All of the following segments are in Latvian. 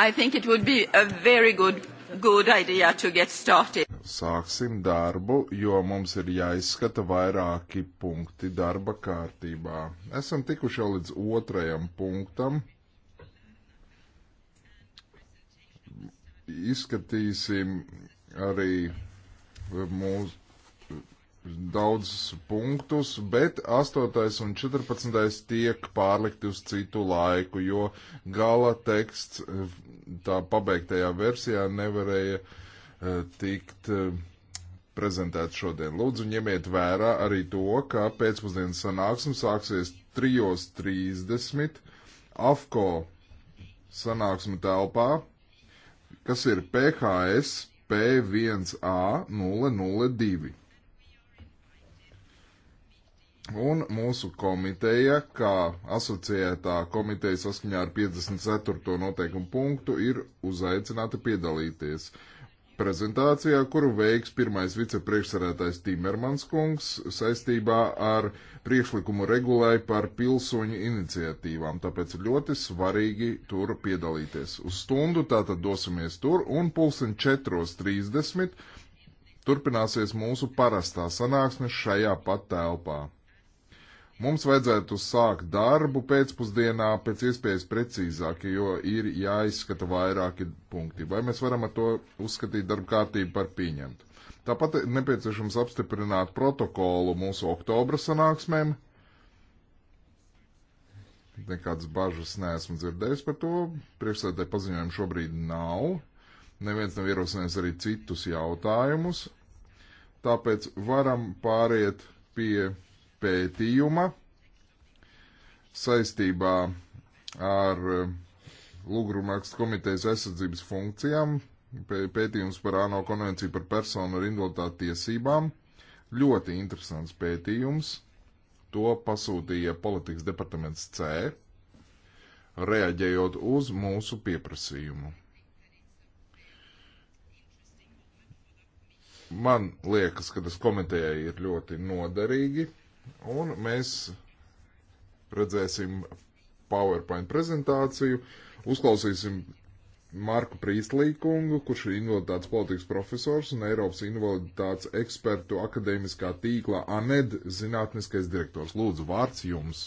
I think it would be a very good, good idea to get started. Sāksim darbu, jo mums ir jāizskata vairāki punkti darba kārtībā. Esam tikuši jau līdz otrajam punktam. Izskatīsim arī mūsu daudzus punktus, bet 8. un 14. tiek pārlikti uz citu laiku, jo gala teksts tā pabeigtajā versijā nevarēja eh, tikt eh, prezentēts šodien. Lūdzu, ņemiet vērā arī to, ka pēcpusdienas sanāksme sāksies 3.30 AFCO sanāksme telpā, kas ir PHS P1A002. Un mūsu komiteja, kā asociētā komiteja saskaņā ar 54. noteikumu punktu, ir uzaicināta piedalīties prezentācijā, kuru veiks pirmais vicepriekšsarētājs Timermans kungs saistībā ar priekšlikumu regulēju par pilsoņu iniciatīvām. Tāpēc ļoti svarīgi tur piedalīties. Uz stundu tātad dosimies tur un pulsen 4.30 turpināsies mūsu parastā sanāksme šajā pat telpā. Mums vajadzētu sākt darbu pēcpusdienā pēc iespējas precīzāk, jo ir jāizskata vairāki punkti. Vai mēs varam ar to uzskatīt darba kārtību par pieņemtu? Tāpat nepieciešams apstiprināt protokolu mūsu oktobra sanāksmēm. Nekādas bažas neesmu dzirdējis par to. Priekšsēdē paziņojumu šobrīd nav. Neviens nav ierosinājis arī citus jautājumus. Tāpēc varam pāriet pie pētījuma saistībā ar eh, Lūgrumrakstu komitejas aizsardzības funkcijām, pētījums par ANO konvenciju par personu ar invaliditāti tiesībām. Ļoti interesants pētījums. To pasūtīja politikas departaments C, reaģējot uz mūsu pieprasījumu. Man liekas, ka tas komitejai ir ļoti noderīgi Un mēs redzēsim PowerPoint prezentāciju, uzklausīsim Marku Prīslīkungu, kurš ir invaliditātes politikas profesors un Eiropas invaliditātes ekspertu akadēmiskā tīklā ANED zinātniskais direktors. Lūdzu, vārds jums.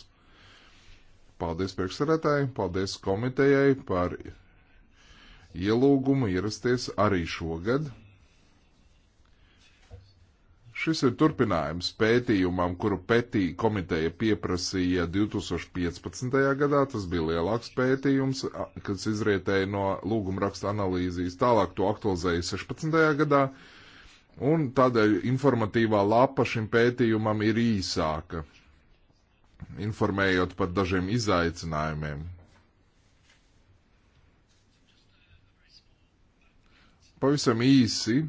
Paldies priekšsarētāji, paldies komitejai par ielūgumu ierasties arī šogad. Šis ir turpinājums pētījumam, kuru pētī komiteja pieprasīja 2015. gadā. Tas bija lielāks pētījums, kas izrietēja no lūguma raksta analīzijas. Tālāk to aktualizēja 16. gadā. Un tādēļ informatīvā lapa šim pētījumam ir īsāka, informējot par dažiem izaicinājumiem, pavisam īsi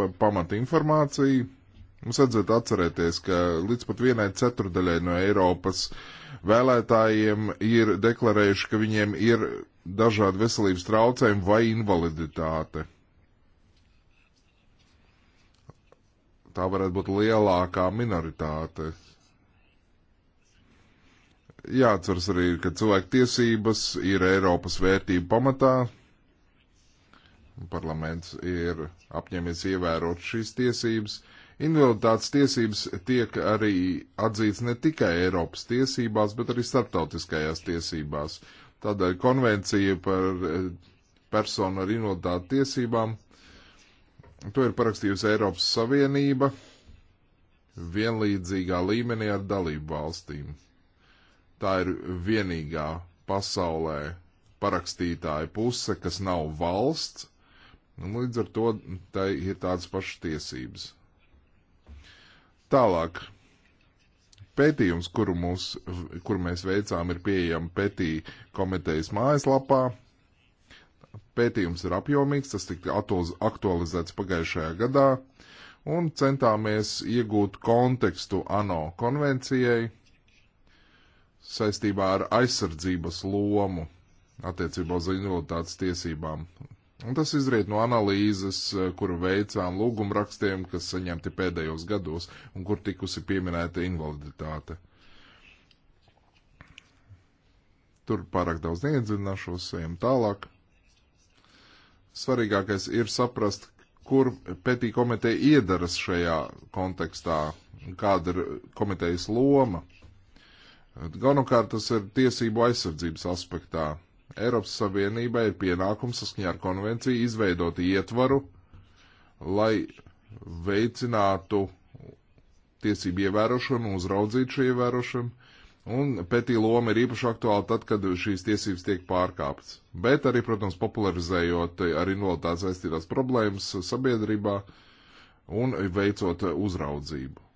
pa, pamata informāciju. Mums vajadzētu atcerēties, ka līdz pat vienai ceturdaļai no Eiropas vēlētājiem ir deklarējuši, ka viņiem ir dažādi veselības traucējumi vai invaliditāte. Tā varētu būt lielākā minoritāte. Jāatceras arī, ka cilvēku tiesības ir Eiropas vērtība pamatā. Parlaments ir apņēmies ievērot šīs tiesības. Uh, Invaliditātes tiesības tiek arī atzīts ne tikai Eiropas tiesībās, bet arī starptautiskajās tiesībās. Tādēļ konvencija par eh, personu ar invaliditāti tiesībām, to ir parakstījusi Eiropas Savienība vienlīdzīgā līmenī ar dalību valstīm. Tā ir vienīgā pasaulē parakstītāja puse, kas nav valsts, un līdz ar to tai ir tādas pašas tiesības. Tālāk. Pētījums, kuru, mūs, kuru mēs veicām, ir pieejama pētī komitejas mājaslapā. Pētījums ir apjomīgs, tas tika aktualizēts pagājušajā gadā, un centāmies iegūt kontekstu ANO konvencijai saistībā ar aizsardzības lomu attiecībā uz invaliditātes tiesībām Un tas izriet no analīzes, eh, kuru veicām lūgumrakstiem, kas saņemti pēdējos gados un kur tikusi pieminēta invaliditāte. Tur pārāk daudz neiedzināšos, ejam tālāk. Svarīgākais ir saprast, kur pētī komiteja iedaras šajā kontekstā, kāda ir komitejas loma. Galvenokārt tas ir tiesību aizsardzības aspektā Eiropas Savienībai ir pienākums saskaņā ar konvenciju izveidot ietvaru, lai veicinātu tiesību ievērošanu, uzraudzītu šo ievērošanu, un pētī loma ir īpaši aktuāla tad, kad šīs tiesības tiek pārkāptas. Bet arī, protams, popularizējot ar invaliditātes saistītās problēmas sabiedrībā un veicot uzraudzību.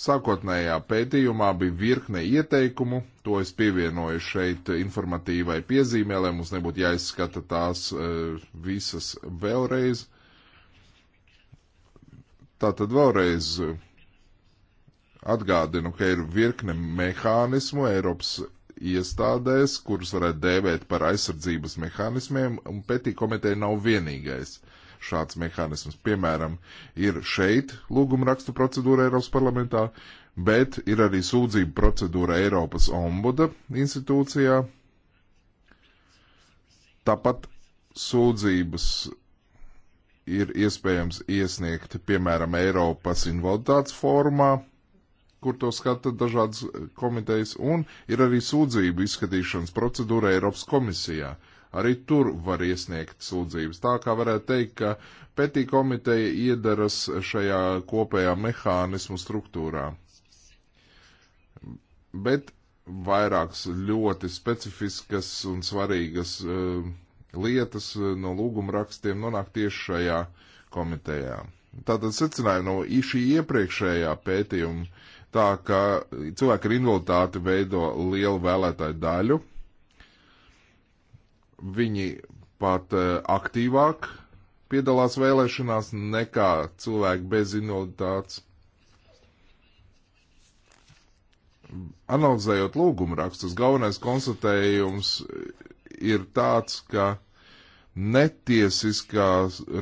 Sākotnējā pētījumā bija virkne ieteikumu, to es pievienoju šeit informatīvai piezīmē, lai mums nebūtu jāizskata tās e, visas vēlreiz. Tātad vēlreiz atgādinu, ka ir virkne mehānismu Eiropas iestādēs, kurus varētu dēvēt par aizsardzības mehānismiem, un pētī komiteja nav vienīgais. Uh, šāds mehānisms. Piemēram, ir šeit lūguma rakstu procedūra Eiropas parlamentā, bet ir arī sūdzība procedūra Eiropas ombuda institūcijā. Tāpat sūdzības ir iespējams iesniegt, piemēram, Eiropas invaliditātes formā, kur to skata dažādas komitejas, un ir arī sūdzību izskatīšanas procedūra Eiropas komisijā arī tur var iesniegt sūdzības. Tā kā varētu teikt, ka petī komiteja iedaras šajā kopējā mehānismu struktūrā. Bet vairākas ļoti specifiskas un svarīgas uh, lietas eh, no lūguma rakstiem nonāk tieši šajā komitejā. Tātad secināja no šī iepriekšējā pētījuma tā, ka cilvēki ar invaliditāti veido lielu vēlētāju daļu, Viņi pat eh, aktīvāk piedalās vēlēšanās nekā cilvēki bez invaliditātes. Analizējot lūgumu rakstus, galvenais konstatējums ir tāds, ka netiesiskā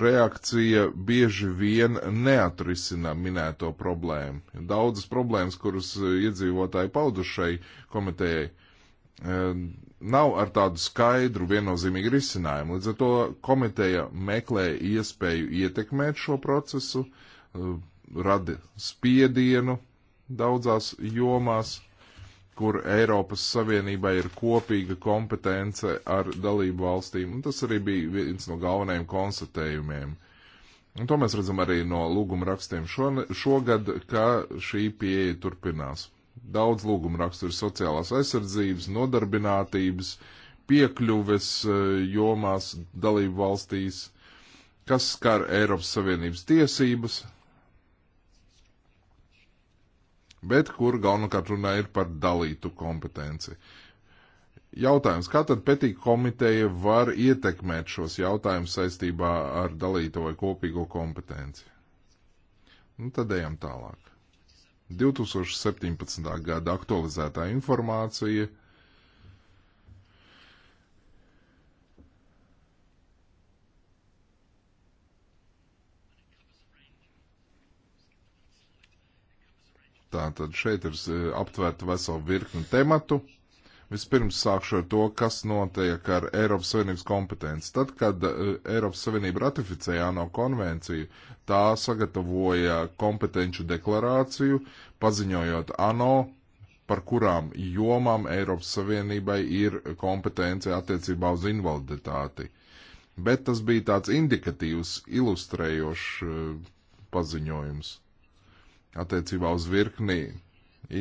reakcija bieži vien neatrisina minēto problēmu. Daudzas problēmas, kuras iedzīvotāji paudušai komitejai, ehm, nav ar tādu skaidru, viennozīmīgu risinājumu. Līdz ar to komiteja meklē iespēju ietekmēt šo procesu, eh, rada spiedienu daudzās jomās, kur Eiropas Savienībai ir kopīga kompetence ar dalību valstīm, un tas arī bija viens no galvenajiem konstatējumiem. Un to mēs redzam arī no lūguma rakstiem šogad, ka šī pieeja turpinās. Daudz lūgumu raksturu sociālās aizsardzības, nodarbinātības, piekļuves e, jomās dalību valstīs, kas skar Eiropas Savienības tiesības, bet kur galvenokārt runā ir par dalītu kompetenci. Jautājums, kā tad petī komiteja var ietekmēt šos jautājumus saistībā ar dalīto vai kopīgo kompetenci? Nu, tad ejam tālāk. 2017. gada aktualizētā informācija Tātad šeit ir eh, aptvērta vesela virkne tematu. Vispirms sākšu ar to, kas notiek ar Eiropas Savienības kompetenci. Tad, kad e, Eiropas Savienība ratificēja ANO konvenciju, tā sagatavoja kompetenču deklarāciju, paziņojot ANO, par kurām jomām Eiropas Savienībai ir kompetence attiecībā uz invaliditāti. Bet tas bija tāds indikatīvs, ilustrējošs e, paziņojums attiecībā uz virkni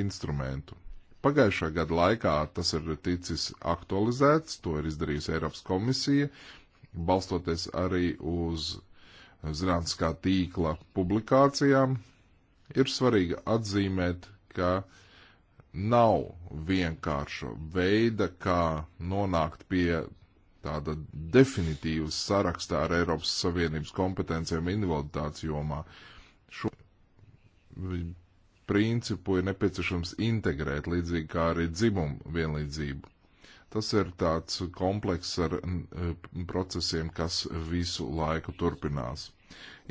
instrumentu. Pagājušā gada laikā tas ir ticis aktualizēts, to ir izdarījusi Eiropas komisija, balstoties arī uz zinātniskā tīkla publikācijām. Ir svarīgi atzīmēt, ka nav vienkārša veida, kā nonākt pie tāda definitīvas sarakstā ar Eiropas Savienības kompetencijām invaliditātes jomā. Šo principu ir nepieciešams integrēt, līdzīgi kā arī dzimumu vienlīdzību. Tas ir tāds komplekss ar e, procesiem, kas visu laiku turpinās.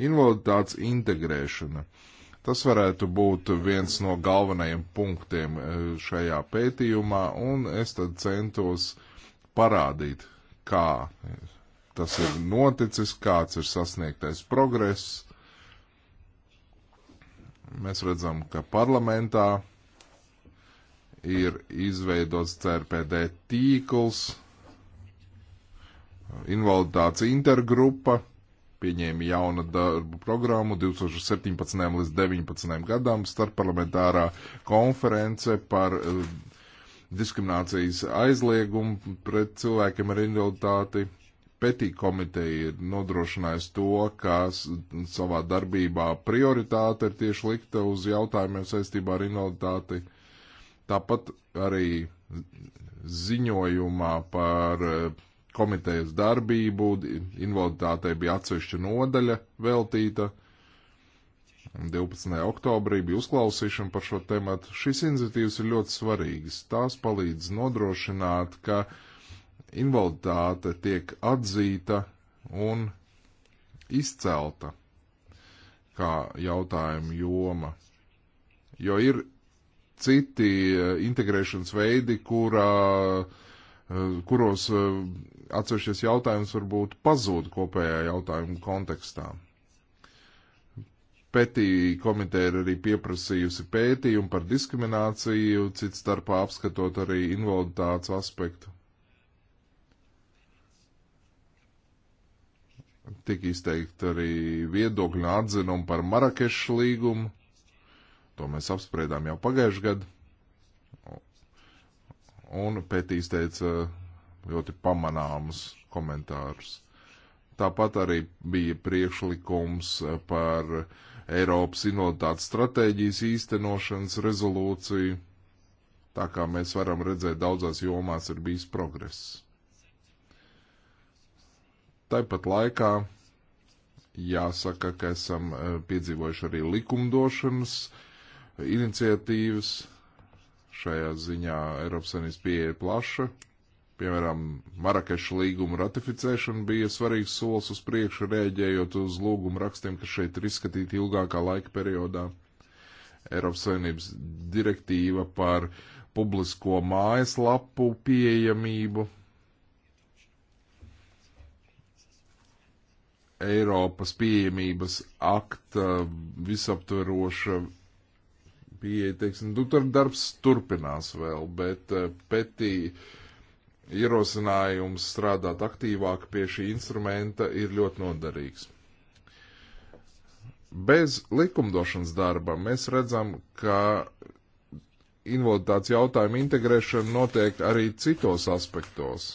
Invaliditātes integrēšana. Tas varētu būt viens no galvenajiem punktiem e, šajā pētījumā, un es tad centos parādīt, kā e, tas ir noticis, kāds ir sasniegtais progress, Mēs redzam, ka parlamentā ir izveidots CRPD tīkls, invaliditātes intergrupa, pieņēma jaunu darbu programmu 2017. līdz 2019. gadam starpparlamentārā konference par eh, diskriminācijas aizliegumu pret cilvēkiem ar invaliditāti Petī komiteja ir nodrošinājusi to, ka savā darbībā prioritāte ir tieši likta uz jautājumiem saistībā ar invaliditāti. Tāpat arī ziņojumā par e, komitejas darbību invaliditātei bija atsevišķa nodaļa veltīta. 12. oktobrī bija uzklausīšana par šo tematu. Šīs iniciatīvas ir ļoti svarīgas. Tās palīdz nodrošināt, ka uh, invaliditāte tiek atzīta un izcelta kā jautājuma joma. Jo ir citi eh, integrēšanas veidi, kurā, eh, kuros eh, atsevišķies jautājums varbūt pazūd kopējā jautājuma kontekstā. Petī komiteja ir arī pieprasījusi pētījumu par diskrimināciju, cits starpā apskatot arī invaliditātes aspektu. Tik izteikti arī viedokļi un atzinumi par Marakešas līgumu. To mēs apspriedām jau pagājušajā gadā. Un pētīs teica ļoti pamanāmus komentārus. Tāpat arī bija priekšlikums par Eiropas invaliditātes stratēģijas īstenošanas rezolūciju. Tā kā mēs varam redzēt, daudzās jomās ir bijis progress. Tāpat laikā jāsaka, ka esam eh, piedzīvojuši arī likumdošanas eh, iniciatīvas. Šajā ziņā Eiropas Savienības pieeja ir plaša. Piemēram, Marakeša līguma ratificēšana bija svarīgs solis uz priekšu, rēģējot uz lūgumu rakstiem, kas šeit ir izskatīti ilgākā laika periodā. Eiropas Savienības direktīva par publisko mājaslapu pieejamību Eiropas pieejamības akta visaptveroša pieeja, teiksim, nu, tur darbs turpinās vēl, bet eh, petī ierosinājums strādāt aktīvāk pie šī instrumenta ir ļoti noderīgs. Bez likumdošanas darba mēs redzam, ka invaliditātes jautājumu integrēšana notiek arī citos aspektos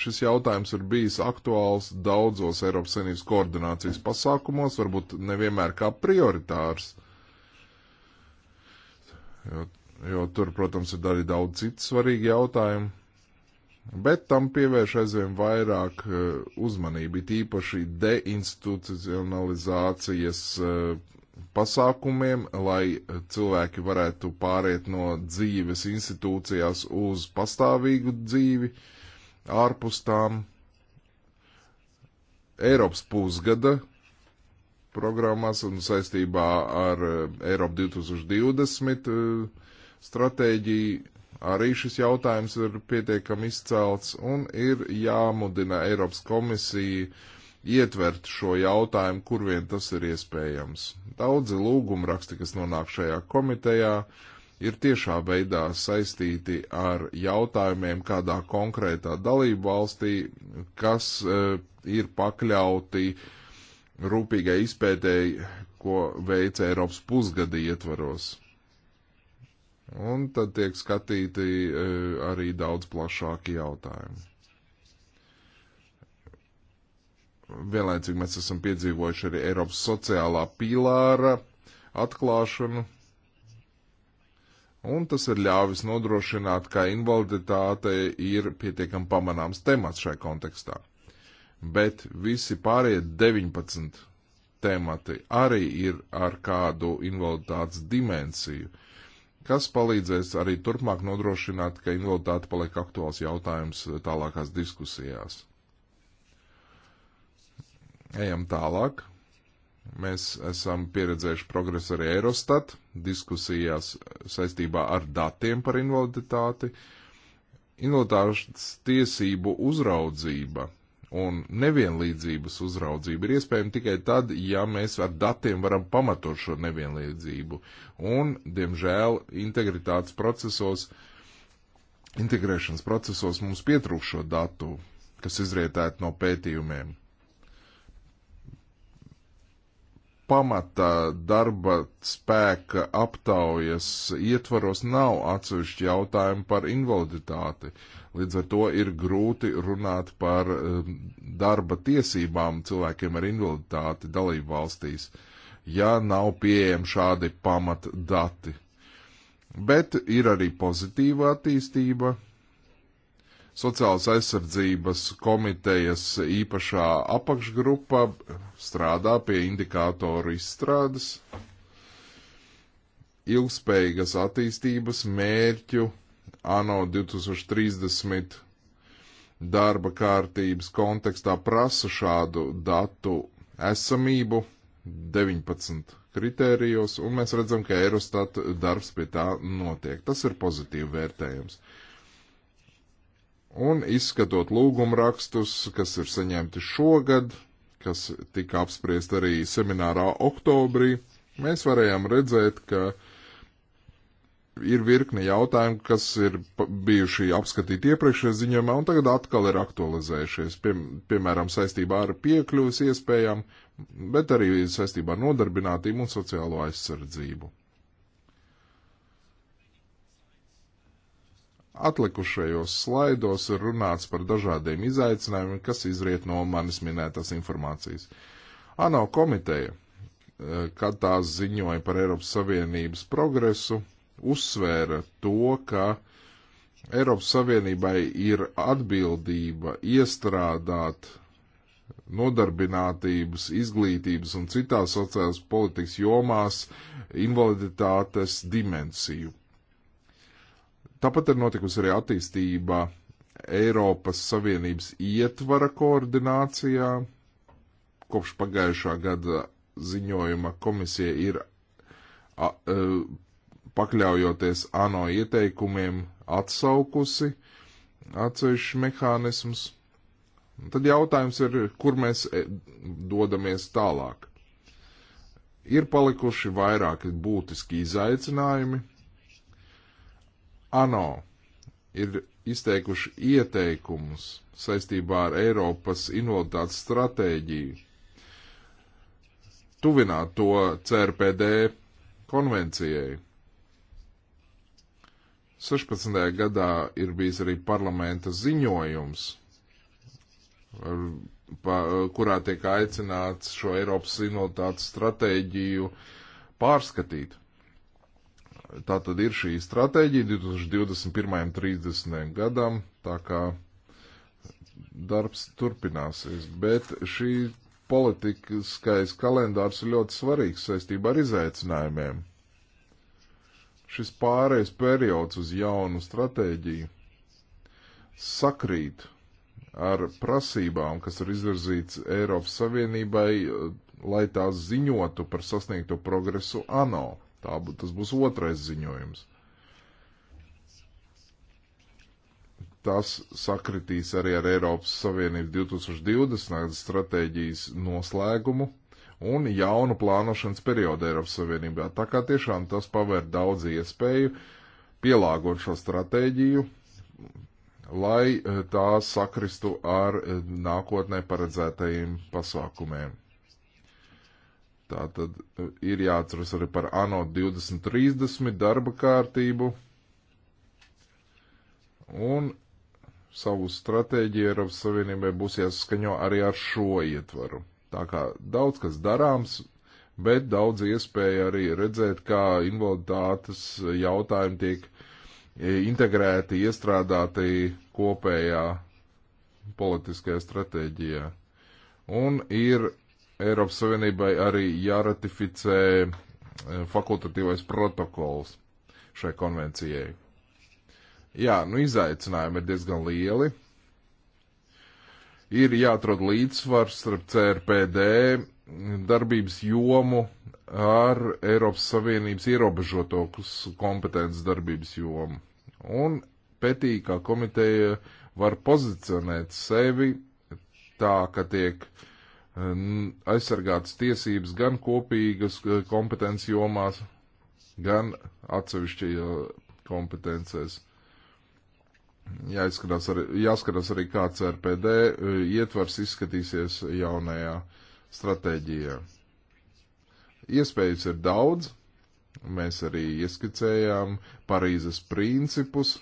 Šis jautājums ir bijis aktuāls daudzos Eiropas Savienības koordinācijas pasākumos, varbūt nevienmēr kā prioritārs. Jo, jo tur, protams, ir arī daudz citu svarīgu jautājumu. Bet tam pievērš aizvien vairāk eh, uzmanību, tīpaši deinstitucionalizācijas eh, pasākumiem, lai eh, cilvēki varētu pāriet no dzīves institūcijās uz pastāvīgu dzīvi. Uh, ārpus tām Eiropas pusgada programmās un saistībā ar Eiropu 2020 stratēģiju arī šis jautājums ir pietiekami izcelts un ir jāmudina Eiropas komisija ietvert šo jautājumu, kur vien tas ir iespējams. Daudzi lūgumi raksti, kas nonāk šajā komitejā, uh, ir tiešā veidā saistīti ar jautājumiem kādā konkrētā dalību valstī, kas uh, ir pakļauti rūpīgai izpētēji, ko veica Eiropas pusgada ietvaros. Un tad tiek skatīti uh, arī daudz plašāki jautājumi. Vienlaicīgi mēs esam piedzīvojuši arī Eiropas sociālā pīlāra atklāšanu, un tas ir ļāvis nodrošināt, ka invaliditāte ir pietiekam pamanāms temats šai kontekstā. Bet visi pārējie 19 temati arī ir ar kādu invaliditātes dimensiju, kas palīdzēs arī turpmāk nodrošināt, ka invaliditāte paliek aktuāls jautājums tālākās diskusijās. Ejam tālāk. Mēs esam pieredzējuši progresu arī Eurostat diskusijās saistībā ar datiem par invaliditāti. Invaliditātes tiesību uzraudzība un nevienlīdzības uzraudzība ir iespējama tikai tad, ja mēs ar datiem varam pamatot šo nevienlīdzību. Un, diemžēl, integritātes procesos, integrēšanas procesos mums pietrūk šo datu, kas izrietētu no pētījumiem. pamata darba spēka aptaujas ietvaros nav atsevišķi jautājumi par invaliditāti. Līdz ar to ir grūti runāt par eh, darba tiesībām cilvēkiem ar invaliditāti dalību valstīs, ja nav pieejami šādi pamat dati. Bet ir arī pozitīva attīstība, Sociālas aizsardzības komitejas īpašā apakšgrupa strādā pie indikātoru izstrādes, ilgspējīgas attīstības mērķu ANO 2030 darba kārtības kontekstā prasa šādu datu esamību 19 kritērijos, un mēs redzam, ka Eurostat darbs pie tā notiek. Tas ir pozitīvi vērtējums. Un izskatot lūgumu rakstus, kas ir saņemti šogad, kas tika apspriest arī seminārā oktobrī, mēs varējām redzēt, ka ir virkni jautājumu, kas ir bijuši apskatīti iepriekšējā ziņojumā un tagad atkal ir aktualizējušies, pie, piemēram, saistībā ar piekļuvis iespējām, bet arī saistībā ar nodarbinātību un sociālo aizsardzību. Atlikušajos slaidos ir runāts par dažādiem izaicinājumiem, kas izriet no manis minētās informācijas. ANO komiteja, eh, kad tās ziņoja par Eiropas Savienības progresu, uzsvēra to, ka Eiropas Savienībai ir atbildība iestrādāt nodarbinātības, izglītības un citās sociālās politikas jomās invaliditātes dimensiju Tāpat ir notikusi arī attīstība Eiropas Savienības ietvara koordinācijā. Kopš pagājušā gada ziņojuma komisija ir a, a, e, pakļaujoties ANO ieteikumiem atsaukusi atsevišķus mehānismus. Tad jautājums ir, kur mēs e, dodamies tālāk. Ir palikuši vairāki būtiski izaicinājumi, ANO ir izteikuši ieteikumus saistībā ar Eiropas invaliditātes stratēģiju, tuvināt to CRPD konvencijai. 16. gadā ir bijis arī parlamenta ziņojums, ar, pa, kurā tiek aicināts šo Eiropas invaliditātes stratēģiju pārskatīt tā tad ir šī stratēģija 2021. un 30. gadam, tā kā darbs turpināsies, bet šī politiskais kalendārs ir ļoti svarīgs saistībā ar izaicinājumiem. Šis pārējais periods uz jaunu stratēģiju sakrīt ar prasībām, kas ir izvirzīts Eiropas Savienībai, lai tās ziņotu par sasniegto progresu ANO. Tā, tas būs otrais ziņojums. Tas sakritīs arī ar Eiropas Savienības 2020. stratēģijas noslēgumu un jaunu plānošanas periodu Eiropas Savienībā. Tā kā tiešām tas pavēr daudz iespēju pielāgot šo stratēģiju, lai eh, tā sakristu ar eh, nākotnē paredzētajiem pasākumiem. Tā tad e, ir jāatceras arī par ANO 2030 darba kārtību un savu stratēģiju Eiropas Savienībai būs jāsaskaņo arī ar šo ietvaru. Tā kā daudz kas darāms, bet daudz iespēja arī redzēt, kā invaliditātes jautājumi tiek e, integrēti, iestrādāti kopējā politiskajā stratēģijā. Un ir Eiropas Savienībai arī jāratificē eh, fakultatīvais protokols šai konvencijai. Jā, nu izaicinājumi ir diezgan lieli. Ir jāatrod līdzsvars starp CRPD darbības jomu ar Eiropas Savienības ierobežoto kompetences darbības jomu. Un pētī, kā komiteja var pozicionēt sevi tā, ka tiek uh, aizsargātas tiesības gan kopīgas eh, kompetences jomās, gan atsevišķi eh, kompetencēs. Jāizskatās arī, jāskatās arī, kā CRPD eh, ietvars izskatīsies jaunajā stratēģijā. Iespējas ir daudz. Mēs arī ieskicējām Parīzes principus,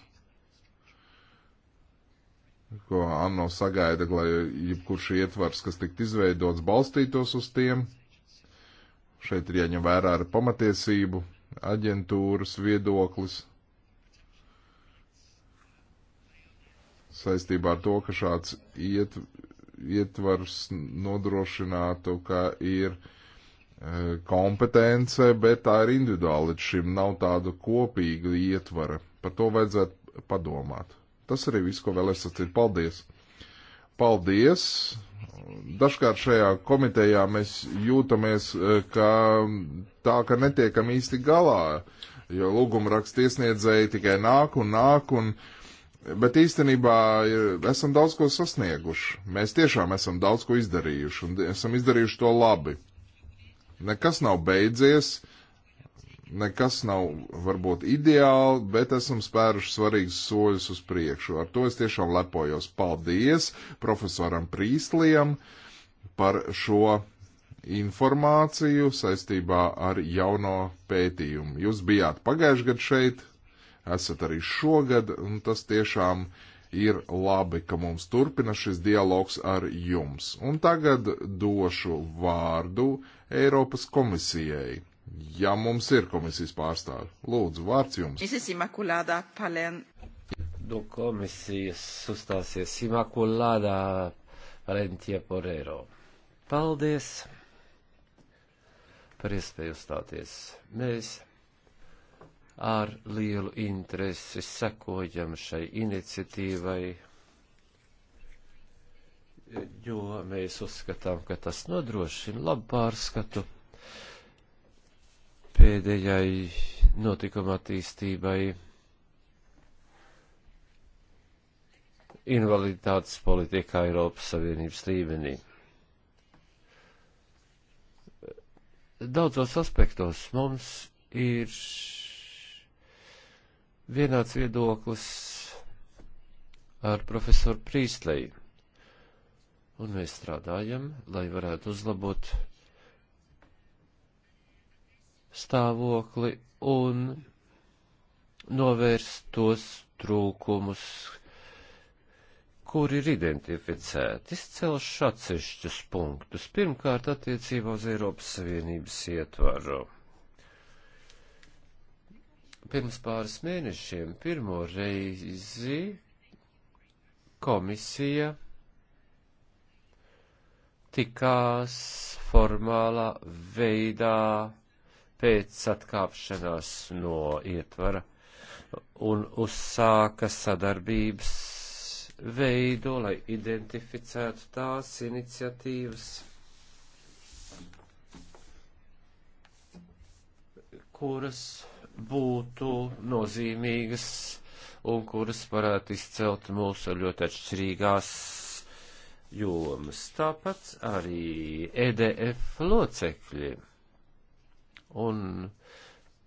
ko ANO sagaida, lai jebkurš ietvars, kas tikt izveidots, balstītos uz tiem. Šeit ir jāņem vērā ar pamatiesību, aģentūras viedoklis saistībā ar to, ka šāds iet, ietvars nodrošinātu, ka ir e, kompetence, bet tā ir individuāli. Līdz šim nav tāda kopīga ietvara. Par to vajadzētu padomāt. Tas arī viss, ko vēlēs sacīt. Paldies! Paldies! Dažkārt šajā komitejā mēs jūtamies, eh, ka tā, ka netiekam īsti galā, jo lūguma raksta iesniedzēji tikai nāk un nāk, un, bet īstenībā esam daudz ko sasnieguši. Mēs tiešām esam daudz ko izdarījuši, un esam izdarījuši to labi. Nekas nav beidzies, uh, nekas nav varbūt ideāli, bet esam spēruši svarīgus soļus uz priekšu. Ar to es tiešām lepojos. Paldies profesoram Prīslijam par šo informāciju saistībā ar jauno pētījumu. Jūs bijāt pagājuši gadu šeit, esat arī šogad, un tas tiešām ir labi, ka mums turpina šis dialogs ar jums. Un tagad došu vārdu Eiropas komisijai. Ja mums ir komisijas pārstāvi, lūdzu, vārds jums. Mrs. Imakulāda Palen. No komisijas uzstāsies Imakulāda Valentie Porero. Paldies par iespēju uzstāties. Mēs ar lielu interesi sekojam šai iniciatīvai, jo mēs uzskatām, ka tas nodrošina labu pārskatu pēdējai notikuma attīstībai invaliditātes politikā Eiropas Savienības līmenī. Daudzos aspektos mums ir vienāds viedoklis ar profesoru Prīsleju, un mēs strādājam, lai varētu uzlabot stāvokli un novērst tos trūkumus, kur ir identificēti, izcelšu atsevišķus punktus. Pirmkārt, attiecībā uz Eiropas Savienības ietvaru. Pirms pāris mēnešiem pirmo reizi komisija tikās formālā veidā pēc atkāpšanās no ietvara un uzsāka sadarbības veidu, lai identificētu tās iniciatīvas, kuras būtu nozīmīgas un kuras varētu izcelt mūsu ļoti atšķirīgās jomas. Tāpat arī EDF locekļi un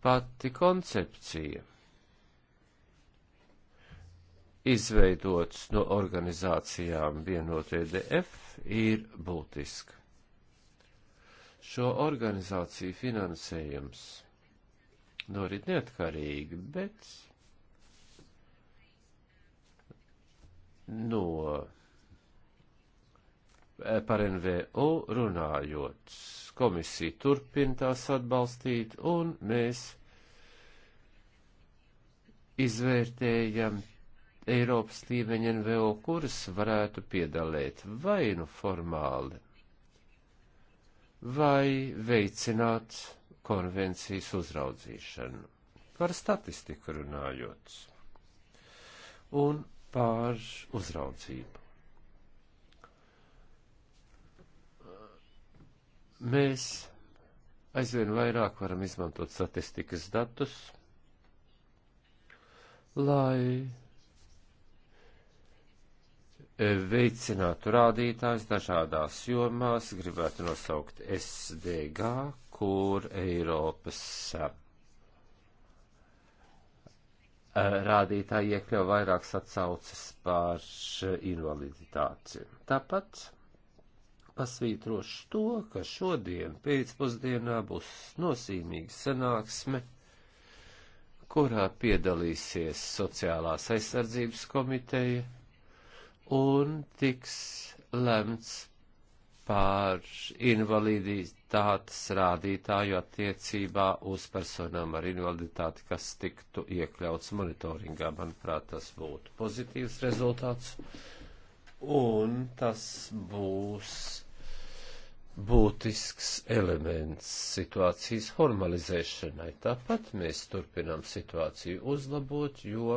pati koncepcija izveidots no organizācijām vienotie DF ir būtiska. Šo organizāciju finansējums norit neatkarīgi, bet no Eh, par NVO runājot. Komisija turpina tās atbalstīt, un mēs izvērtējam Eiropas līmeņa NVO, kuras varētu piedalīt vai nu formāli, vai veicināt konvencijas uzraudzīšanu. Par statistiku runājot un pār uzraudzību. Mēs aizvien vairāk varam izmantot statistikas datus, lai veicinātu rādītājs dažādās jomās, gribētu nosaukt SDG, kur Eiropas eh, rādītāji iekļauj vairākas atsauces par invaliditāti. Tāpat pasvītrošu to, ka šodien pēcpusdienā būs nosīmīga sanāksme, kurā piedalīsies sociālās aizsardzības komiteja un tiks lemts pār invaliditātes rādītāju attiecībā uz personām ar invaliditāti, kas tiktu iekļauts monitoringā. Manuprāt, tas būtu pozitīvs rezultāts. Un tas būs būtisks elements situācijas formalizēšanai. Tāpat mēs turpinām situāciju uzlabot, jo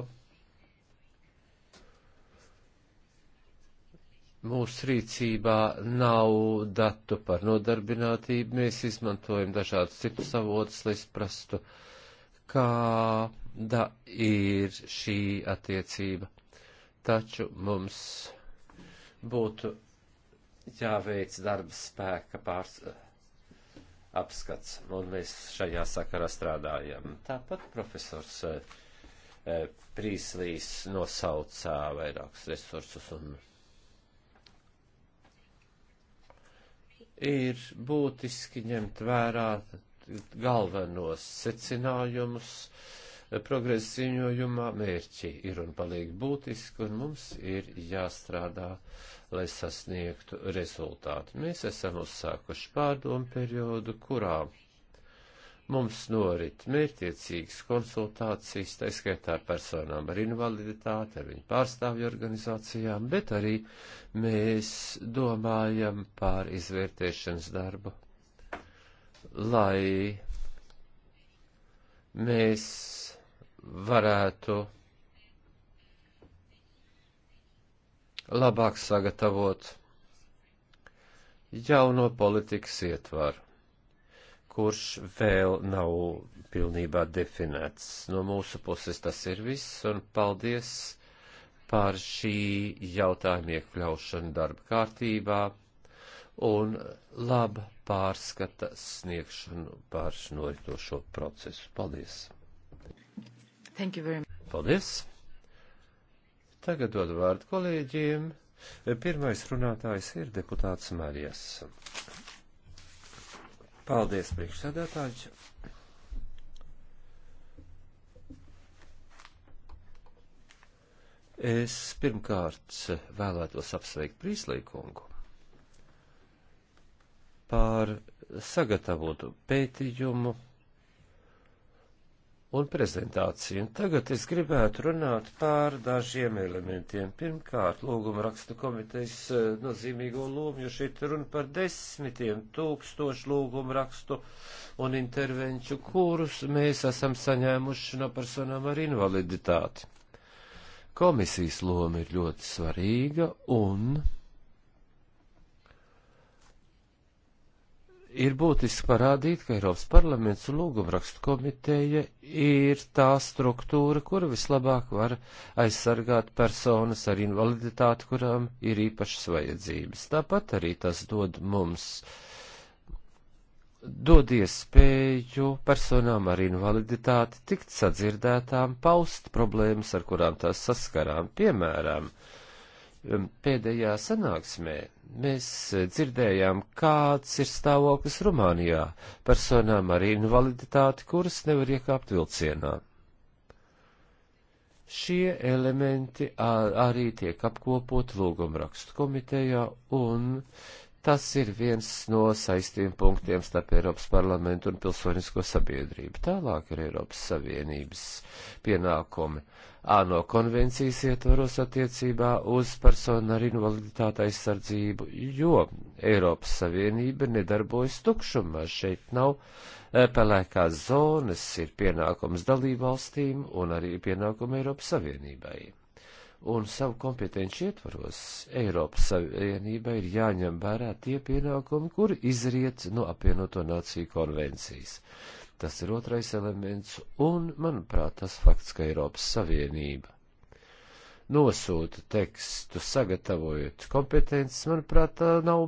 mūsu rīcībā nav datu par nodarbinātību, mēs izmantojam dažādus citus avotus, lai sprastu, kāda ir šī attiecība. Taču mums būtu jāveic darba spēka pārs apskats, un mēs šajā sakarā strādājam. Tāpat profesors e, Prīslīs nosaucā vairākus resursus un ir būtiski ņemt vērā galvenos secinājumus, uh, progresa ziņojumā mērķi ir un paliek būtiski, un mums ir jāstrādā, lai sasniegtu rezultātu. Mēs esam uzsākuši pārdomu periodu, kurā mums norit mērķiecīgas konsultācijas, tā skaitā ar personām ar invaliditāti, ar viņu pārstāvju organizācijām, bet arī mēs domājam par izvērtēšanas darbu, lai mēs varētu labāk sagatavot jauno politikas ietvaru, kurš vēl nav pilnībā definēts. No mūsu puses tas ir viss, un paldies par šī jautājuma iekļaušanu darba kārtībā un laba pārskata sniegšanu par noritošo procesu. Paldies! Thank you very much. Paldies. Tagad dodu vārdu kolēģiem. Pirmais runātājs ir deputāts Marijas. Paldies, priekšsēdētājs. Es pirmkārt vēlētos apsveikt Prīslīkungu par sagatavotu pētījumu un prezentāciju. Un tagad es gribētu runāt par dažiem elementiem. Pirmkārt, lūguma raksta komitejas e, nozīmīgo lomu, jo šeit runa par desmitiem tūkstošu lūguma rakstu un intervenciju, kurus mēs esam saņēmuši no personām ar invaliditāti. Komisijas loma ir ļoti svarīga un ir būtiski parādīt, ka Eiropas parlaments un lūgumrakstu komiteja ir tā struktūra, kura vislabāk var aizsargāt personas ar invaliditāti, kurām ir īpašas vajadzības. Tāpat arī tas dod mums, dod iespēju personām ar invaliditāti tikt sadzirdētām, paust problēmas, ar kurām tās saskarām, piemēram, uh, Um, pēdējā sanāksmē mēs uh, dzirdējām, kāds ir stāvoklis Rumānijā personām ar invaliditāti, kuras nevar iekāpt vilcienā. Šie elementi arī tiek apkopot lūgumrakstu komitejā, un tas ir viens no saistiem punktiem starp Eiropas parlamentu un pilsonisko sabiedrību. Tālāk ir Eiropas Savienības pienākumi ANO konvencijas ietvaros attiecībā uz personu ar invaliditāti aizsardzību, jo Eiropas Savienība nedarbojas tukšumā. Šeit nav eh, pelēkās zonas, ir pienākums dalībvalstīm un arī pienākumi Eiropas Savienībai. Un savu kompetenci ietvaros Eiropas Savienībai ir jāņem vērā tie pienākumi, kuri izriet no apvienoto nāciju konvencijas. Tas ir otrais elements, un, manuprāt, tas fakts, ka Eiropas Savienība nosūta tekstu, sagatavojot kompetences, manuprāt, tā nav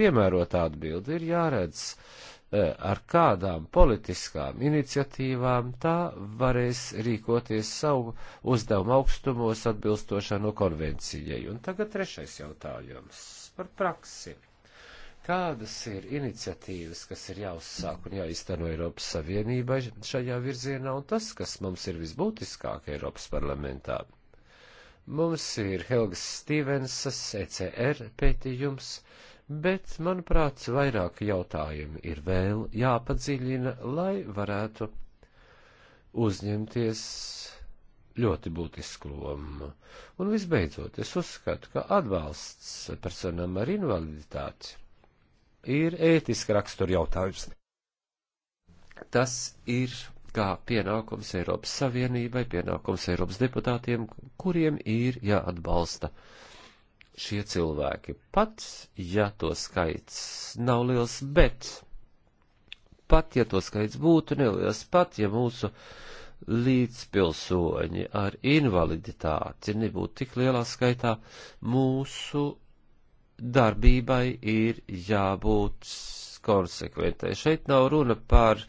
piemērota atbildi. Ir jāredz, e, ar kādām politiskām iniciatīvām tā varēs rīkoties savu uzdevumu augstumos atbilstošā no konvencijai. Un tagad trešais jautājums par praksi. Kādas ir iniciatīvas, kas ir jāuzsāk un jāizteno Eiropas Savienībai šajā virzienā, un tas, kas mums ir visbūtiskāk Eiropas parlamentā? Mums ir Helgas Stevensas ECR pētījums, bet, manuprāt, vairāk jautājumu ir vēl jāpadziļina, lai varētu uzņemties ļoti būtisku lomu. Un visbeidzot, es uzskatu, ka atbalsts personam ar invaliditāti ir ētiska rakstura jautājums. Tas ir kā pienākums Eiropas Savienībai, pienākums Eiropas deputātiem, kuriem ir jāatbalsta šie cilvēki. Pat, ja to skaits nav liels, bet pat, ja to skaits būtu neliels, pat, ja mūsu līdzpilsoņi ar invaliditāti nebūtu tik lielā skaitā, mūsu darbībai ir jābūt konsekventai. Šeit nav runa par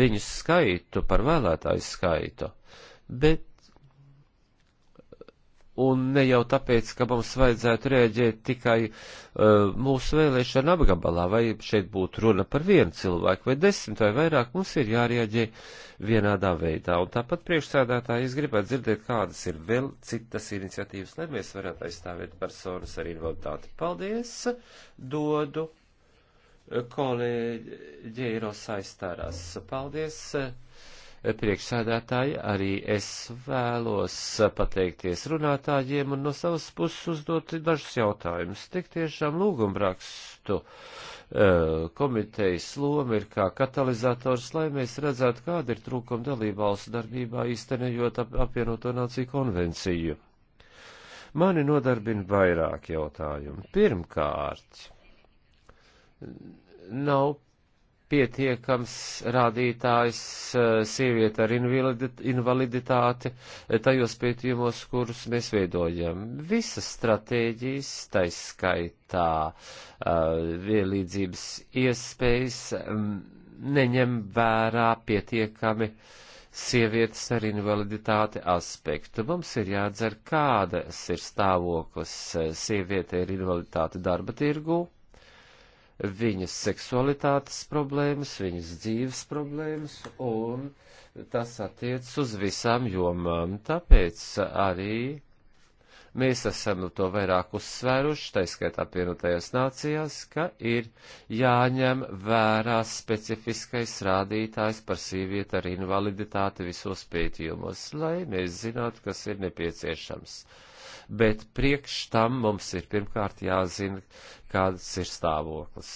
viņu skaitu, par vēlētāju skaitu, bet un ne jau tāpēc, ka mums vajadzētu rēģēt tikai uh, mūsu vēlēšana apgabalā, vai šeit būtu runa par vienu cilvēku, vai desmit vai vairāk, mums ir jārēģē vienādā veidā. Un tāpat priekšsēdētāji, es gribētu dzirdēt, kādas ir vēl citas iniciatīvas, lai mēs varētu aizstāvēt personas ar invaliditāti. Paldies! Dodu kolēģi Eiro saistārās. Paldies! priekšsēdētāji, arī es vēlos pateikties runātājiem un no savas puses uzdot dažus jautājumus. Tik tiešām lūgumrakstu e, komitejas loma ir kā katalizators, lai mēs redzētu, kāda ir trūkuma dalībvalstu darbībā īstenējot ap apvienoto nāciju konvenciju. Mani nodarbina vairāk jautājumu. Pirmkārt, nav pietiekams rādītājs eh, sieviete ar invaliditāti eh, tajos pētījumos, kurus mēs veidojam. Visas stratēģijas, taiskaitā eh, vienlīdzības iespējas, mm, neņem vērā pietiekami sievietes ar invaliditāti aspektu. Mums ir jādzer, kādas ir stāvoklis sieviete ar invaliditāti darba tirgū viņas seksualitātes problēmas, viņas dzīves problēmas, un tas attiec uz visām jomām. Tāpēc arī mēs esam to vairāk uzsvēruši, taiskaitā pienotajās nācijās, ka ir jāņem vērā specifiskais rādītājs par sievieti ar invaliditāti visos pētījumos, lai mēs zinātu, kas ir nepieciešams. Uh, bet priekš tam mums ir pirmkārt jāzina, kāds ir stāvoklis.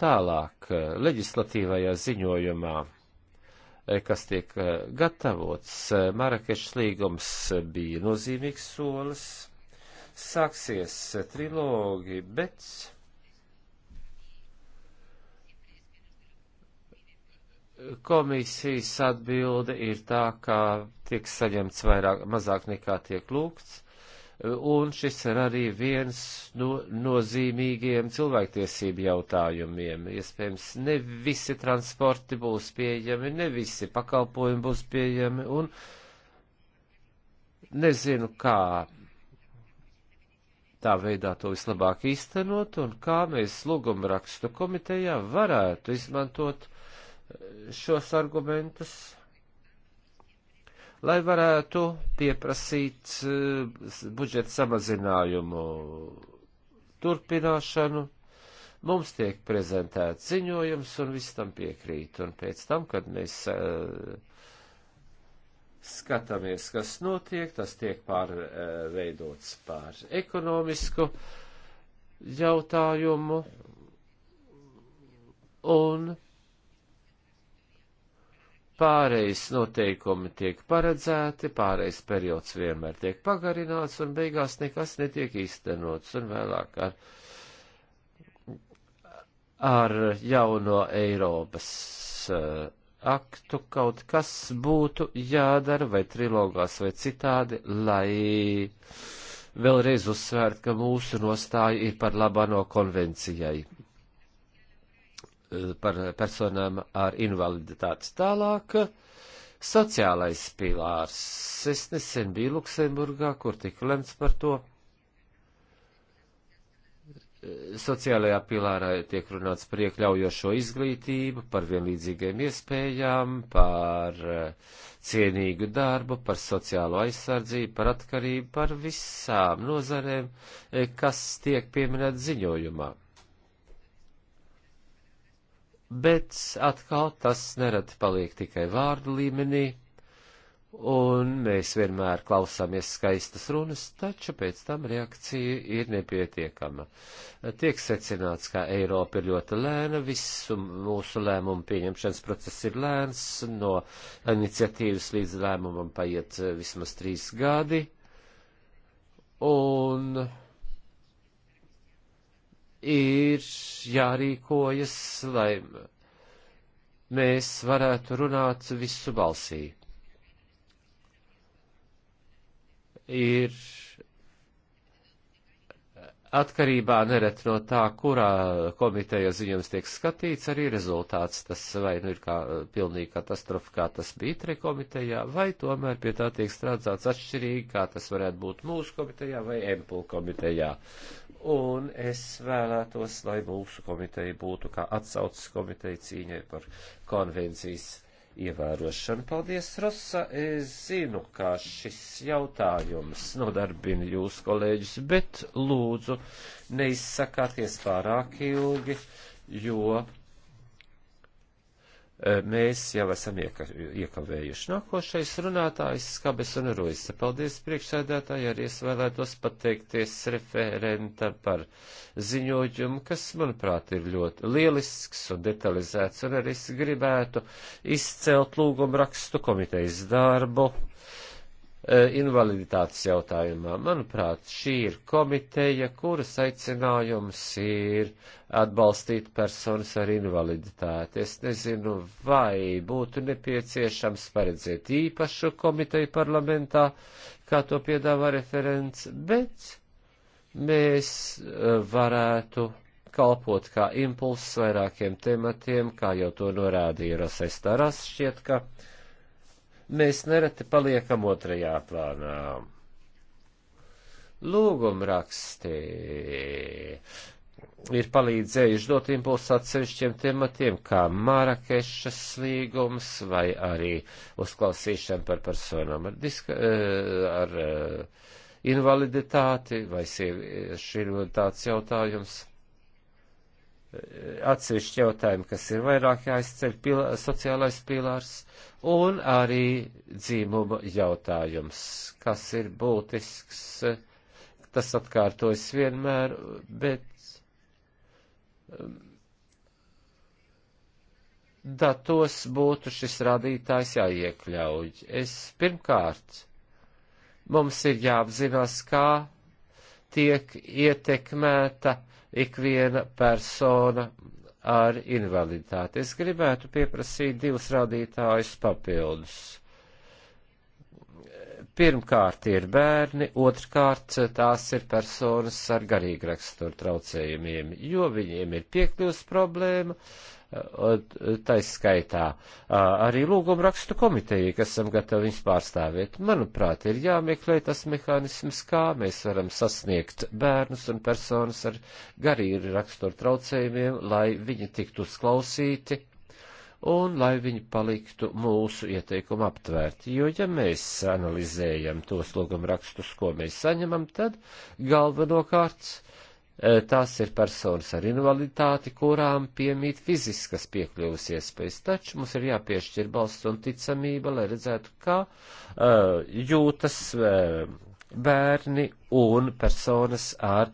Tālāk, leģislatīvajā ziņojumā, eh, kas tiek eh, gatavots, eh, Marakešs līgums bija nozīmīgs solis, sāksies trilogi, bet komisijas atbilde ir tā, ka tiek saņemts vairāk, mazāk nekā tiek lūgts, un šis ir arī viens no nozīmīgiem cilvēktiesību jautājumiem. Iespējams, ne visi transporti būs pieejami, ne visi pakalpojumi būs pieejami, un nezinu, kā tā veidā to vislabāk īstenot, un kā mēs lūgumrakstu komitejā varētu izmantot šos argumentus, lai varētu pieprasīt eh, budžeta samazinājumu turpināšanu. Mums tiek prezentēts ziņojums, un viss tam piekrīt. Un pēc tam, kad mēs uh, skatāmies, kas notiek, tas tiek pārveidots eh, uh, par ekonomisku jautājumu. Un pārejas noteikumi tiek paredzēti, pārejas periods vienmēr tiek pagarināts un beigās nekas netiek īstenots un vēlāk ar, ar jauno Eiropas uh, aktu kaut kas būtu jādara vai trilogās vai citādi, lai vēlreiz uzsvērt, ka mūsu nostāja ir par labano konvencijai par personām ar invaliditātes tālāk. Sociālais pilārs. Es nesen biju Luksemburgā, kur tika lemts par to. Sociālajā pilārā tiek runāts par iekļaujošo izglītību, par vienlīdzīgiem iespējām, par eh, cienīgu darbu, par sociālo aizsardzību, par atkarību, par visām nozarēm, eh, kas tiek pieminēt ziņojumā bet atkal tas nerad paliek tikai vārdu līmenī, un mēs vienmēr klausāmies skaistas runas, taču pēc tam reakcija ir nepietiekama. Tiek secināts, ka Eiropa ir ļoti lēna, visu mūsu lēmumu pieņemšanas process ir lēns, no iniciatīvas līdz lēmumam paiet eh, vismaz trīs gadi, un ir jārīkojas, lai mēs varētu runāt visu balsī. Ir atkarībā neret no tā, kurā komiteja ziņojums tiek skatīts, arī rezultāts tas vai nu ir kā pilnīgi katastrofa, kā tas bija tre komitejā, vai tomēr pie tā tiek strādāts atšķirīgi, kā tas varētu būt mūsu komitejā vai empul komitejā un es vēlētos, lai mūsu komiteja būtu kā atsaucas komiteja cīņai par konvencijas ievērošanu. Paldies, Rosa! Es zinu, kā šis jautājums nodarbina jūs kolēģis, bet lūdzu neizsakāties pārāk ilgi, jo mēs jau esam ieka, iekavējuši. Nākošais runātājs Skabes un Ruisa. Paldies priekšsēdētāji, arī es vēlētos pateikties referenta par ziņojumu, kas, manuprāt, ir ļoti lielisks un detalizēts, un arī es gribētu izcelt lūgumu rakstu komitejas darbu E, invaliditātes jautājumā. Manuprāt, šī ir komiteja, kuras aicinājums ir atbalstīt personas ar invaliditāti. Es nezinu, vai būtu nepieciešams paredzēt īpašu komiteju parlamentā, kā to piedāvā referents, bet mēs e, varētu kalpot kā impulss vairākiem tematiem, kā jau to norādīja Rosestaras, šķiet, ka mēs nereti paliekam otrajā plānā. Lūgumrakstī ir palīdzējuši dot impulsu atsevišķiem tematiem, kā Mārakešas līgums vai arī uzklausīšana par personām ar, diska, eh, ar eh, invaliditāti vai sieviešu invaliditātes jautājums atsevišķi jautājumi, kas ir vairāk jāizceļ pilā, sociālais pilārs, un arī dzīmuma jautājums, kas ir būtisks, tas atkārtojas vienmēr, bet um, datos būtu šis rādītājs jāiekļauj. Es pirmkārt, mums ir jāapzinās, kā tiek ietekmēta uh, ikviena persona ar invaliditāti. Es gribētu pieprasīt divus rādītājus papildus. Pirmkārt ir bērni, otrkārt tās ir personas ar garīgu raksturu traucējumiem, jo viņiem ir piekļuvs problēma, uh, taiskaitā arī lūguma rakstu komiteja, kas esam gatavi viņus pārstāvēt. Manuprāt, ir jāmeklē tas mehānisms, kā mēs varam sasniegt bērnus un personas ar garīgu raksturu traucējumiem, lai viņi tiktu uzklausīti un lai viņi paliktu mūsu ieteikumu aptvērti, jo ja mēs analizējam tos lūguma rakstus, ko mēs saņemam, tad galvenokārt uh, E, tās ir personas ar invaliditāti, kurām piemīt fiziskas piekļuvas iespējas, taču mums ir jāpiešķir balsts un ticamība, lai redzētu, kā uh, jūtas uh, bērni un personas ar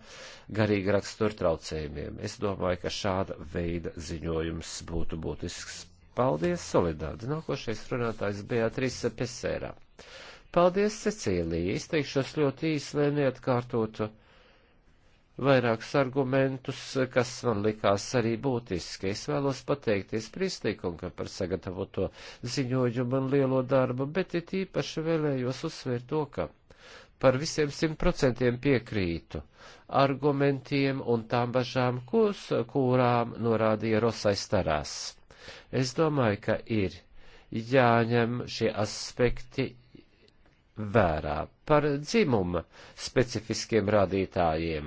garīgi rakstura traucējumiem. Es domāju, ka šāda veida ziņojums būtu būtisks. Paldies, solidāri! Nākošais runātājs Beatrice Pesērā. Paldies, Cecīlija! Izteikšos ļoti īsi, lai neatkārtotu vairākus argumentus, kas man likās arī būtiski. Es vēlos pateikties Pristīkungam par sagatavoto ziņojumu un lielo darbu, bet it īpaši vēlējos uzsvērt to, ka par visiem simt procentiem piekrītu argumentiem un tām bažām, kurs, kurām norādīja Rosai starās. Es domāju, ka ir jāņem šie aspekti vērā par dzimuma specifiskiem rādītājiem.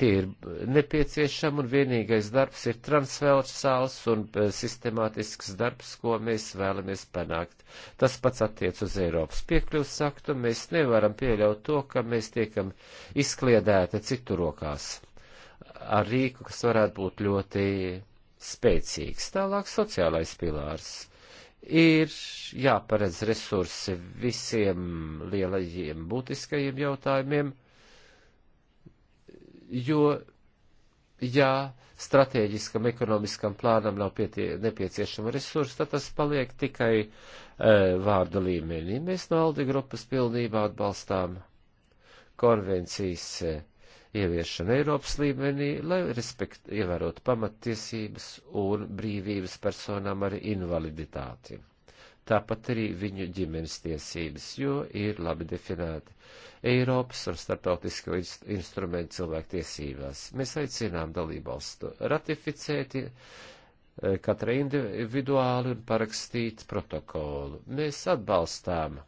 Tie ir nepieciešami un vienīgais darbs ir transversāls un e, sistemātisks darbs, ko mēs vēlamies panākt. Tas pats attiec uz Eiropas piekļuvas aktu, mēs nevaram pieļaut to, ka mēs tiekam izkliedēti citu rokās ar rīku, kas varētu būt ļoti spēcīgs. Tālāk sociālais pilārs ir jāparedz resursi visiem lielajiem būtiskajiem jautājumiem, jo, ja strateģiskam ekonomiskam plānam nav pietie, nepieciešama resursa, tad tas paliek tikai e, vārdu līmenī. Mēs no Aldi grupas pilnībā atbalstām konvencijas e, ieviešana Eiropas līmenī, lai respekt, ievērotu pamattiesības un brīvības personām ar invaliditāti. Tāpat arī viņu ģimenes tiesības, jo ir labi definēti Eiropas un starptautisko instrumentu cilvēktiesībās. Mēs aicinām dalībvalstu ratificēt e, katrai individuāli un parakstīt protokolu. Mēs atbalstām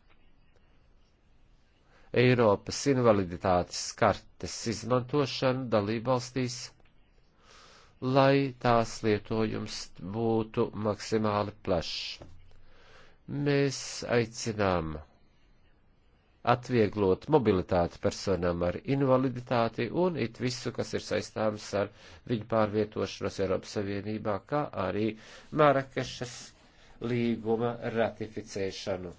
Eiropas invaliditātes kartes izmantošanu dalībvalstīs, lai tās lietojums būtu maksimāli plašs. Mēs aicinām atvieglot mobilitāti personām ar invaliditāti un it visu, kas ir saistāms ar viņu pārvietošanos Eiropas Savienībā, kā arī Mārakešas līguma ratificēšanu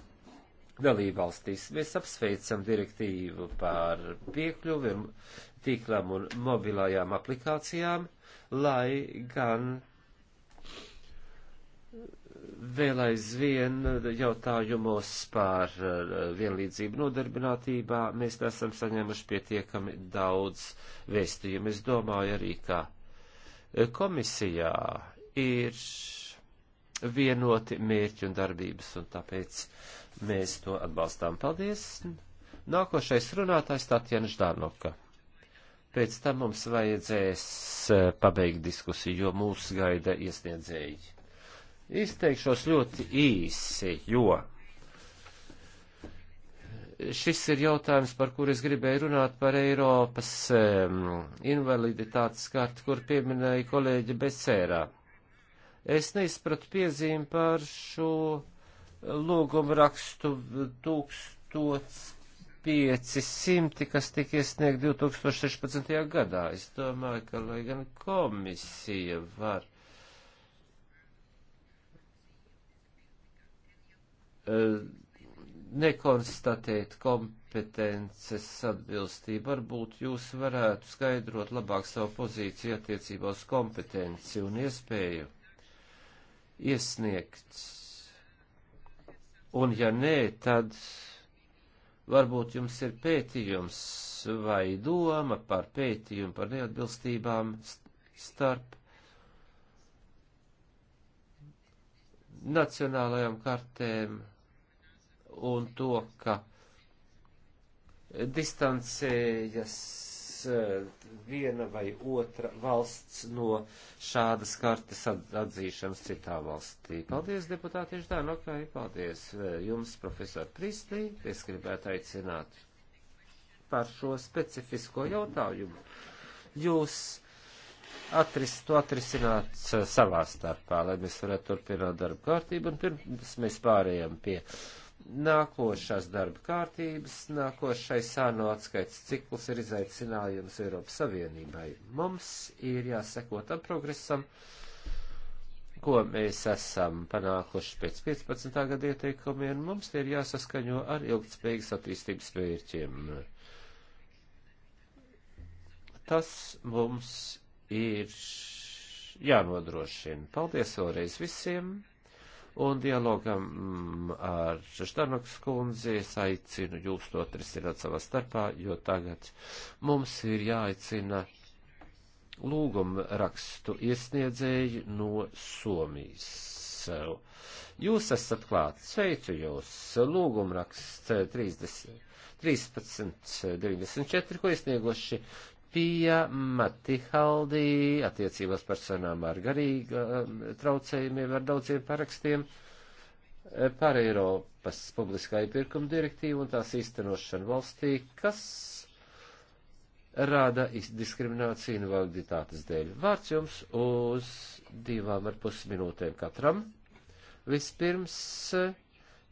dalībvalstīs. Mēs apsveicam direktīvu par piekļuvi tīklam un mobilajām aplikācijām, lai gan vēl aizvien jautājumos par eh, vienlīdzību nodarbinātībā mēs nesam saņēmuši pietiekami daudz vēstījumu. Es domāju arī, ka eh, komisijā ir vienoti mērķi un darbības, un tāpēc Mēs to atbalstām. Paldies! Nākošais runātājs Tatjana Ždānoka. Pēc tam mums vajadzēs e, pabeigt diskusiju, jo mūs gaida iesniedzēji. Izteikšos ļoti īsi, jo šis ir jautājums, par kur es gribēju runāt par Eiropas um, invaliditātes kartu, kur pieminēja kolēģi Becērā. Es neizpratu piezīmi par šo lūgumu rakstu 1500, kas tika iesniegt 2016. gadā. Es domāju, ka lai gan komisija var e, nekonstatēt kompetences atbilstību. Varbūt jūs varētu skaidrot labāk savu pozīciju attiecībā uz kompetenci un iespēju iesniegt Un ja nē, tad varbūt jums ir pētījums vai doma par pētījumu par neatbilstībām starp nacionālajām kartēm un to, ka distancējas Eh, viena vai otra valsts no šādas kartes atzīšanas citā valstī. Paldies, deputāti Ždānokai, okay, paldies eh, jums, profesor Pristī. Es gribētu aicināt par šo specifisko jautājumu. Jūs atris, to atrisināt eh, savā starpā, lai mēs varētu turpināt darbu kārtību, un pirms mēs pārējām pie nākošās darba kārtības, nākošais sāno atskaits cikls ir izaicinājums Eiropas Savienībai. Mums ir jāseko tam progresam, ko mēs esam panākuši pēc 15. gada ieteikumiem, mums tie ir jāsaskaņo ar ilgtspējīgas attīstības mērķiem. Tas mums ir jānodrošina. Paldies vēlreiz visiem! un dialogam mm, ar Štanoks kundzi es aicinu jūs to atrisināt savā starpā, jo tagad mums ir jāaicina lūguma rakstu iesniedzēju no Somijas. Jūs esat klāt, sveicu jūs, lūguma raksts 30. 1394, ko iesnieguši Pija Matihaldī attiecībās personām ar garīgu um, traucējumiem, ar daudziem parakstiem eh, par Eiropas publiskā iepirkuma direktīvu un tās īstenošanu valstī, kas rāda diskrimināciju invaliditātes dēļ. Vārds jums uz divām ar pus minūtēm katram. Vispirms eh,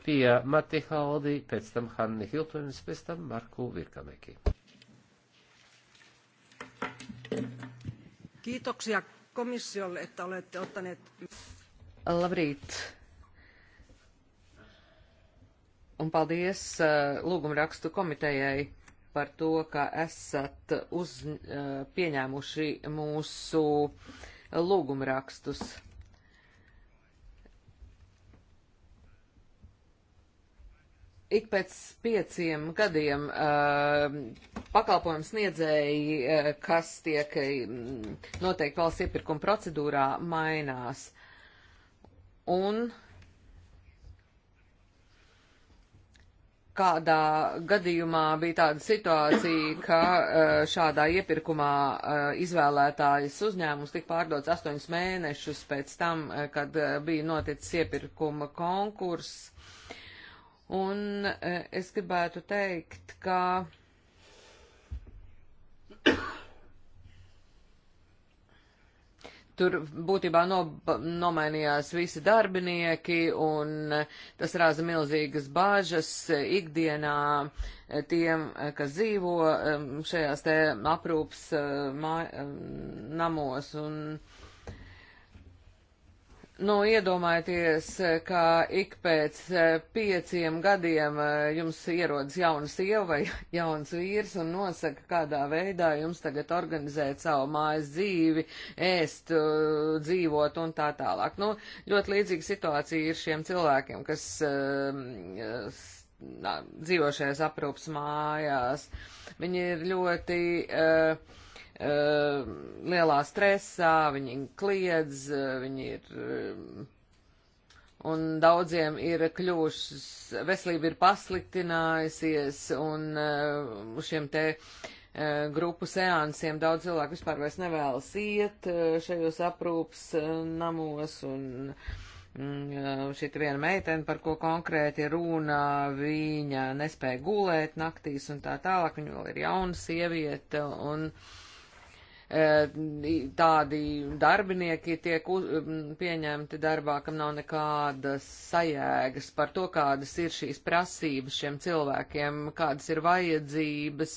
pie Mati Haldi, pēc tam Hanni Hiltonis, pēc tam Marku Virkameki. Kiitoksia komissiolle, että olette ottaneet... Labrīt! Un paldies eh, lūgumrakstu komitejai par to, ka esat uz, eh, pieņēmuši mūsu lūgumrakstus. rakstus. ik pēc pieciem gadiem uh, pakalpojumu sniedzēji, uh, kas tiek um, noteikti valsts iepirkuma procedūrā, mainās. Un kādā gadījumā bija tāda situācija, ka uh, šādā iepirkumā uh, izvēlētājs uzņēmums tika pārdots astoņus mēnešus pēc tam, uh, kad uh, bija noticis iepirkuma konkurss Un e, es gribētu teikt, ka tur būtībā no, nomainījās visi darbinieki, un tas rāza milzīgas bāžas ikdienā tiem, kas dzīvo e, šajās te aprūpas e, mā, namos. Un, Nu, iedomājieties, ka ik pēc eh, pieciem gadiem eh, jums ierodas jauna sieva vai jauns vīrs un nosaka, kādā veidā jums tagad organizēt savu mājas dzīvi, ēst, eh, dzīvot un tā tālāk. Nu, ļoti līdzīga situācija ir šiem cilvēkiem, kas dzīvo šajās aprūpas mājās. Viņi ir ļoti uh, uh, lielā stresā, viņi kliedz, eh, viņi ir. Uh, un daudziem ir kļuvušas, veselība ir pasliktinājusies, un uz šiem te grupu seansiem daudz cilvēku vispār vairs nevēlas iet šajos aprūpas namos, un mm, šī viena meitene, par ko konkrēti runā, viņa nespēja gulēt naktīs un tā tālāk, viņa vēl ir jauna sieviete, un uh, E, tādi darbinieki tiek pieņemti darbā, kam nav nekādas sajēgas par to, kādas ir šīs prasības šiem cilvēkiem, kādas ir vajadzības.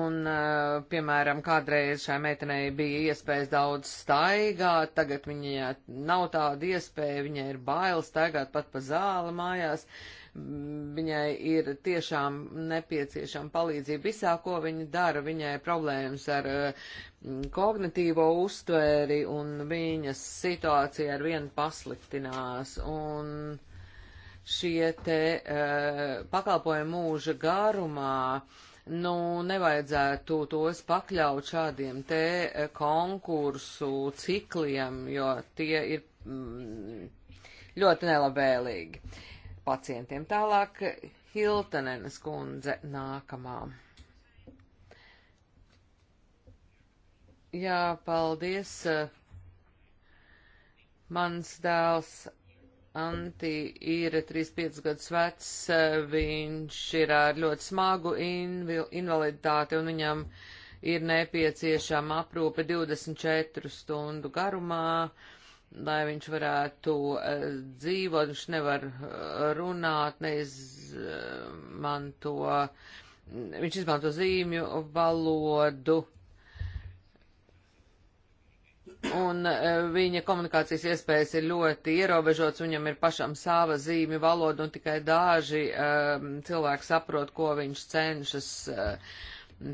Un, e, piemēram, kādreiz šai meitenei bija iespējas daudz staigāt, tagad viņai nav tāda iespēja, viņai ir bail staigāt pat pa zāli mājās. Uh, Viņai ir tiešām nepieciešama palīdzība visā, ko viņa dara. Viņai ir problēmas ar mm, kognitīvo uztvēri un viņas situācija ar vienu pasliktinās. Un šie te uh, eh, pakalpojumi mūža garumā nu, nevajadzētu tos pakļaut šādiem te eh, konkursu cikliem, jo tie ir mm, ļoti nelabēlīgi pacientiem. Tālāk Hiltanenes kundze nākamā. Jā, paldies. Mans dēls Anti ir 35 gadus vecs, viņš ir ar ļoti smagu invaliditāti un viņam ir nepieciešama aprūpe 24 stundu garumā. Uh, lai viņš varētu uh, dzīvot, viņš nevar eh, runāt, neizmanto, viņš izmanto zīmju valodu. Un eh, viņa komunikācijas iespējas ir ļoti ierobežotas, viņam ir pašam sava zīmju valoda, un tikai daži um, cilvēki saprot, ko viņš cenšas uh,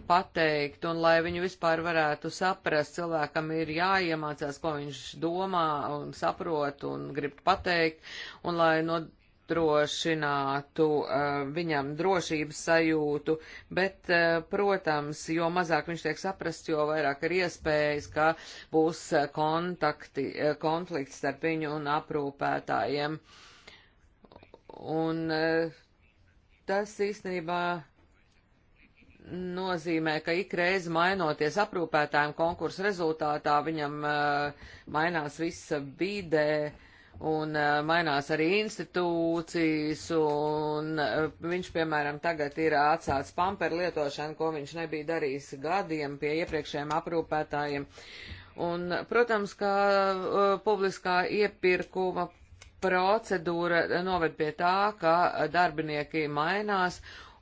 pateikt, un lai viņu vispār varētu saprast, cilvēkam ir jāiemācās, ko viņš domā un saprot un grib pateikt, un lai nodrošinātu uh, viņam drošības sajūtu, bet, uh, protams, jo mazāk viņš tiek saprasts, jo vairāk ir iespējas, ka būs eh, kontakti, konflikts starp viņu un aprūpētājiem. Un uh, tas īstenībā nozīmē, ka ik reizi mainoties aprūpētājiem konkursu rezultātā, viņam uh, mainās visa vide un uh, mainās arī institūcijas, un uh, viņš, piemēram, tagad ir atsācis pamperu lietošanu, ko viņš nebija darījis gadiem pie iepriekšējiem aprūpētājiem. Un, protams, ka publiskā iepirkuma procedūra noved pie tā, ka darbinieki mainās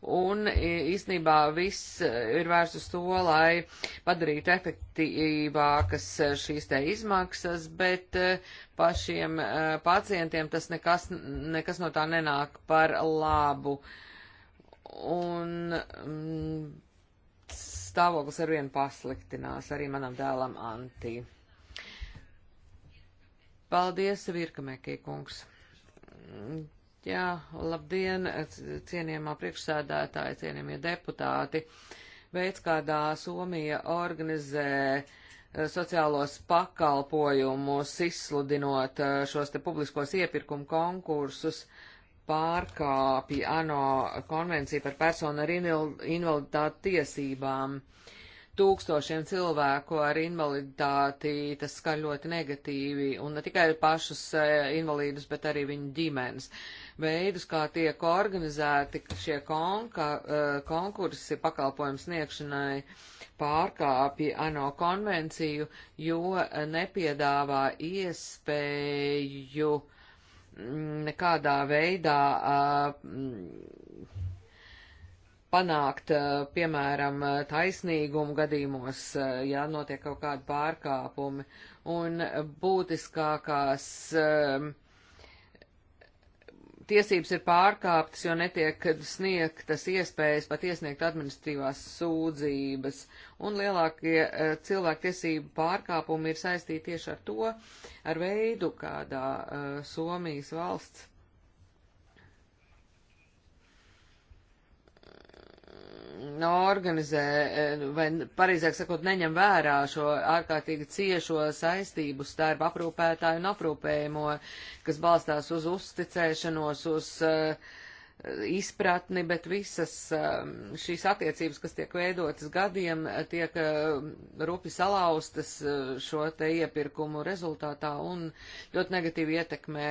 Un īstenībā viss e, ir vērsts uz to, lai padarītu efektīvākas e, šīs te izmaksas, bet e, pašiem pacientiem tas nekas, nekas no tā nenāk par labu. Un mm, stāvoklis arvien pasliktinās arī manam dēlam Antī. Paldies, Virkamekī kungs. Jā, labdien, cienījamā priekšsēdētāja, cienījamie deputāti. Veids, kādā Somija organizē eh, sociālos pakalpojumus, izsludinot eh, šos te publiskos iepirkumu konkursus, pārkāpja ANO konvenciju par personu ar invaliditāti tiesībām. Uh, tūkstošiem cilvēku ar invaliditāti, tas skar ļoti negatīvi, un ne tikai pašus e, invalīdus, bet arī viņu ģimenes. Veidus, kā tiek organizēti šie konka, e, konkursi pakalpojums sniegšanai, pārkāpja ANO konvenciju, jo nepiedāvā iespēju mm, nekādā veidā uh, panākt, eh, piemēram, eh, taisnīgumu gadījumos, eh, ja notiek kaut kādi pārkāpumi. Un būtiskākās tiesības ir pārkāptas, jo netiek sniegtas iespējas pat iesniegt administratīvās sūdzības. Un lielākie cilvēktiesību pārkāpumi ir saistīti tieši ar to, ar veidu, kādā Somijas valsts Nu, organizē, eh, vai pareizāk sakot, neņem vērā šo ārkārtīgi ciešo saistību starp aprūpētāju un aprūpējumo, kas balstās uz uzticēšanos, uz uh, izpratni, bet visas eh, šīs attiecības, kas tiek veidotas gadiem, tiek rupi salauztas šo te iepirkumu rezultātā un ļoti negatīvi ietekmē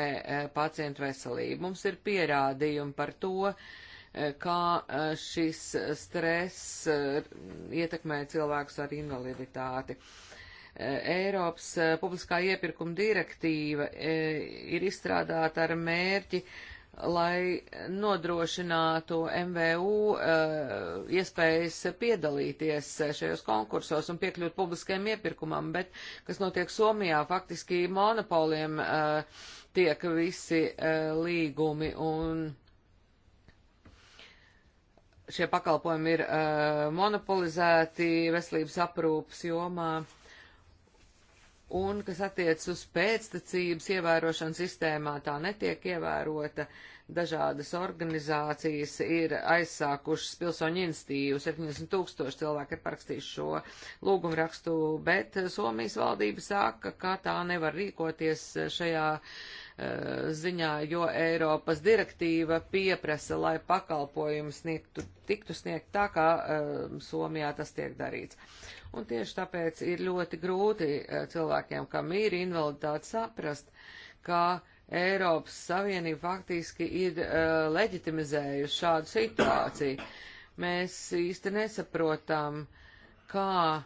pacientu veselību. Mums ir pierādījumi par to, uh, Eh, kā eh, šis eh, stress ietekmē cilvēkus ar invaliditāti. Eiropas publiskā iepirkuma direktīva ir izstrādāta ar mērķi, lai nodrošinātu MVU iespējas piedalīties šajos konkursos un piekļūt publiskajam iepirkumam, bet kas notiek Somijā, faktiski monopoliem tiek visi līgumi un šie pakalpojumi ir uh, monopolizēti veselības aprūpas jomā. Un, kas attiec uz pēctecības ievērošanu sistēmā, tā netiek ievērota. Dažādas organizācijas ir aizsākušas pilsoņu institīvu, 70 tūkstoši cilvēki ir parakstījuši šo lūgumu rakstu, bet Somijas valdība saka, ka tā nevar rīkoties šajā uh, Eh, ziņā, jo Eiropas direktīva pieprasa, lai pakalpojumi sniegtu, tiktu sniegt tā, kā um, Somijā tas tiek darīts. Un tieši tāpēc ir ļoti grūti eh, cilvēkiem, kam ir invaliditāte, saprast, ka Eiropas Savienība faktiski ir uh, leģitimizējusi šādu situāciju. Mēs īsti nesaprotam, kā uh,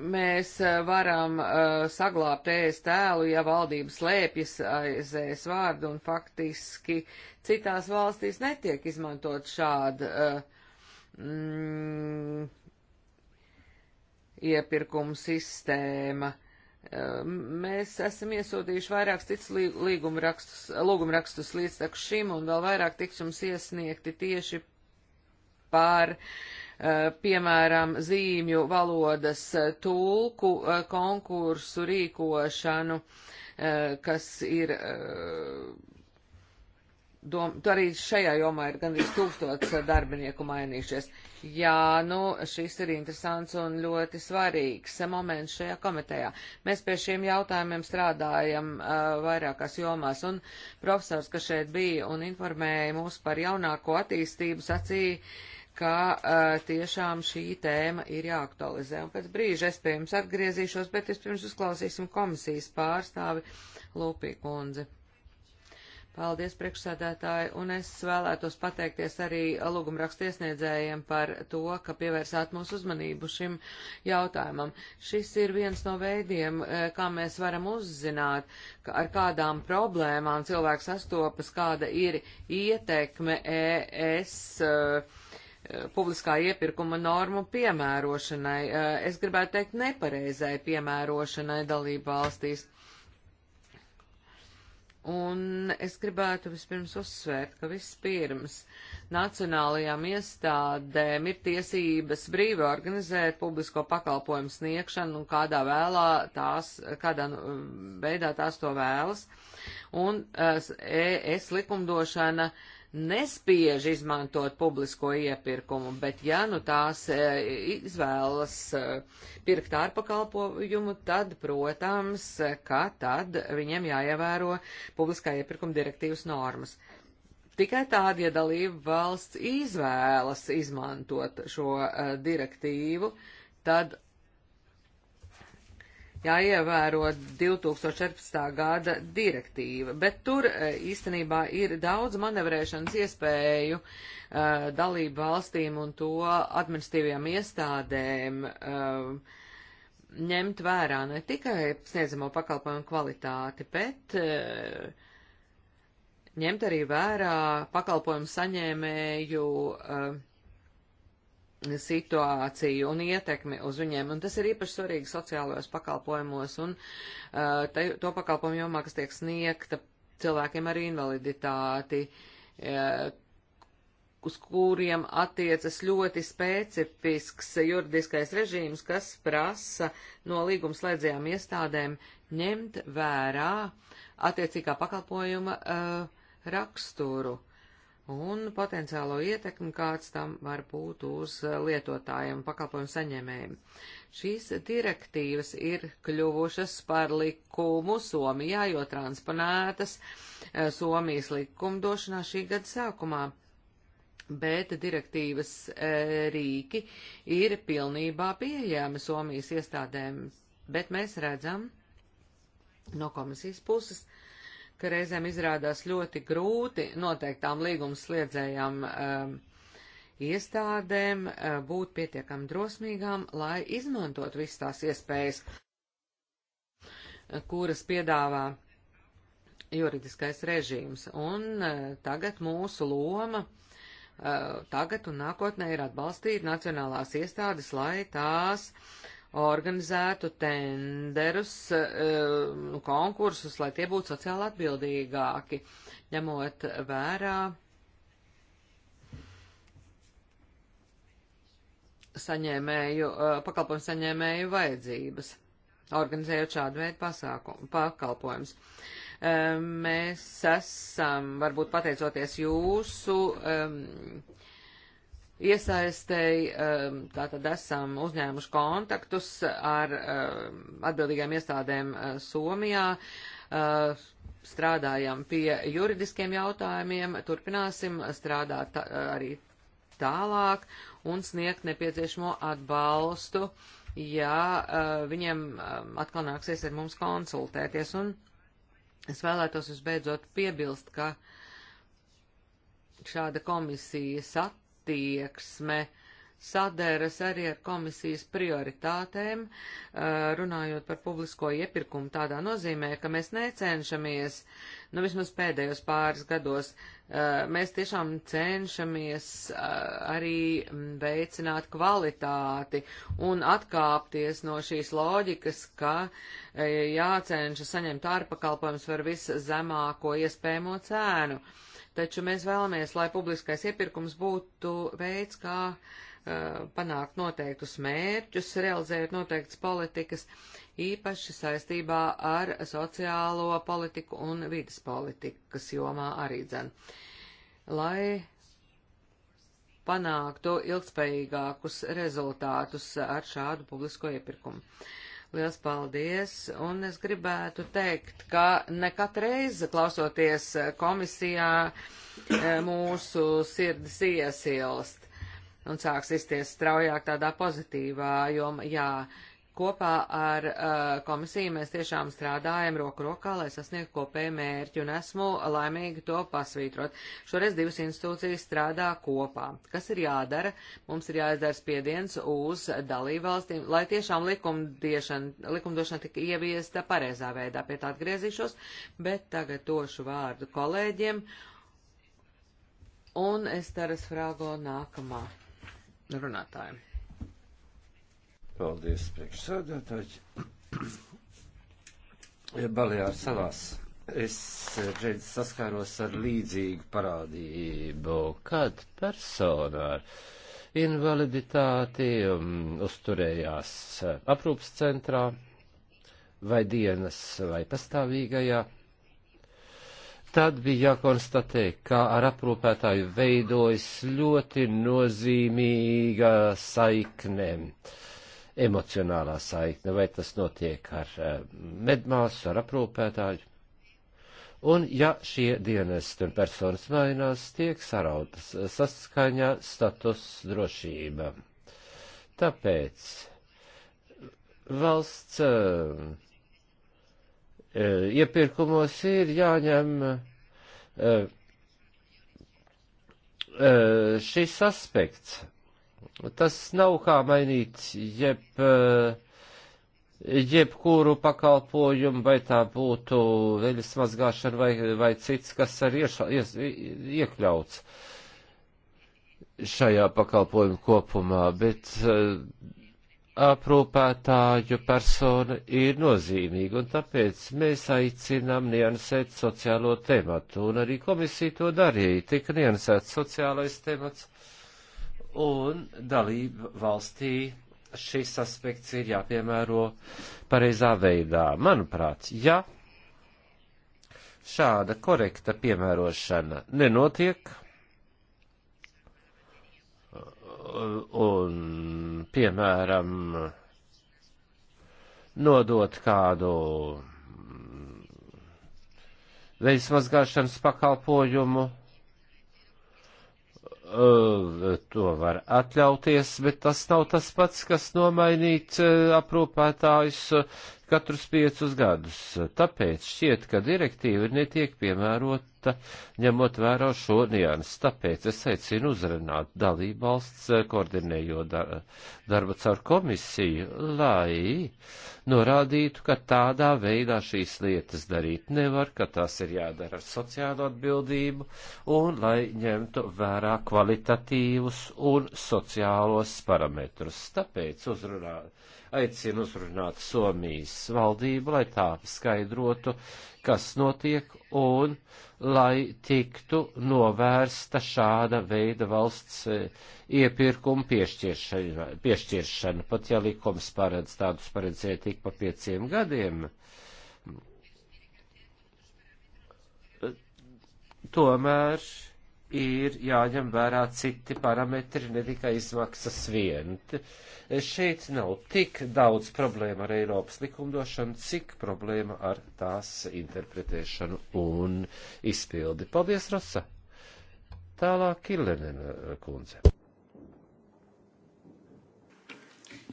mēs eh, varam uh, saglābt ēst tēlu, ja valdības lēpjas aiz ēst vārdu un faktiski citās valstīs netiek izmantot šāda uh, eh, mm, iepirkuma sistēma. Uh, mēs esam iesūtījuši vairākus citus līgumrakstus, lūgumrakstus līdz tak šim, un vēl vairāk tiks jums iesniegti tieši par uh, Eh, piemēram, zīmju valodas eh, tulku eh, konkursu rīkošanu, kas ir. Dom, tu arī šajā jomā ir gandrīz tūkstots darbinieku mainījušies. Jā, nu, šis ir interesants un ļoti svarīgs moments šajā komitejā. Mēs pie šiem jautājumiem strādājam uh, vairākās jomās, un profesors, kas šeit bija un informēja mūs par jaunāko attīstību, sacīja, uh, ka tiešām šī tēma ir jāaktualizē. Un pēc brīža es pie jums atgriezīšos, bet vispirms uzklausīsim komisijas pārstāvi Lūpī kundzi. Paldies, priekšsādātāji, un es vēlētos pateikties arī lūgumrakstu iesniedzējiem par to, ka pievērsāt mūsu uzmanību šim jautājumam. Šis ir viens no veidiem, kā mēs varam uzzināt, ka ar kādām problēmām cilvēks sastopas, kāda ir ietekme ES. Uh, Eh, publiskā iepirkuma normu piemērošanai, eh, es gribētu teikt nepareizai piemērošanai dalību valstīs. Un es gribētu vispirms uzsvērt, ka vispirms nacionālajām iestādēm ir tiesības brīvi organizēt publisko pakalpojumu sniegšanu un kādā vēlā tās, kādā nu, veidā tās to vēlas. Un es eh, e likumdošana uh, nespiež izmantot publisko iepirkumu, bet ja nu tās e, izvēlas e, pirkt ārpakalpojumu, tad, protams, ka tad viņiem jāievēro publiskā iepirkuma direktīvas normas. Tikai tādi, ja dalība valsts izvēlas izmantot šo e, direktīvu, tad jāievēro 2014. gada direktīva, bet tur e, īstenībā ir daudz manevrēšanas iespēju uh, dalību valstīm un to administratīvajām iestādēm uh, ņemt vērā ne tikai sniedzamo pakalpojumu kvalitāti, bet uh, ņemt arī vērā pakalpojumu saņēmēju uh, situāciju un ietekmi uz viņiem, un tas ir īpaši svarīgi sociālajos pakalpojumos un uh, te, to pakalpojumu jomā, kas tiek sniegta cilvēkiem ar invaliditāti, uh, uz kuriem attiecas ļoti specifisks juridiskais režīms, kas prasa no līgumslēdzējām iestādēm ņemt vērā attiecīgā pakalpojuma uh, raksturu un potenciālo ietekmi, kāds tam var būt uz eh, lietotājiem, pakalpojumu saņēmējiem. Šīs direktīvas ir kļuvušas par likumu Somijā, jo transponētas eh, Somijas likumdošanā šī gada sākumā. Bet direktīvas eh, rīki ir pilnībā pieejami Somijas iestādēm, bet mēs redzam no komisijas puses, uh, ka reizēm izrādās ļoti grūti noteiktām līgumas sliedzējām um, iestādēm um, būt pietiekam drosmīgām, lai izmantot visas tās iespējas, kuras piedāvā juridiskais režīms. Un uh, tagad mūsu loma uh, tagad un nākotnē ir atbalstīt nacionālās iestādes, lai tās uh, organizētu tenderus, eh, nu, konkursus, lai tie būtu sociāli atbildīgāki, ņemot vērā saņēmēju, eh, pakalpojumu saņēmēju vajadzības, organizējot šādu veidu pasākumu, pakalpojumus. Eh, mēs esam, varbūt pateicoties jūsu um, iesaistēji, um, tātad esam uzņēmuši kontaktus ar um, atbildīgām iestādēm uh, Somijā, uh, strādājam pie juridiskiem jautājumiem, turpināsim strādāt uh, arī tālāk un sniegt nepieciešamo atbalstu, ja viņiem um, atkal nāksies ar mums konsultēties. Un es vēlētos visbeidzot piebilst, ka šāda komisija sat attieksme sadēras arī ar komisijas prioritātēm, runājot par publisko iepirkumu tādā nozīmē, ka mēs necenšamies, nu vismaz pēdējos pāris gados, mēs tiešām cenšamies arī veicināt kvalitāti un atkāpties no šīs loģikas, ka jācenšas saņemt ārpakalpojums par viszemāko iespējamo cēnu. Uh, taču mēs vēlamies, lai publiskais iepirkums būtu veids, kā uh, panākt noteiktus mērķus, realizējot noteiktas politikas, īpaši saistībā ar sociālo politiku un vidas politikas jomā arī dzen. Lai panāktu ilgspējīgākus rezultātus ar šādu publisko iepirkumu. Uh, Liels paldies, un es gribētu teikt, ka nekat reizi klausoties komisijā eh, mūsu sirds iesilst un sāks izties straujāk tādā pozitīvā, jo, jā, uh, Kopā ar uh, komisiju mēs tiešām strādājam roku rokā, lai sasniegtu kopēju mērķi, un esmu laimīgi to pasvītrot. Šoreiz divas institūcijas strādā kopā. Kas ir jādara? Mums ir jāizdara spiediens uz dalībvalstīm, lai tiešām likumdošana tika ieviesta pareizā veidā. Pie tā atgriezīšos, bet tagad došu vārdu kolēģiem. Un es taras frāgo nākamā runātājiem. Paldies, priekšsādātāji. Balējā salās es redz saskāros ar līdzīgu parādību, kad persona ar invaliditāti um, uzturējās uh, aprūpas centrā vai dienas vai pastāvīgajā. Tad bija jākonstatē, ka ar aprūpētāju veidojas ļoti nozīmīga saikne. Uh, emocionālā saikne, vai tas notiek ar eh, medmāsu, ar aprūpētāju. Un, ja šie dienesti un personas mainās, tiek sarautas eh, saskaņā status drošība. Tāpēc valsts uh, iepirkumos ir jāņem uh, uh, šis aspekts Tas nav kā mainīt jeb, eh, jebkuru pakalpojumu, vai tā būtu veļas mazgāšana vai, vai cits, kas ir ieša, ies, iekļauts šajā pakalpojumu kopumā, bet eh, aprūpētāju persona ir nozīmīga, un tāpēc mēs aicinām niansēt sociālo tematu, un arī komisija to darīja, tika niansēts sociālais temats un dalību valstī šis aspekts ir jāpiemēro pareizā veidā. Manuprāt, ja šāda korekta piemērošana nenotiek, un, piemēram, nodot kādu veismazgāšanas pakalpojumu to var atļauties, bet tas nav tas pats, kas nomainīt aprūpētājus katrus piecus gadus. Tāpēc šķiet, ka direktīva netiek piemērota ņemot vērā šo nianses. Tāpēc es aicinu uzrunāt dalībvalsts, eh, koordinējot dar darba caur komisiju, lai norādītu, ka tādā veidā šīs lietas darīt nevar, ka tās ir jādara ar sociālo atbildību un lai ņemtu vērā kvalitatīvus un sociālos parametrus. Tāpēc uzrunāt aicinu uzrunāt Somijas valdību, lai tā skaidrotu, kas notiek un lai tiktu novērsta šāda veida valsts e, iepirkuma piešķiršana, piešķiršana pat ja likums paredz tādus paredzēt tik pa pieciem gadiem. E, tomēr ir jāņem vērā citi parametri, ne tikai izmaksas vien. Šeit nav tik daudz problēma ar Eiropas likumdošanu, cik problēma ar tās interpretēšanu un izpildi. Paldies, Rosa! Tālāk Illenena kundze.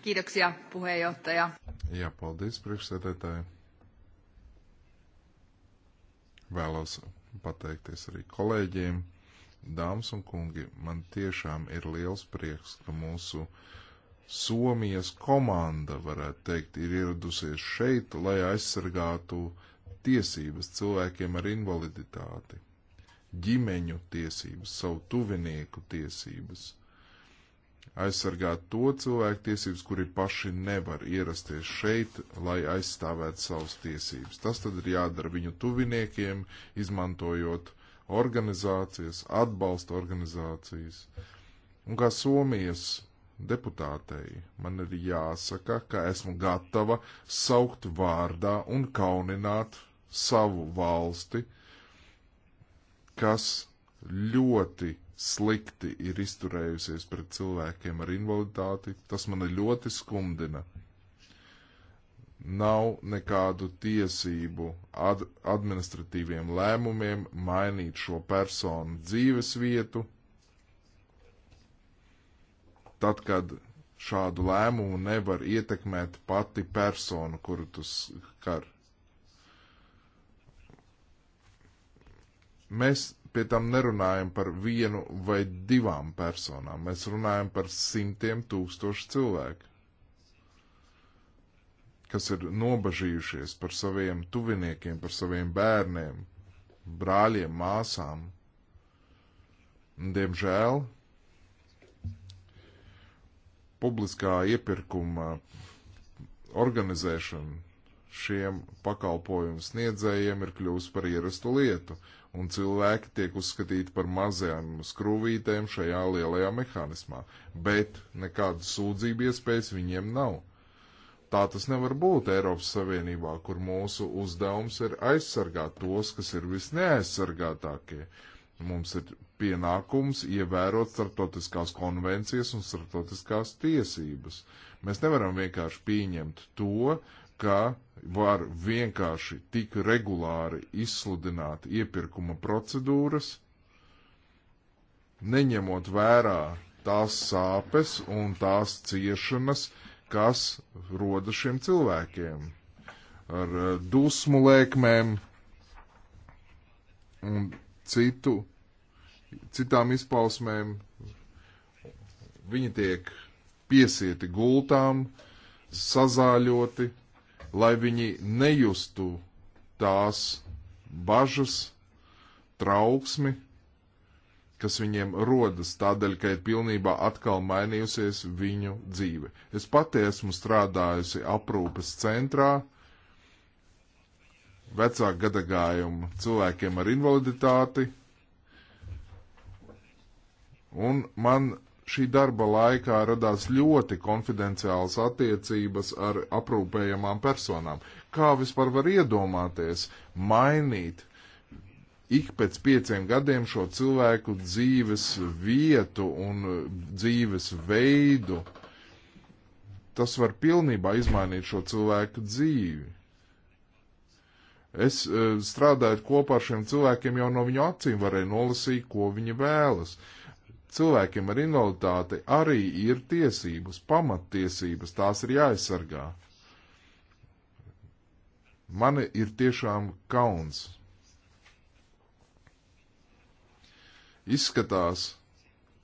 Kiitoksia, puheenjohtaja. Jā, paldies, priekšsēdētāji. Vēlos pateikties arī kolēģiem Dāmas un kungi, man tiešām ir liels prieks, ka mūsu Somijas komanda, varētu teikt, ir ieradusies šeit, lai aizsargātu tiesības cilvēkiem ar invaliditāti, ģimeņu tiesības, savu tuvinieku tiesības, aizsargāt to cilvēku tiesības, kuri paši nevar ierasties šeit, lai aizstāvētu savas tiesības. Tas tad ir jādara viņu tuviniekiem, izmantojot organizācijas, atbalsta organizācijas. Un kā Somijas deputātei man ir jāsaka, ka esmu gatava saukt vārdā un kaunināt savu valsti, kas ļoti slikti ir izturējusies pret cilvēkiem ar invaliditāti. Tas mani ļoti skumdina nav nekādu tiesību ad administratīviem lēmumiem mainīt šo personu dzīves vietu, tad, kad šādu lēmumu nevar ietekmēt pati persona, kuru tu skar. Mēs pie tam nerunājam par vienu vai divām personām, mēs runājam par simtiem tūkstošu cilvēku kas ir nobažījušies par saviem tuviniekiem, par saviem bērniem, brāļiem, māsām. Diemžēl publiskā iepirkuma organizēšana šiem pakalpojumu sniedzējiem ir kļuvusi par ierastu lietu, un cilvēki tiek uzskatīti par mazajām skrūvītēm šajā lielajā mehānismā, bet nekādas sūdzību iespējas viņiem nav. Tā tas nevar būt Eiropas Savienībā, kur mūsu uzdevums ir aizsargāt tos, kas ir visneaizsargātākie. Mums ir pienākums ievērot starptautiskās konvencijas un starptautiskās tiesības. Mēs nevaram vienkārši pieņemt to, ka var vienkārši tik regulāri izsludināt iepirkuma procedūras, neņemot vērā tās sāpes un tās ciešanas, uh, kas rodas šiem cilvēkiem ar eh, dusmu lēkmēm un citu, citām izpausmēm. Viņi tiek piesieti gultām, sazāļoti, lai viņi nejustu tās bažas, trauksmi, kas viņiem rodas tādēļ, ka ir pilnībā atkal mainījusies viņu dzīve. Es pati esmu strādājusi aprūpes centrā, vecāku gadagājumu cilvēkiem ar invaliditāti, un man šī darba laikā radās ļoti konfidenciāls attiecības ar aprūpējamām personām. Kā vispār var iedomāties mainīt ik pēc pieciem gadiem šo cilvēku dzīves vietu un eh, dzīves veidu. Tas var pilnībā izmainīt šo cilvēku dzīvi. Es eh, strādājot kopā ar šiem cilvēkiem, jau no viņu acīm varēju nolasīt, ko viņi vēlas. Cilvēkiem ar invaliditāti arī ir tiesības, pamattiesības, tās ir jāaizsargā. Man ir tiešām kauns Izskatās,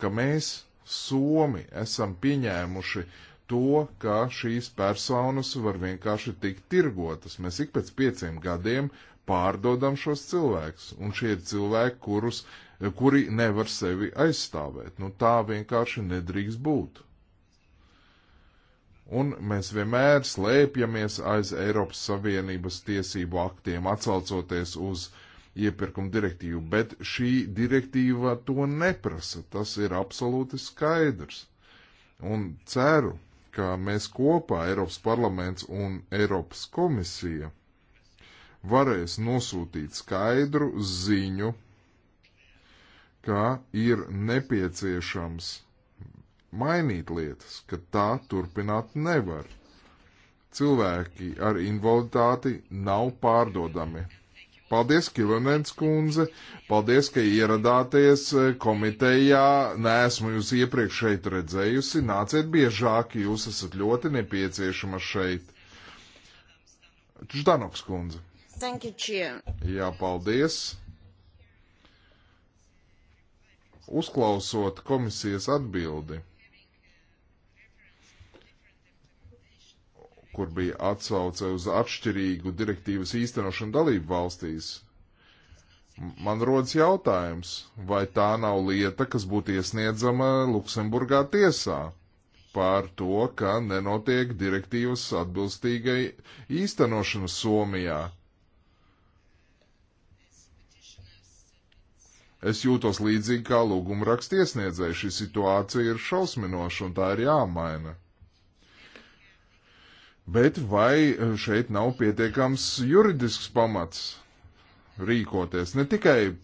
ka mēs, Somi, esam pieņēmuši to, ka šīs personas var vienkārši tikt tirgotas. Mēs ik pēc pieciem gadiem pārdodam šos cilvēkus, un šie ir cilvēki, kurus, kuri nevar sevi aizstāvēt. Nu, tā vienkārši nedrīkst būt. Un mēs vienmēr slēpjamies aiz Eiropas Savienības tiesību aktiem, atsaucoties uz uh, iepirkuma direktīvu, bet šī direktīva to neprasa. Tas ir absolūti skaidrs. Un ceru, ka mēs kopā, Eiropas parlaments un Eiropas komisija, varēs nosūtīt skaidru ziņu, ka ir nepieciešams mainīt lietas, ka tā turpināt nevar. Cilvēki ar invaliditāti nav pārdodami. Paldies, Kilonēns kundze, paldies, ka ieradāties eh, komitejā. Nē, esmu jūs iepriekš šeit redzējusi. Nāciet biežāk, jūs esat ļoti nepieciešama šeit. Čdanoks kundze. Thank you, Chair. Jā, paldies. Uzklausot komisijas atbildi kur bija atsauce uz atšķirīgu direktīvas īstenošanu dalību valstīs. Man rodas jautājums, vai tā nav lieta, kas būtu iesniedzama Luksemburgā tiesā par to, ka nenotiek direktīvas atbilstīgai īstenošana Somijā. Es jūtos līdzīgi kā lūguma rakstiesniedzēji. Šī situācija ir šausminoša un tā ir jāmaina. Bet vai e, šeit nav pietiekams juridisks pamats rīkoties? Ne tikai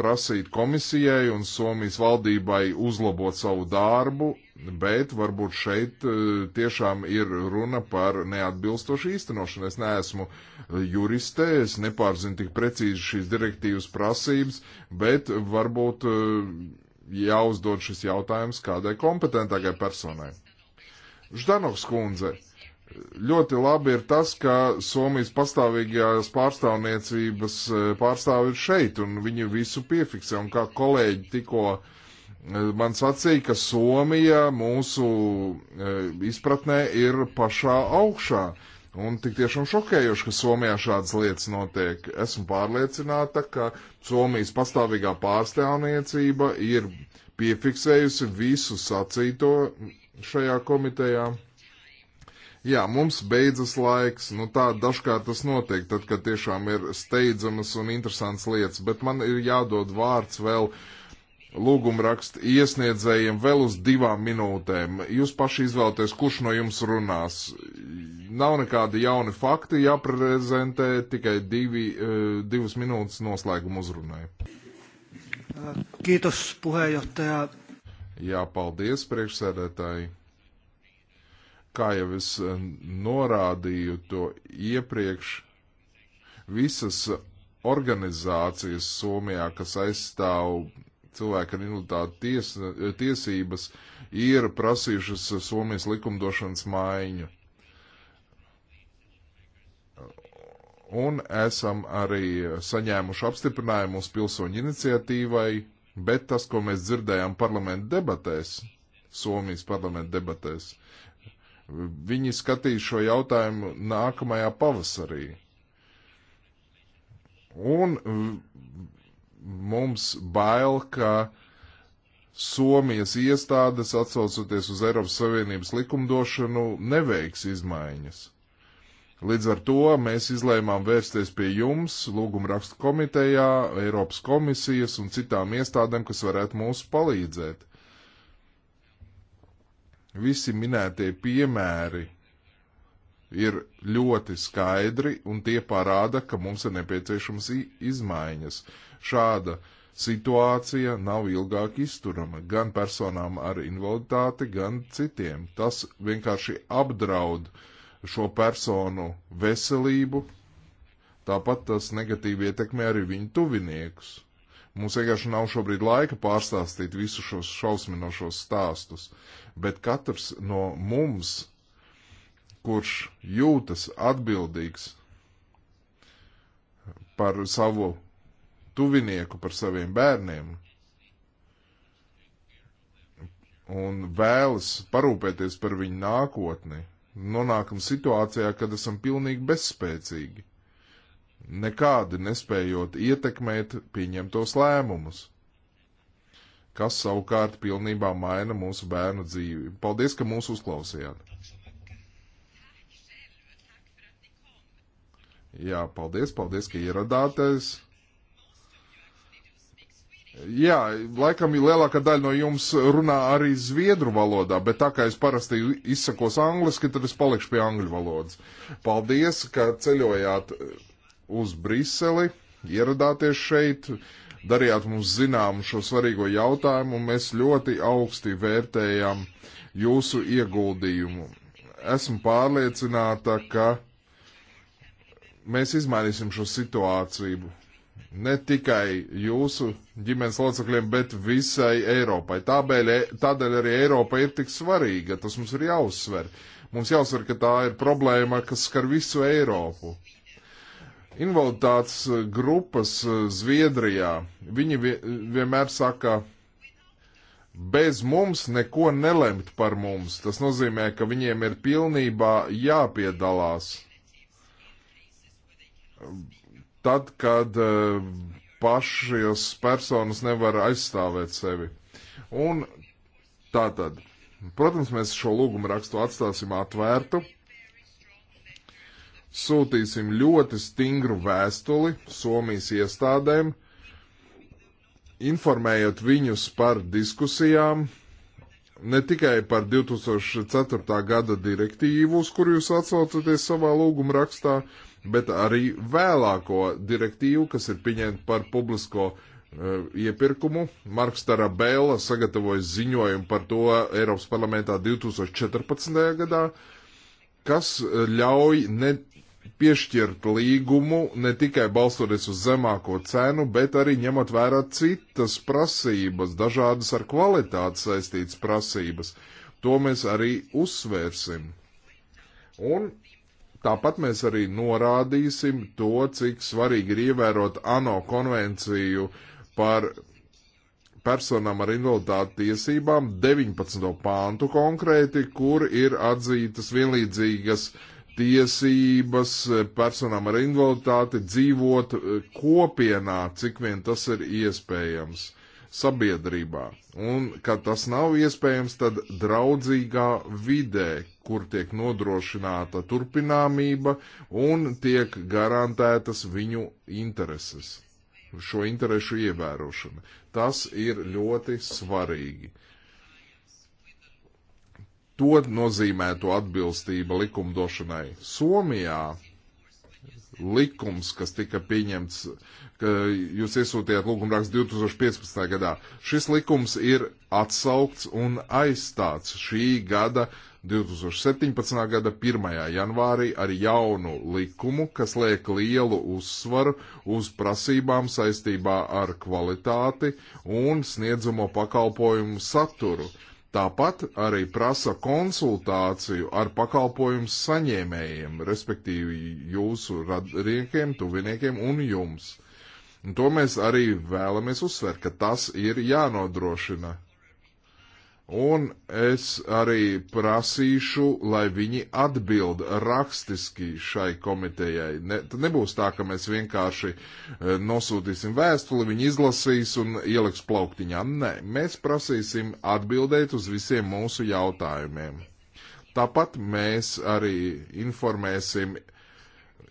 prasīt komisijai un Somijas valdībai uzlabot savu darbu, bet varbūt šeit e, tiešām ir runa par neatbilstošu īstenošanu. Es neesmu juriste, es nepārzinu tik precīzi šīs direktīvas prasības, bet varbūt e, jāuzdod šis jautājums kādai kompetentākai personai. Ždanovs kundze, ļoti labi ir tas, ka Somijas pastāvīgās pārstāvniecības e, pārstāvi ir šeit, un viņi visu piefiksē. Un kā kolēģi tikko e, man sacīja, ka Somija mūsu e, izpratnē ir pašā augšā. Un tik tiešām šokējoši, ka Somijā šādas lietas notiek. Esmu pārliecināta, ka Somijas pastāvīgā pārstāvniecība ir piefiksējusi visu sacīto šajā komitejā Jā, mums beidzas laiks, nu tā dažkārt tas notiek, tad, kad tiešām ir steidzamas un interesants lietas, bet man ir jādod vārds vēl lūgumrakstu iesniedzējiem vēl uz divām minūtēm. Jūs paši izvēlaties, kurš no jums runās. Nav nekādi jauni fakti jāprezentē, tikai divi, eh, divas minūtes noslēguma uzrunai. Kītos, puheenjohtaja. Jā, paldies, priekšsēdētāji. Kā jau es eh, norādīju to iepriekš, visas organizācijas Somijā, kas aizstāv cilvēku ar invaliditāti ties, eh, tiesības, ir prasījušas Somijas likumdošanas maiņu. Un esam arī saņēmuši apstiprinājumu uz pilsoņu iniciatīvai, bet tas, ko mēs dzirdējām parlamentu debatēs, Somijas parlamentu debatēs, Viņi skatīs šo jautājumu nākamajā pavasarī. Un mums bail, ka Somijas iestādes, atsaucoties uz Eiropas Savienības likumdošanu, neveiks izmaiņas. Līdz ar to mēs izlēmām vērsties pie jums, lūgumrakstu komitejā, Eiropas komisijas un citām iestādēm, kas varētu mūs palīdzēt. Visi minētie piemēri ir ļoti skaidri, un tie parāda, ka mums ir nepieciešams izmaiņas. Šāda situācija nav ilgāk izturama gan personām ar invaliditāti, gan citiem. Tas vienkārši apdraud šo personu veselību, tāpat tas negatīvi ietekmē arī viņu tuviniekus. Mums vienkārši nav šobrīd laika pārstāstīt visus šos šausminošos stāstus bet katrs no mums, kurš jūtas atbildīgs par savu tuvinieku, par saviem bērniem, un vēlas parūpēties par viņu nākotni, nonākam situācijā, kad esam pilnīgi bezspēcīgi, nekādi nespējot ietekmēt pieņemtos lēmumus kas savukārt pilnībā maina mūsu bērnu dzīvi. Paldies, ka mūs uzklausījāt! Jā, paldies, paldies, ka ieradāties! Jā, laikam lielākā daļa no jums runā arī zviedru valodā, bet tā kā es parasti izsakos angliski, tad es palikšu pie angļu valodas. Paldies, ka ceļojāt uz Briseli, ieradāties šeit darījāt mums zinām šo svarīgo jautājumu, un mēs ļoti augsti vērtējam jūsu ieguldījumu. Esmu pārliecināta, ka mēs izmainīsim šo situāciju ne tikai jūsu ģimenes locekļiem, bet visai Eiropai. Tāpēc, tādēļ arī Eiropa ir tik svarīga, tas mums ir jāuzsver. Mums jāuzsver, ka tā ir problēma, kas skar visu Eiropu invaliditātes eh, grupas eh, Zviedrijā. Viņi vienmēr saka, bez mums neko nelemt par mums. Tas nozīmē, ka viņiem ir pilnībā jāpiedalās. Tad, kad eh, pašas personas nevar aizstāvēt sevi. Un tā tad, protams, mēs šo lūgumu rakstu atstāsim atvērtu sūtīsim ļoti stingru vēstuli Somijas iestādēm, informējot viņus par diskusijām, ne tikai par 2004. gada direktīvu, uz kuru jūs atsaucaties savā lūguma rakstā, bet arī vēlāko direktīvu, kas ir pieņemta par publisko uh, iepirkumu. Marks Tarabēla sagatavoja ziņojumu par to Eiropas parlamentā 2014. gadā, kas eh, ļauj ne piešķirt līgumu ne tikai balstoties uz zemāko cenu, bet arī ņemot vērā citas prasības, dažādas ar kvalitāti saistītas prasības. To mēs arī uzsvērsim. Un tāpat mēs arī norādīsim to, cik svarīgi ir ievērot ANO konvenciju par personām ar invaliditāti tiesībām 19. pāntu konkrēti, kur ir atzītas vienlīdzīgas uh, tiesības eh, personām ar invaliditāti dzīvot eh, kopienā, cik vien tas ir iespējams sabiedrībā. Un, kad tas nav iespējams, tad draudzīgā vidē, kur tiek nodrošināta turpināmība un tiek garantētas viņu intereses, šo interesu ievērošana. Tas ir ļoti svarīgi to nozīmēto atbilstība likumdošanai. Somijā likums, kas tika pieņemts, ka jūs iesūtījāt lūgumrakstu 2015. gadā, šis likums ir atsaukts un aizstāts šī gada 2017. gada 1. janvārī ar jaunu likumu, kas liek lielu uzsvaru uz prasībām saistībā ar kvalitāti un sniedzamo pakalpojumu saturu Tāpat arī prasa konsultāciju ar pakalpojumu saņēmējiem, respektīvi jūsu radniekiem, tuviniekiem un jums. Un to mēs arī vēlamies uzsvērt, ka tas ir jānodrošina Un es arī prasīšu, lai viņi atbild rakstiski šai komitejai. Ne, tad nebūs tā, ka mēs vienkārši e, nosūtīsim vēstuli, viņi izlasīs un ieliks plauktiņā. Nē, mēs prasīsim atbildēt uz visiem mūsu jautājumiem. Tāpat mēs arī informēsim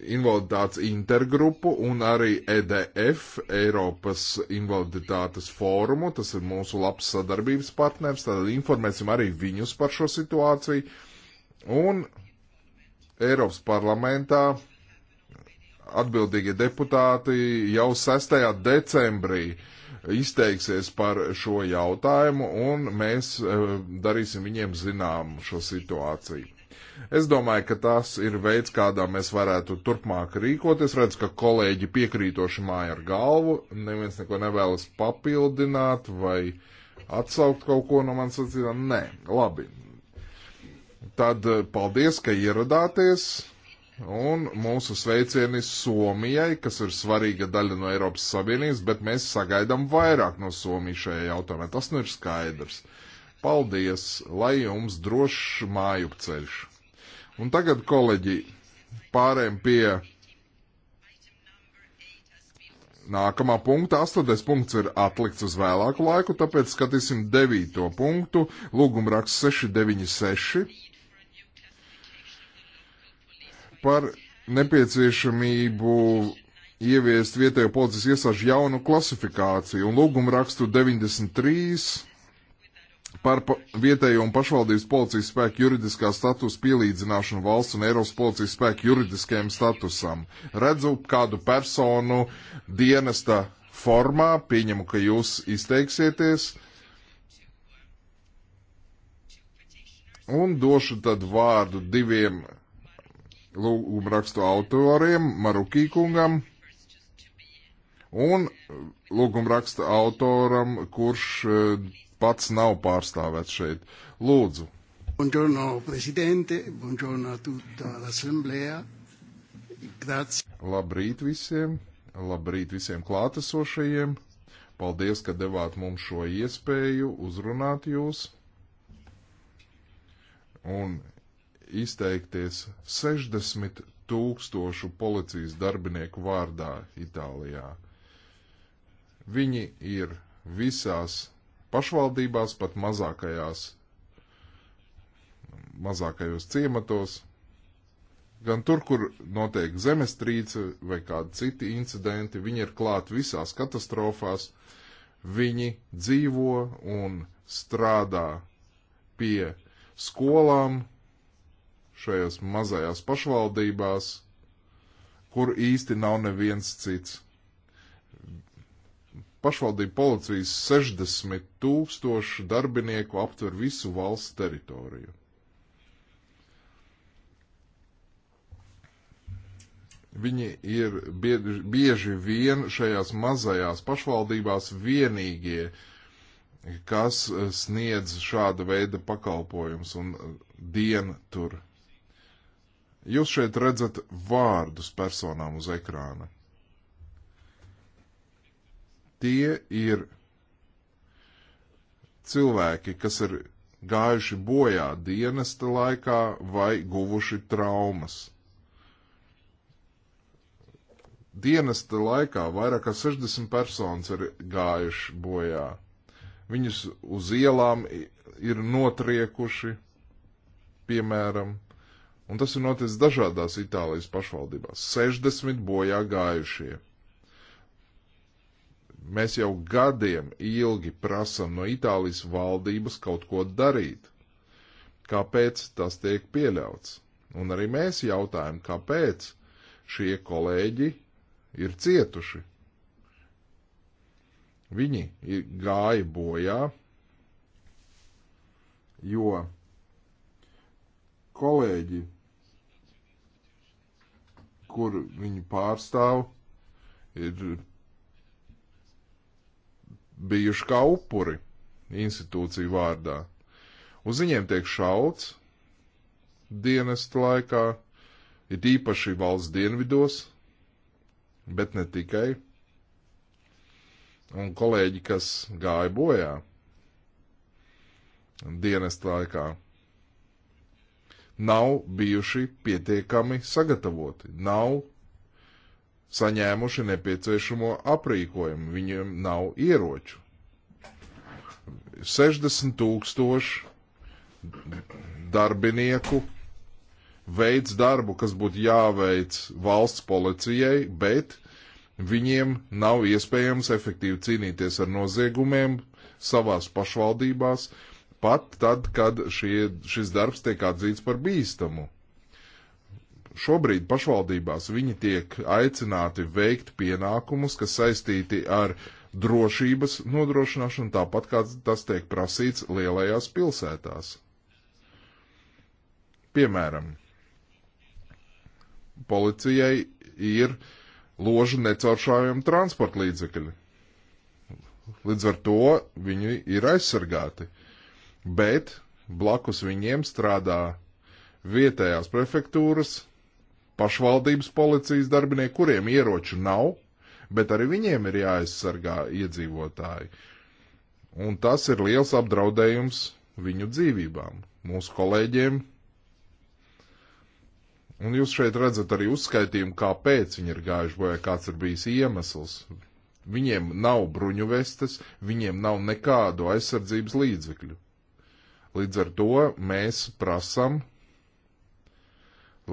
invaliditātes intergrupu un arī EDF, Eiropas invaliditātes fórumu. Tas ir mūsu labs sadarbības partners, tad informēsim arī viņus par šo situāciju. Un Eiropas parlamentā atbildīgie deputāti jau 6. decembrī izteiksies par šo jautājumu, un mēs eh, darīsim viņiem zinām šo situāciju. Es domāju, ka tas ir veids, kādā mēs varētu turpmāk rīkoties. Redzu, ka kolēģi piekrītoši māja ar galvu, neviens neko nevēlas papildināt vai atsaukt kaut ko no manas sacītā. Nē, labi. Tad eh, paldies, ka ieradāties. Un mūsu sveicieni Somijai, kas ir svarīga daļa no Eiropas Savienības, bet mēs sagaidām vairāk no Somijas šajā jautājumā. Tas nu ir skaidrs. Paldies, lai jums drošs mājup ceļš! Un tagad, kolēģi, pārējām pie nākamā punkta. Astotais punkts ir atlikts uz vēlāku laiku, tāpēc skatīsim devīto punktu. Lūgumraksts 696 par nepieciešamību ieviest vietējo policijas iesāžu jaunu klasifikāciju un lūgumrakstu 93 par vietējo un pašvaldības policijas spēku juridiskā statusa pielīdzināšanu valsts un Eiropas policijas spēku juridiskajam statusam. Redzu kādu personu dienesta formā, pieņemu, ka jūs izteiksieties. Un došu tad vārdu diviem lūgumrakstu autoriem, Marukī kungam un lūgumraksta autoram, kurš eh, pats nav pārstāvēts šeit. Lūdzu. Buongiorno, prezidente, buongiorno tutta l'assemblea. Grazie. Labrīt visiem, labrīt visiem klātesošajiem. Paldies, ka devāt mums šo iespēju uzrunāt jūs un izteikties 60 tūkstošu policijas darbinieku vārdā Itālijā. Viņi ir visās pašvaldībās, pat mazākajās, mazākajos ciematos, gan tur, kur notiek zemestrīce vai kādi citi incidenti, viņi ir klāt visās katastrofās, viņi dzīvo un strādā pie skolām šajās mazajās pašvaldībās, kur īsti nav neviens cits pašvaldību policijas 60 tūkstoši darbinieku aptver visu valsts teritoriju. Viņi ir bieži, bieži vien šajās mazajās pašvaldībās vienīgie, kas eh, sniedz šāda veida pakalpojums un eh, dienu tur. Jūs šeit redzat vārdus personām uz ekrāna. Tie ir cilvēki, kas ir gājuši bojā dienesta laikā vai guvuši traumas. Dienesta laikā vairāk kā 60 personas ir gājuši bojā. Viņus uz ielām ir notriekuši, piemēram, un tas ir noticis dažādās Itālijas pašvaldībās - 60 bojā gājušie. Mēs jau gadiem ilgi prasam no Itālijas valdības kaut ko darīt. Kāpēc tas tiek pieļauts? Un arī mēs jautājam, kāpēc šie kolēģi ir cietuši. Viņi gāja bojā, jo kolēģi, kur viņi pārstāv, ir bijuši kā upuri institūciju vārdā. Uz viņiem tiek šauts dienestu laikā, ir īpaši valsts dienvidos, bet ne tikai. Un kolēģi, kas gāja bojā dienestu laikā, nav bijuši pietiekami sagatavoti, nav saņēmuši nepieciešamo aprīkojumu. Viņiem nav ieroču. 60 tūkstoši darbinieku veids darbu, kas būtu jāveic valsts policijai, bet viņiem nav iespējams efektīvi cīnīties ar noziegumiem savās pašvaldībās, pat tad, kad šie, šis darbs tiek atzīts par bīstamu šobrīd pašvaldībās viņi tiek aicināti veikt pienākumus, kas saistīti ar drošības nodrošināšanu, tāpat kā tas tiek prasīts lielajās pilsētās. Piemēram, policijai ir ložu necauršājami transporta līdzekļi. Līdz ar to viņi ir aizsargāti, bet blakus viņiem strādā vietējās prefektūras pašvaldības policijas darbinieki, kuriem ieroču nav, bet arī viņiem ir jāaizsargā iedzīvotāji. Un tas ir liels apdraudējums viņu dzīvībām, mūsu kolēģiem. Un jūs šeit redzat arī uzskaitījumu, kāpēc viņi ir gājuši bojā, kāds ir bijis iemesls. Viņiem nav bruņuvestes, viņiem nav nekādu aizsardzības līdzekļu. Līdz ar to mēs prasam,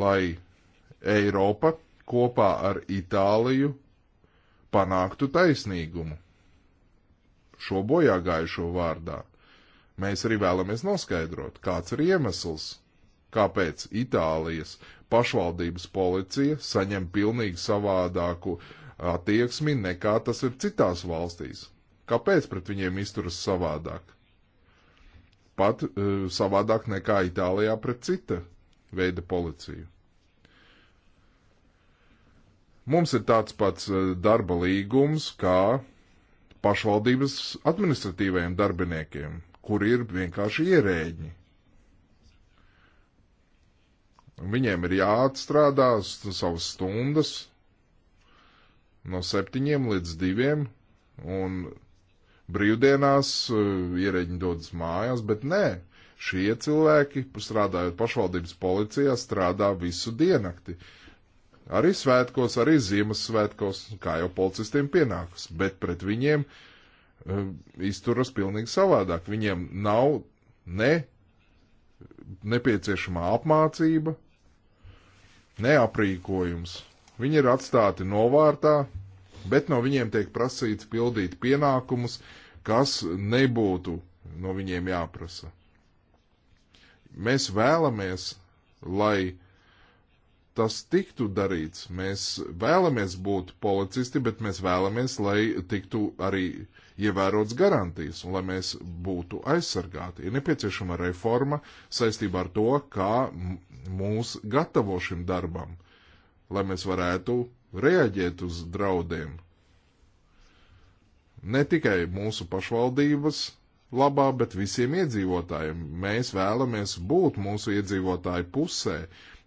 lai Eiropa kopā ar Itāliju panāktu taisnīgumu. Šo bojā gājušo vārdā mēs arī vēlamies noskaidrot, kāds ir iemesls, kāpēc Itālijas pašvaldības policija saņem pilnīgi savādāku attieksmi nekā tas ir citās valstīs. Kāpēc pret viņiem izturas savādāk? Pat uh, savādāk nekā Itālijā pret cita veida policiju. Mums ir tāds pats eh, darba līgums kā pašvaldības administratīvajiem darbiniekiem, kur ir vienkārši ierēģi. Viņiem ir jāatstrādā savas stundas no septiņiem līdz diviem, un brīvdienās eh, ierēģi dodas mājās, bet nē, šie cilvēki, strādājot pašvaldības policijā, strādā visu diennakti. Uh, Arī svētkos, arī Ziemassvētkos, kā jau policistiem pienākas, bet pret viņiem uh, izturas pilnīgi savādāk. Viņiem nav ne nepieciešamā apmācība, ne aprīkojums. Viņi ir atstāti novārtā, bet no viņiem tiek prasīts pildīt pienākumus, kas nebūtu no viņiem jāprasa. Mēs vēlamies, lai uh, tas tiktu darīts. Mēs vēlamies būt policisti, bet mēs vēlamies, lai tiktu arī ievērots garantijas un lai mēs būtu aizsargāti. Ir nepieciešama reforma saistībā ar to, kā mūs gatavo šim darbam, lai mēs varētu reaģēt uz draudiem. Ne tikai mūsu pašvaldības labā, bet visiem iedzīvotājiem. Mēs vēlamies būt mūsu iedzīvotāju pusē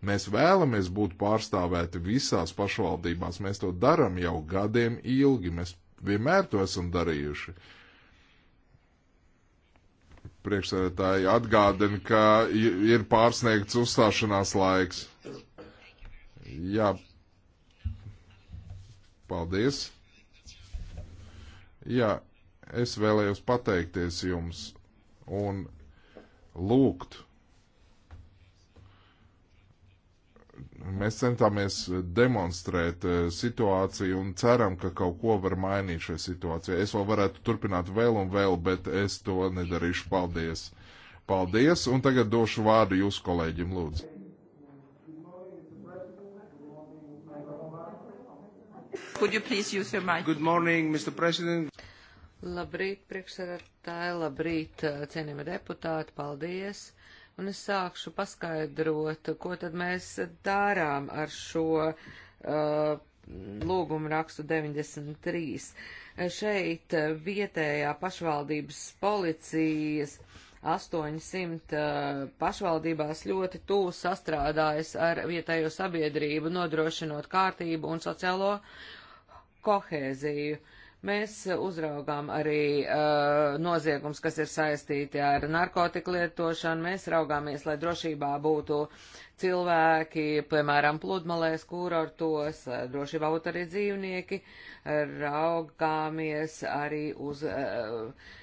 Mēs vēlamies būt pārstāvēti visās pašvaldībās. Mēs to darām jau gadiem ilgi. Mēs vienmēr to esam darījuši. Priekšsēdētāji atgādina, ka ir pārsniegts uzstāšanās laiks. Jā. Paldies. Jā, es vēlējos pateikties jums un lūgt Mēs centāmies demonstrēt eh, situāciju un ceram, ka kaut ko var mainīt šajā situācijā. Es vēl varētu turpināt vēl un vēl, bet es to nedarīšu. Paldies! Paldies! Un tagad došu vārdu jūsu kolēģim, lūdzu. Could you please use your mic? Good morning, Mr. President. Labrīt, priekšsēdētāji, labrīt, cienījami deputāti, paldies. Uh, un es sākšu paskaidrot, ko tad mēs darām ar šo uh, lūgumu rakstu 93. Šeit uh, vietējā pašvaldības policijas 800 uh, pašvaldībās ļoti tūlu sastrādājas ar vietējo sabiedrību, nodrošinot kārtību un sociālo kohēziju. Uh, Mēs uzraugām arī uh, noziegums, kas ir saistīti ar narkotiku lietošanu. Mēs raugāmies, lai drošībā būtu cilvēki, piemēram, pludmalēs, kūrortos, uh, drošībā būtu arī dzīvnieki. Raugāmies arī uz uh,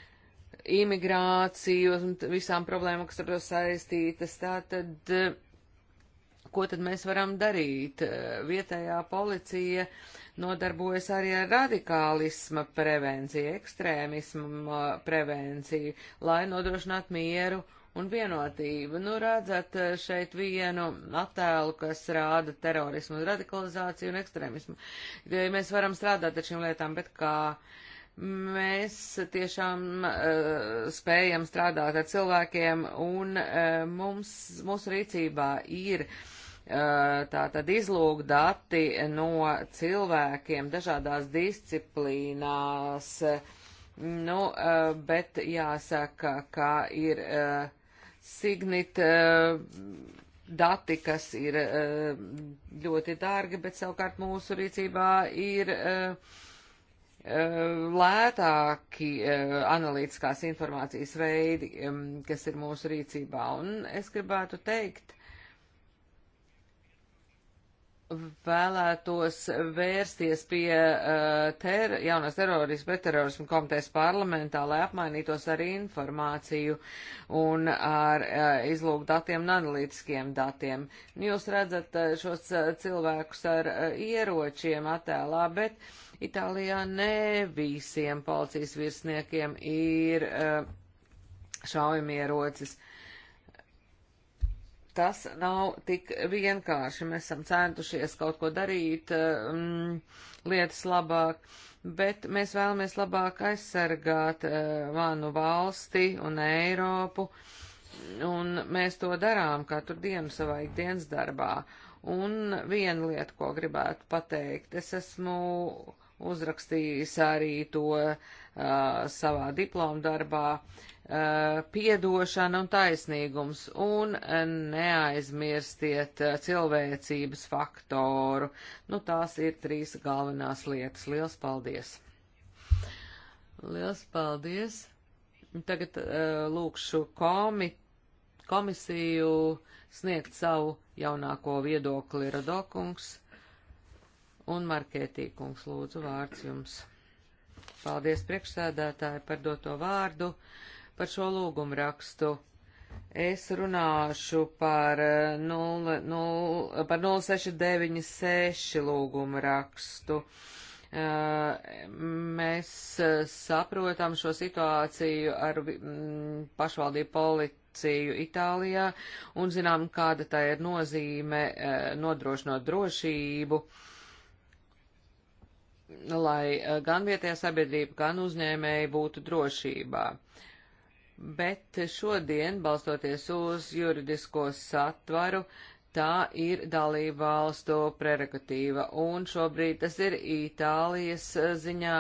imigrāciju un visām problēmām, kas ar to saistītas. Tātad, uh, ko tad mēs varam darīt? Uh, vietējā policija. Uh, nodarbojas arī ar radikālisma prevenciju, ekstrēmisma prevenciju, lai nodrošinātu mieru un vienotību. Nu, redzat eh, šeit vienu attēlu, kas rāda terorismu, radikalizāciju un ekstrēmismu. Ja mēs varam strādāt ar šīm lietām, bet kā mēs tiešām uh, spējam strādāt ar cilvēkiem un uh, mums, mūsu rīcībā ir uh, tātad izlūk dati no cilvēkiem dažādās disciplīnās, nu, bet jāsaka, ka ir signit dati, kas ir ļoti dārgi, bet savukārt mūsu rīcībā ir lētāki analītiskās informācijas veidi, kas ir mūsu rīcībā. Un es gribētu teikt, vēlētos vērsties pie uh, ter jaunās terorijas pretterorismu komitejas parlamentā, lai apmainītos ar informāciju un ar uh, eh, izlūk datiem un analītiskiem datiem. Nu, jūs redzat uh, šos uh, cilvēkus ar uh, ieročiem attēlā, bet Itālijā ne visiem policijas virsniekiem ir uh, šaujamierocis. Uh, tas nav tik vienkārši. Mēs esam centušies kaut ko darīt um, lietas labāk, bet mēs vēlamies labāk aizsargāt uh, manu valsti un Eiropu, un mēs to darām katru dienu savā ikdienas darbā. Un viena lieta, ko gribētu pateikt, es esmu uzrakstījis arī to uh, savā diploma darbā uh, piedošana un taisnīgums un neaizmirstiet cilvēcības faktoru. Nu, tās ir trīs galvenās lietas. Liels paldies! Liels paldies! Tagad uh, lūkšu komi, komisiju sniegt savu jaunāko viedokli Radokungs. Un Markētīkungs lūdzu vārds jums. Paldies priekšsēdētāji par doto vārdu, par šo lūgumu rakstu. Es runāšu par, 0, eh, 0, par 0696 lūgumu rakstu. Eh, mēs eh, saprotam šo situāciju ar mm, pašvaldību policiju Itālijā un zinām, kāda tā ir nozīme nodrošinot drošību. Uh, lai eh, gan vietējā sabiedrība, gan uzņēmēji būtu drošībā. Bet šodien, balstoties uz juridisko satvaru, tā ir dalība valstu prerogatīva, un šobrīd tas ir Itālijas eh, ziņā,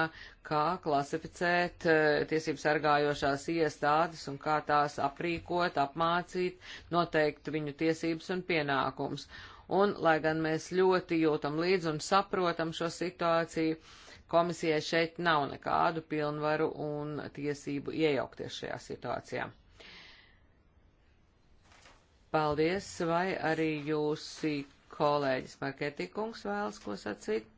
kā klasificēt eh, tiesību sargājošās iestādes un kā tās aprīkot, apmācīt, noteikt viņu tiesības un pienākums un, lai gan mēs ļoti jūtam līdzi un saprotam šo situāciju, komisijai šeit nav nekādu pilnvaru un tiesību iejaukties šajā situācijā. Paldies, vai arī jūsi kolēģis Marketikungs vēlas ko sacīt?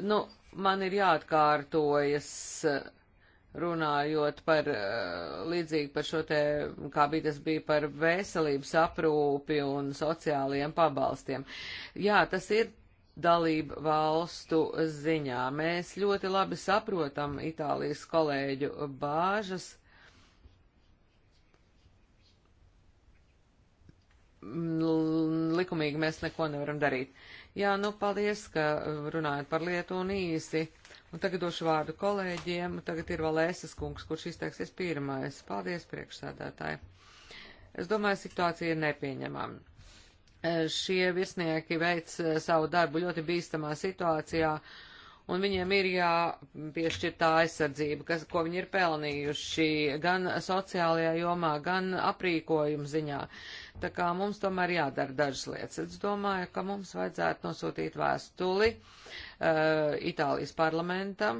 Nu, man ir jāatkārtojas. Uh, runājot par eh, līdzīgi par šo te, kā bija tas bija par veselības aprūpi un sociālajiem pabalstiem. Jā, tas ir dalība valstu ziņā. Mēs ļoti labi saprotam Itālijas kolēģu bāžas. Likumīgi mēs neko nevaram darīt. Jā, nu paldies, ka runājat par lietu un īsi. Un tagad došu vārdu kolēģiem. Tagad ir vēl Ēsas kungs, kurš izteiksies pirmais. Paldies, priekšsēdētāji. Es domāju, situācija ir nepieņemama. E, šie virsnieki veic e, savu darbu ļoti bīstamā situācijā, un viņiem ir jāpiešķir tā aizsardzība, kas, ko viņi ir pelnījuši gan sociālajā jomā, gan aprīkojuma ziņā. Uh, Tā kā mums tomēr jādara dažas lietas. Es domāju, ka mums vajadzētu nosūtīt vēstuli uh, Itālijas parlamentam,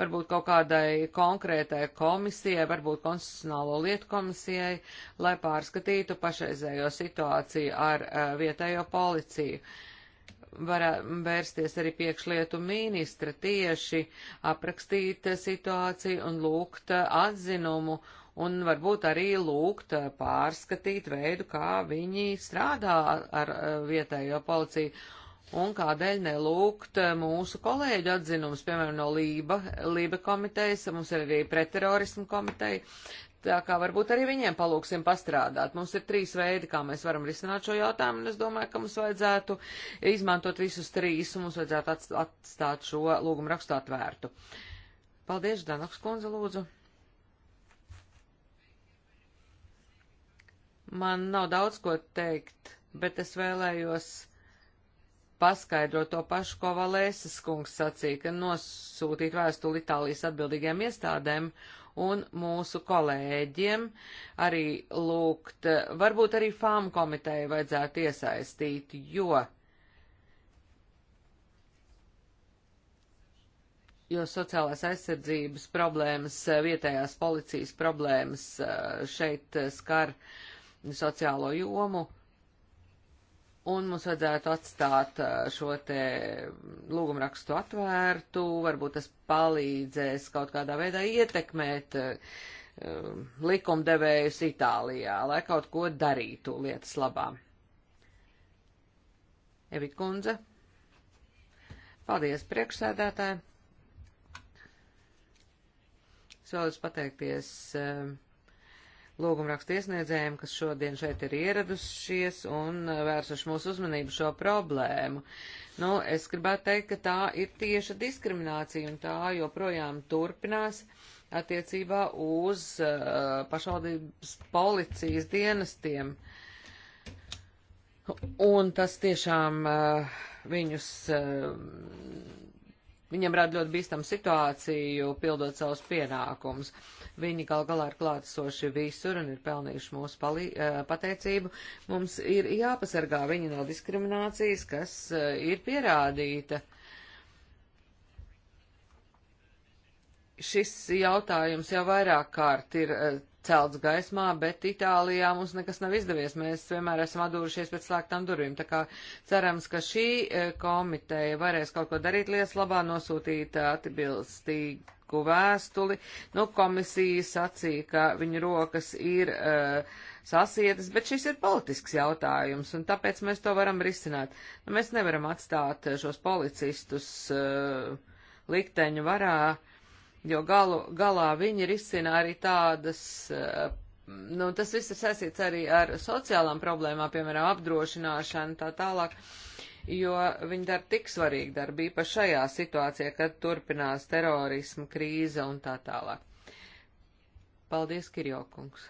varbūt kaut kādai konkrētai komisijai, varbūt konstitucionālo lietu komisijai, lai pārskatītu pašreizējo situāciju ar uh, vietējo policiju. Var vērsties arī piekšlietu ministra tieši aprakstīt situāciju un lūgt eh, atzinumu un varbūt arī lūgt eh, pārskatīt veidu, kā viņi strādā ar eh, vietējo policiju. Un kādēļ nelūgt eh, mūsu kolēģu atzinums, piemēram, no Lība, Lība komitejas, mums ir arī pretterorismu komiteja, tā kā varbūt arī viņiem palūksim pastrādāt. Mums ir trīs veidi, kā mēs varam risināt šo jautājumu, un es domāju, ka mums vajadzētu izmantot visus trīs, un mums vajadzētu atstāt šo lūgumu rakstu atvērtu. Paldies, Danoks kundze, lūdzu. Man nav daudz ko teikt, bet es vēlējos paskaidrot to pašu, ko Valēsas kungs sacīja, ka nosūtīt vēstuli Itālijas atbildīgiem iestādēm un mūsu kolēģiem arī lūgt, varbūt arī FAM komiteju vajadzētu iesaistīt, jo, jo sociālās aizsardzības problēmas, vietējās policijas problēmas eh, šeit eh, skar uh, sociālo jomu, un mums vajadzētu atstāt eh, šo te lūgumrakstu atvērtu, varbūt tas palīdzēs kaut kādā veidā ietekmēt uh, likumdevējus Itālijā, lai kaut ko darītu lietas labā. Evi Kunze. Paldies priekšsēdētāji. Es vēlos pateikties uh, lūgumrakstu iesniedzējiem, kas šodien šeit ir ieradušies un vērsuši mūsu uzmanību šo problēmu. Nu, es gribētu teikt, ka tā ir tieša diskriminācija un tā joprojām turpinās attiecībā uz uh, pašvaldības policijas dienestiem. Un tas tiešām uh, viņus uh, viņiem rada ļoti bīstamu situāciju, pildot savus pienākumus. Viņi gal galā ir klātsoši visur un ir pelnījuši mūsu palī, pateicību. Mums ir jāpasargā viņi no diskriminācijas, kas ir pierādīta. Šis jautājums jau vairāk kārt ir celts gaismā, bet Itālijā mums nekas nav izdevies. Mēs vienmēr esam atdūrušies pēc slēgtām durvīm. Tā kā cerams, ka šī e, komiteja varēs kaut ko darīt lietas labā, nosūtīt e, atbilstīgu vēstuli. Nu, komisija sacīja, ka viņa rokas ir uh, sasietas, bet šis ir politisks jautājums, un tāpēc mēs to varam risināt. Nu, mēs nevaram atstāt šos policistus uh, likteņu varā. Uh, jo galu, galā viņi risina arī tādas, eh, nu, tas viss ir saistīts arī ar sociālām problēmām, piemēram, apdrošināšanu tā tālāk, jo viņi dara tik svarīgu darbu, īpaši šajā situācijā, kad turpinās terorismu krīze un tā tālāk. Paldies, Kirjokungs.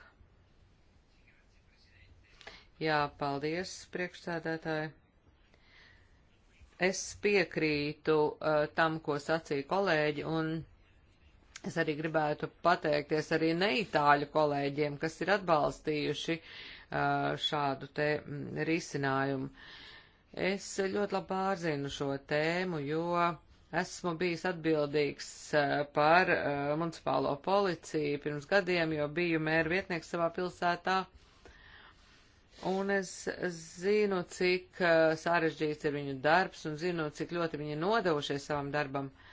Jā, paldies, priekšsēdētāji. Es piekrītu uh, tam, ko sacīja kolēģi, un Es arī gribētu pateikties arī neitāļu kolēģiem, kas ir atbalstījuši šādu te mm, risinājumu. Es ļoti labi pārzinu šo tēmu, jo esmu bijis atbildīgs par municipālo policiju pirms gadiem, jo biju mēra vietnieks savā pilsētā. Un es zinu, cik sarežģīts ir viņu darbs un zinu, cik ļoti viņi nodevušies savam darbam. Uh,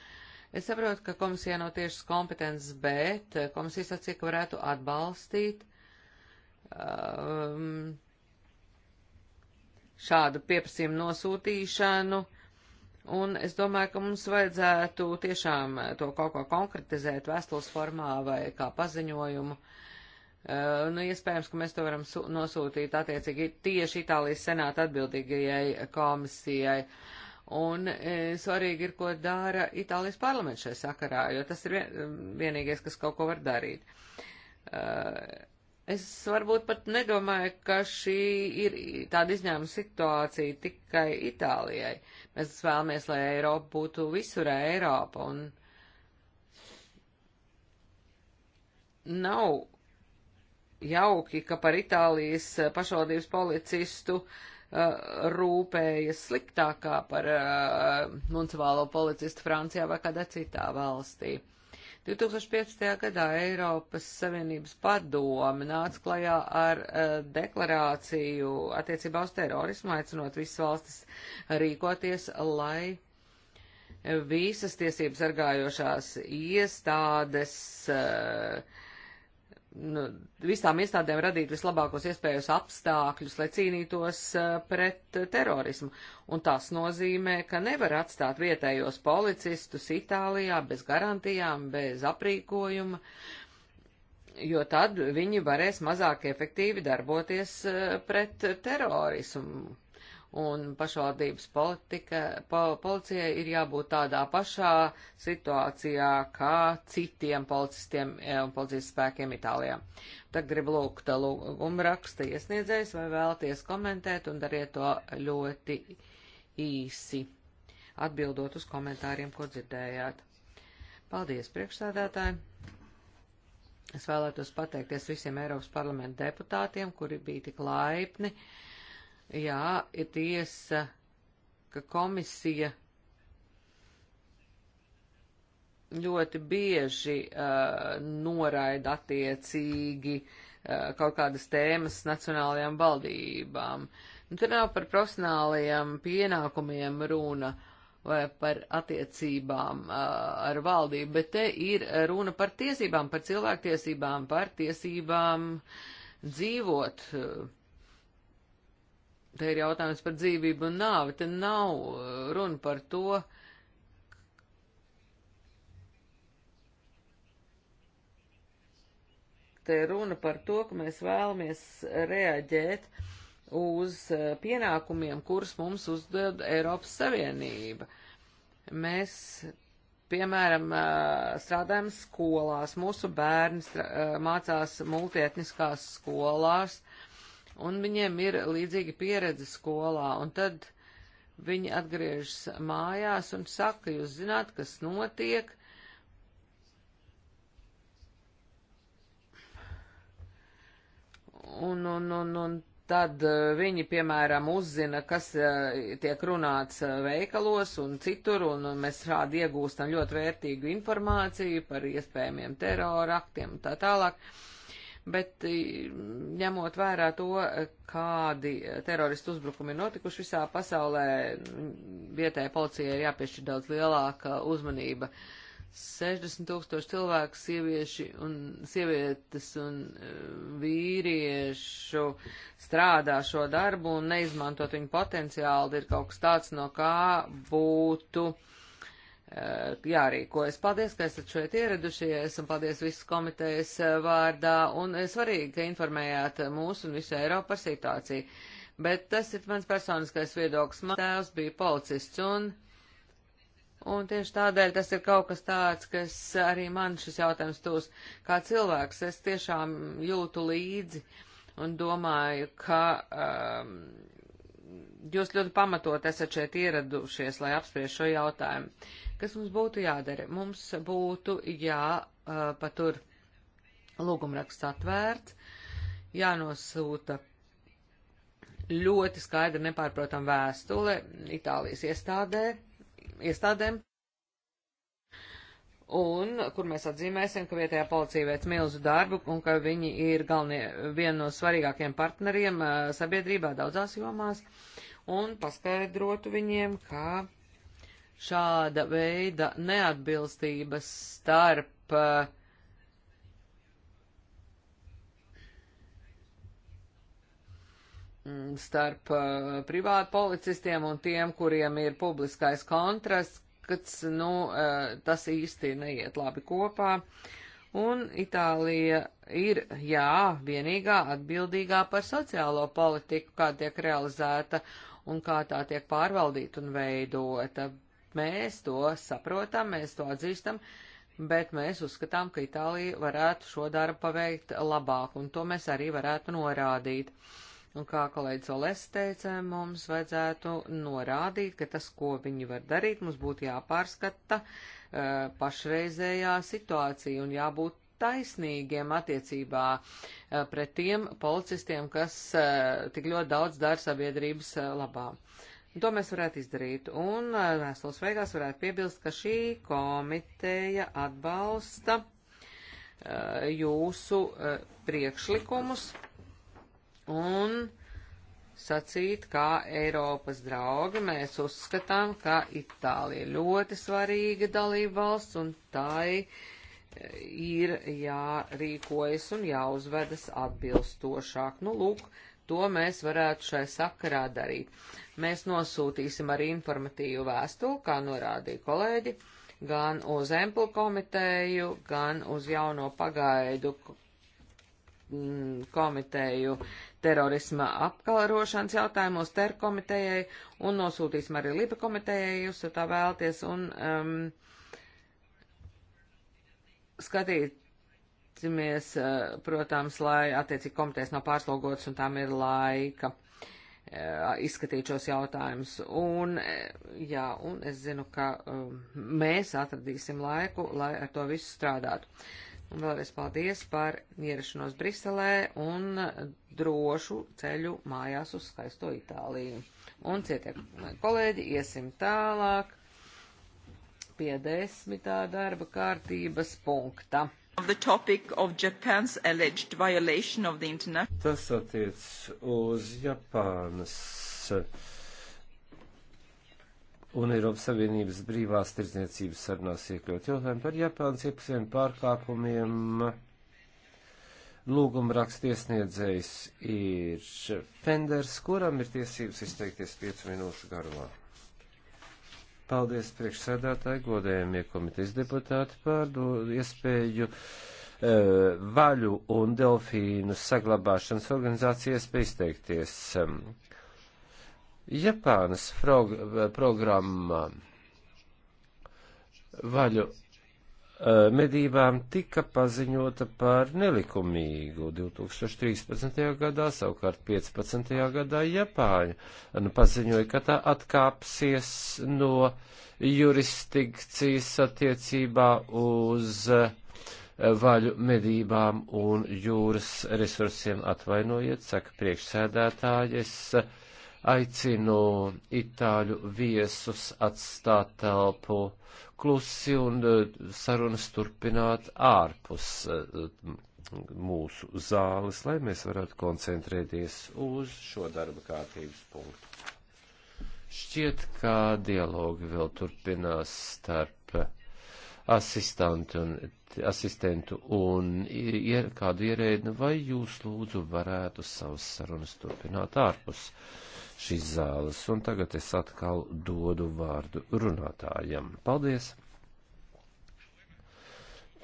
Es saprotu, ka komisijā nav tiešas kompetences, bet eh, komisija sacīja, ka varētu atbalstīt um, šādu pieprasījumu nosūtīšanu, un es domāju, ka mums vajadzētu tiešām eh, to kaut ko konkretizēt vēstules formā vai kā paziņojumu. Uh, nu, iespējams, ka mēs to varam nosūtīt attiecīgi tieši Itālijas senāta atbildīgajai komisijai. Uh, Un e, svarīgi ir, ko dara Itālijas parlaments šajā sakarā, jo tas ir vien, vienīgais, kas kaut ko var darīt. E, es varbūt pat nedomāju, ka šī ir tāda izņēmuma situācija tikai Itālijai. Mēs vēlamies, lai Eiropa būtu visur Eiropa. Un nav jauki, ka par Itālijas pašvaldības policistu uh, Uh, rūpējas sliktākā par uh, municipālo policistu Francijā vai kādā citā valstī. 2015. gadā Eiropas Savienības padome nāca klajā ar uh, deklarāciju attiecībā uz terorismu, aicinot visas valstis rīkoties, lai visas tiesības argājošās iestādes uh, nu, visām iestādēm radīt vislabākos iespējos apstākļus, lai cīnītos uh, pret terorismu. Un tas nozīmē, ka nevar atstāt vietējos policistus Itālijā bez garantijām, bez aprīkojuma, jo tad viņi varēs mazāk efektīvi darboties uh, pret terorismu un pašvaldības politika, po, policijai ir jābūt tādā pašā situācijā kā citiem policistiem e, un policijas spēkiem Itālijā. Tagad gribu lūgt e, lūgumraksta iesniedzējs, vai vēlaties komentēt un dariet to ļoti īsi, atbildot uz komentāriem, ko dzirdējāt. Paldies, priekšsēdētāji! Es vēlētos pateikties visiem Eiropas parlamenta deputātiem, kuri bija tik laipni uh, Jā, ir tiesa, ka komisija ļoti bieži uh, noraida attiecīgi uh, kaut kādas tēmas nacionālajām valdībām. Nu, tur nav par profesionālajiem pienākumiem runa vai par attiecībām uh, ar valdību, bet te ir runa par tiesībām, par cilvēktiesībām, par tiesībām dzīvot. Uh, Te ir jautājums par dzīvību un nāvi. Te nav uh, runa par to, te runa par to, ka mēs vēlamies reaģēt uz uh, pienākumiem, kurus mums uzdod Eiropas Savienība. Mēs, piemēram, uh, strādājam skolās, mūsu bērni mācās multietniskās skolās, un viņiem ir līdzīga pieredze skolā, un tad viņi atgriežas mājās un saka, jūs zināt, kas notiek. Un, un, un, un tad eh, viņi, piemēram, uzzina, kas eh, tiek runāts eh, veikalos un citur, un mēs šādi iegūstam ļoti vērtīgu informāciju par iespējamiem terora aktiem un tā tālāk. Uh, bet ņemot vērā to, kādi teroristu uzbrukumi ir notikuši visā pasaulē, vietējai policijai ir jāpiešķir daudz lielāka uzmanība. 60 tūkstoši cilvēku, sievieši un sievietes un e, vīriešu strādā šo darbu un neizmantot viņu potenciāli ir kaut kas tāds, no kā būtu uh, Eh, jārīkojas. Paldies, ka esat šeit ieradušies un paldies visas komitejas eh, vārdā un eh, svarīgi, ka informējāt mūs un visu Eiropu par situāciju. Bet tas ir mans personiskais viedoklis. Man tēvs bija policists un, un tieši tādēļ tas ir kaut kas tāds, kas arī man šis jautājums tūs. Kā cilvēks es tiešām jūtu līdzi un domāju, ka um, jūs ļoti pamatot esat šeit ieradušies, lai apspriež šo jautājumu. Kas mums būtu jādara? Mums būtu jāpatur lūgumraksts atvērts, jānosūta ļoti skaidra nepārprotam vēstule Itālijas iestādē, iestādēm, un kur mēs atzīmēsim, ka vietējā policija veic milzu darbu un ka viņi ir galvenie viena no svarīgākiem partneriem eh, sabiedrībā daudzās jomās, un paskaidrotu viņiem, ka šāda veida neatbilstības starp uh, starp uh, eh, privātu policistiem un tiem, kuriem ir publiskais kontrasts, kats, nu, uh, tas īsti neiet labi kopā. Un Itālija ir, jā, vienīgā atbildīgā par sociālo politiku, kā tiek realizēta un kā tā tiek pārvaldīta un veidota. Mēs to saprotam, mēs to atzīstam, bet mēs uzskatām, ka Itālija varētu šo darbu paveikt labāk, un to mēs arī varētu norādīt. Un kā kolēģis Oles teica, mums vajadzētu norādīt, ka tas, ko viņi var darīt, mums būtu jāpārskata uh, pašreizējā situācija un jābūt taisnīgiem attiecībā uh, pret tiem policistiem, kas uh, tik ļoti daudz dara sabiedrības uh, labā. Un to mēs varētu izdarīt. Un eh, vēstules beigās varētu piebilst, ka šī komiteja atbalsta uh, jūsu uh, priekšlikumus un sacīt, kā Eiropas draugi, mēs uzskatām, ka Itālija ļoti svarīga dalība valsts un tai ir jārīkojas un jāuzvedas atbilstošāk. Nu, lūk, uh, to mēs varētu šai sakarā darīt. Mēs nosūtīsim arī informatīvu vēstuli, kā norādīja kolēģi, gan uz Emplu komiteju, gan uz jauno pagaidu mm, komiteju terorisma apkarošanas jautājumos ter komitejai un nosūtīsim arī Liba komitejai, jūs tā vēlties, un um, skatīt tiksimies, eh, protams, lai attiecīgi komitejas nav pārslogotas un tām ir laika eh, izskatīt šos jautājumus. Un, eh, jā, un es zinu, ka um, mēs atradīsim laiku, lai ar to visu strādātu. Un vēlreiz paldies par ierašanos Briselē un drošu ceļu mājās uz skaisto Itāliju. Un cietie kolēģi, iesim tālāk pie desmitā darba kārtības punkta. Tas attiec uz Japānas un Eiropas Savienības brīvās tirdzniecības sarunās iekļaut jautājumu par Japānas iepusējiem pārkāpumiem. Lūguma rakstiesniedzējs ir Fenders, kuram ir tiesības izteikties 5 minūšu garumā. Paldies priekšsēdētāji, godējumie komitejas deputāti par iespēju e, vaļu un delfīnu saglabāšanas organizācija iespēja izteikties. Japānas programma vaļu Eh, medībām tika paziņota par nelikumīgu 2013. gadā, savukārt 15. gadā Japāņa eh, nu, paziņoja, ka tā atkāpsies no jurisdikcijas attiecībā uz eh, vaļu medībām un jūras resursiem atvainojiet, saka priekšsēdētājas aicinu itāļu viesus atstāt telpu klusi un eh, sarunas turpināt ārpus eh, mūsu zāles, lai mēs varētu koncentrēties uz šo darba kārtības punktu. Šķiet, ka dialogi vēl turpinās starp asistantu un, asistentu un ir, kādu ierēdni, vai jūs lūdzu varētu savas sarunas turpināt ārpus. Uh, šīs zāles. Un tagad es atkal dodu vārdu runātājiem. Paldies!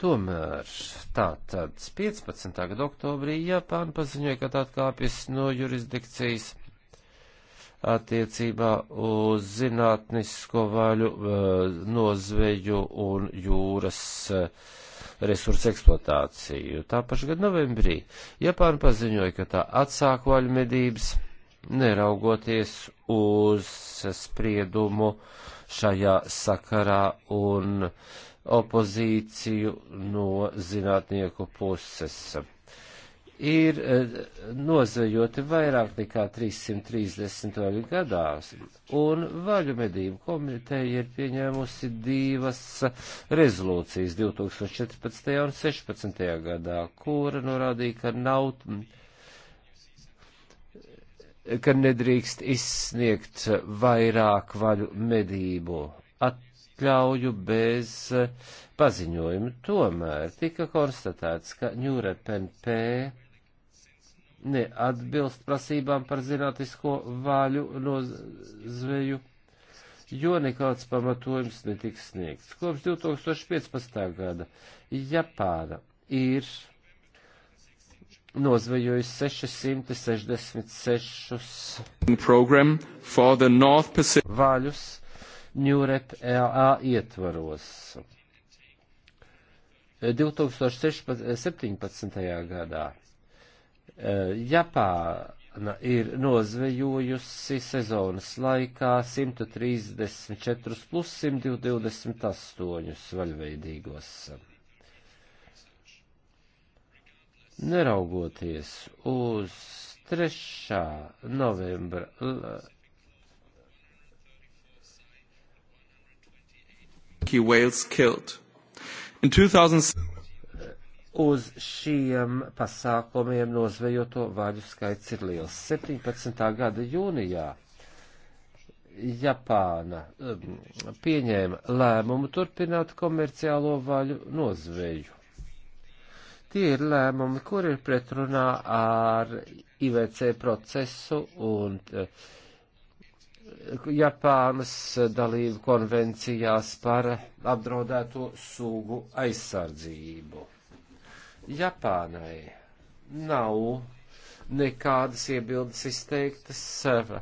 Tomēr tā tad 15. gada oktobrī Japāna paziņoja, ka tā atkāpjas no jurisdikcijas attiecībā uz zinātnisko vaļu eh, nozveju un jūras eh, resursu eksploatāciju. Tā pašā gada novembrī Japāna paziņoja, ka tā atsāk vaļu medības neraugoties uz spriedumu šajā sakarā un opozīciju no zinātnieku puses. Ir eh, nozvejoti vairāk nekā 330 vaļu gadās, un vaļu medību komiteja ir pieņēmusi divas rezolūcijas 2014. un 2016. gadā, kura norādīja, ka nav ka nedrīkst izsniegt vairāk vaļu medību atļauju bez eh, paziņojuma. Tomēr tika konstatēts, ka ņūrepen P neatbilst prasībām par zinātnisko vaļu no zveju, jo nekāds pamatojums netiks sniegts. Kopš 2015. gada Japāna ir nozvejojis 666 vaļus Ņūrep LA ietvaros. 2017. gadā eh, Japāna ir nozvejojusi sezonas laikā 134 plus 128 vaļveidīgos neraugoties uz 3. novembra whales killed. In 2000 uz šiem pasākumiem nozvejoto vaļu skaits ir liels. 17. gada jūnijā Japāna um, pieņēma lēmumu turpināt komerciālo vaļu nozveju. Tie ir lēmumi, kur ir pretrunā ar IVC procesu un eh, Japānas dalību konvencijās par apdraudēto sugu aizsardzību. Japānai nav nekādas iebildes izteiktas eh,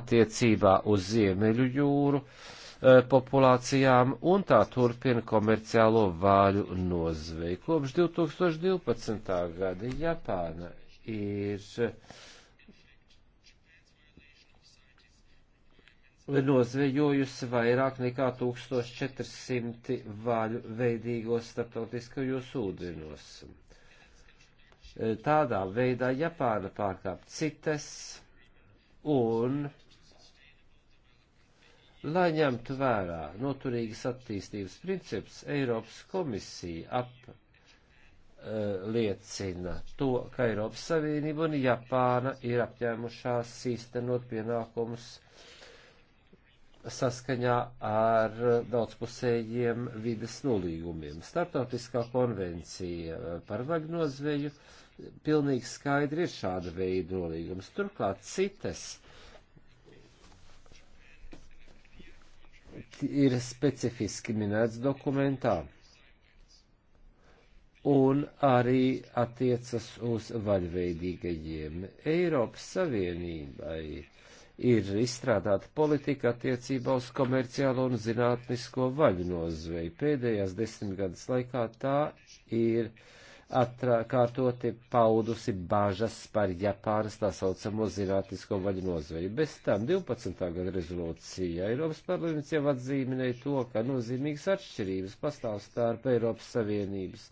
attiecībā uz Ziemeļu jūru. Uh, Eh, populācijām un tā turpina komerciālo vāļu nozvei. Kopš 2012. gada Japāna ir eh, nozvejojusi vairāk nekā 1400 vaļu veidīgos starptautiskajos ūdenos. Eh, tādā veidā Japāna pārkāp citas un Lai ņemtu vērā noturīgas attīstības princips, Eiropas komisija apliecina e, uh, to, ka Eiropas Savienība un Japāna ir apņēmušās īstenot pienākumus saskaņā ar daudzpusējiem vides nolīgumiem. Startautiskā konvencija par vagnozveju pilnīgi skaidri ir šāda veida nolīgums. Turklāt citas ir specifiski minēts dokumentā un arī attiecas uz vaļveidīgajiem. Eiropas Savienībai ir izstrādāta politika attiecībā uz komerciālo un zinātnisko vaļu nozvei. Pēdējās desmitgades laikā tā ir uh, atkārtoti paudusi bažas par Japānas tā saucamo zinātnisko vaļu nozveju. Bez tam 12. gada rezolūcija Eiropas parlaments jau atzīmēja to, ka nozīmīgas atšķirības pastāv starp Eiropas Savienības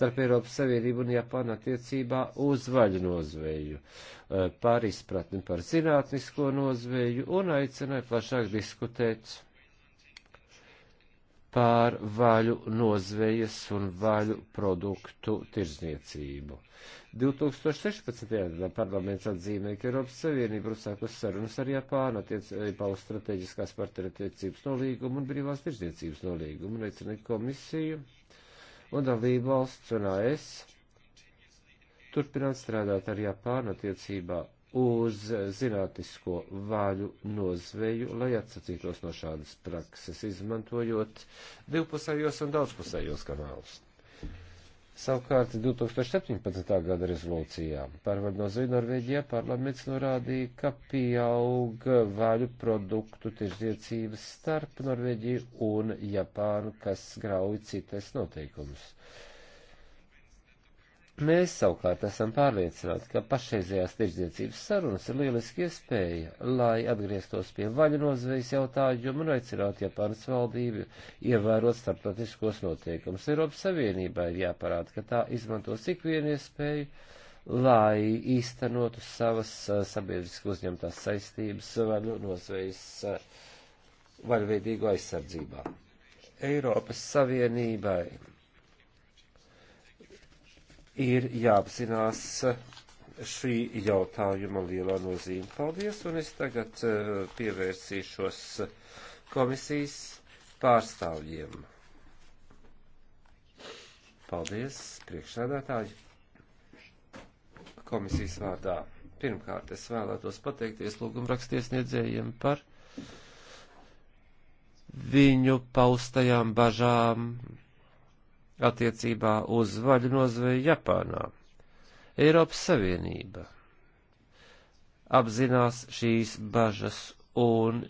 starp Eiropas Savienību un Japānu attiecībā uz vaļu nozveju, eh, par izpratni par zinātnisko nozveju un aicināja plašāk diskutēt pār vaļu nozvejas un vaļu produktu tirzniecību. 2016. gadā parlaments atzīmē, ka Eiropas Savienība ir uzsākusi sarunas ar Japānu attiecībā e, uz strateģiskās partnerattiecības nolīgumu un brīvās tirzniecības nolīgumu un aicina komisiju un dalību valsts un AS turpināt strādāt ar Japānu attiecībā uz zinātnisko vāļu nozveju, lai atsacītos no šādas prakses, izmantojot divpusējos un daudzpusējos kanālus. Savukārt 2017. gada rezolūcijā par vaļnozīju Norvēģijā parlaments norādīja, ka pieaug vaļu produktu tirzniecības starp Norvēģiju un Japānu, kas grauj citas noteikumus. Uh, Mēs savukārt esam pārliecināti, ka pašreizējās tirdzniecības sarunas ir lieliski iespēja, lai atgrieztos pie vaļanozvejas jautājumu un aicinātu Japānas valdību ievērot starptautiskos noteikumus. Eiropas Savienībā ir jāparāda, ka tā izmantos ikvienu iespēju, lai īstenotu savas eh, sabiedriski uzņemtās saistības vaļanozvejas eh, vaļveidīgo aizsardzībā. Eiropas Savienībai ir jāapzinās šī jautājuma lielā nozīme. Paldies, un es tagad eh, pievērsīšos komisijas pārstāvjiem. Paldies, priekšsēdētāji. Komisijas vārdā. Pirmkārt, es vēlētos pateikties lūgumrakstiesniedzējiem par viņu paustajām bažām attiecībā uz vaļu nozveju Japānā. Eiropas Savienība apzinās šīs bažas un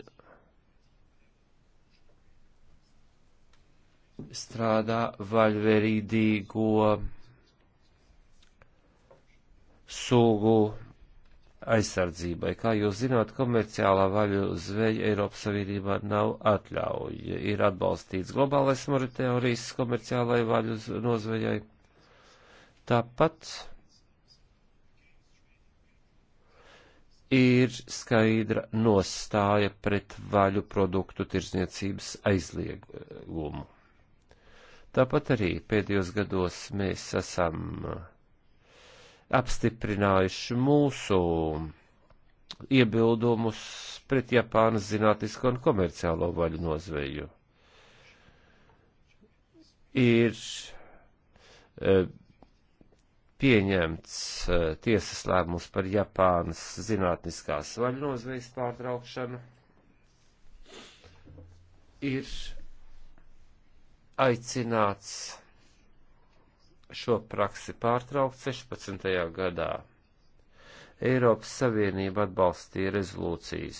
strādā vaļverīdīgo sugu aizsardzībai. Kā jūs zināt, komerciālā vaļu zveja Eiropas Savienībā nav atļauja. Ir atbalstīts globālais moratorijas komerciālai vaļu nozvejai. Tāpat ir skaidra nostāja pret vaļu produktu tirzniecības aizliegumu. Tāpat arī pēdējos gados mēs esam uh, apstiprinājuši mūsu iebildumus pret Japānas zinātnisko un komerciālo vaļu nozveju. Ir e, pieņemts e, tiesas lēmums par Japānas zinātniskās vaļu nozvejas pārtraukšanu. Ir aicināts šo praksi pārtraukt 16. gadā. Eiropas Savienība atbalstīja rezolūcijas,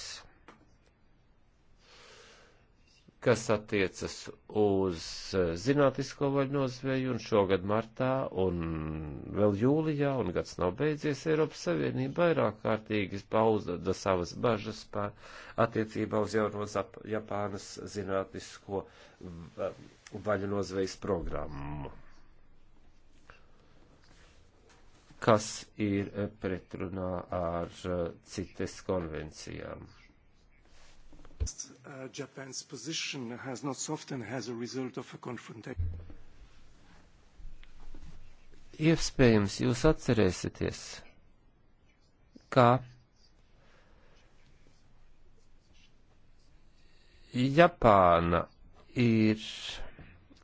kas attiecas uz eh, zinātnisko vaļu nozveju, un šogad martā, un vēl jūlijā, un gads nav beidzies, Eiropas Savienība vairāk kārtīgi pauda savas bažas par attiecībā uz jauno Japānas zinātnisko vaļu nozvejas programmu. kas ir eh, pretrunā ar eh, citas konvencijām. Uh, Japan's position has not softened as a result of a confrontation. Iespējams, jūs atcerēsieties, kā Japāna ir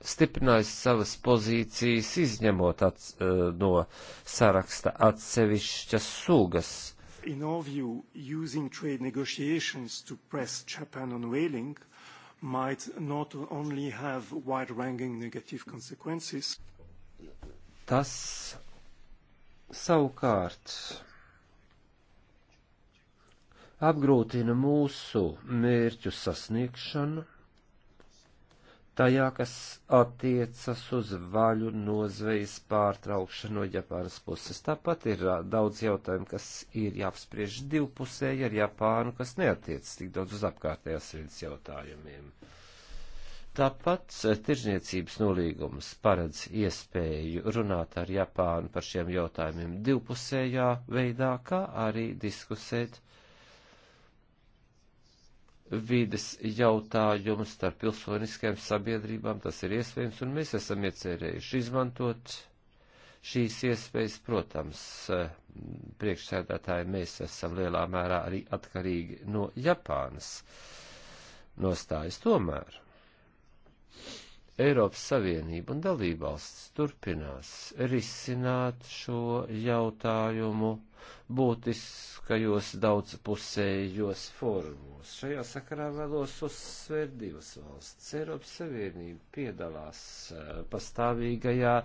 stiprinājis savas pozīcijas, izņemot ats, eh, no saraksta atsevišķas sugas. In our view, using trade negotiations to press Japan on whaling might not only have wide-ranging negative consequences. Tas savukārt apgrūtina mūsu mērķu sasniegšanu tajā, kas attiecas uz vaļu nozvejas pārtraukšanu no Japānas puses. Tāpat ir daudz jautājumu, kas ir jāapspriež divpusēji ar Japānu, kas neatiecas tik daudz uz apkārtējās vidas jautājumiem. Tāpat tirzniecības nolīgums paredz iespēju runāt ar Japānu par šiem jautājumiem divpusējā veidā, kā arī diskusēt vides jautājumu starp pilsoniskajām sabiedrībām, tas ir iespējams, un mēs esam iecerējuši izmantot šīs iespējas, protams, priekšsēdētāji mēs esam lielā mērā arī atkarīgi no Japānas nostājas tomēr. Eiropas Savienība un dalībvalsts turpinās risināt šo jautājumu būtiskajos daudzpusējos formos. Šajā sakarā vēlos uzsvērt divas valsts. Eiropas Savienība piedalās eh, pastāvīgajā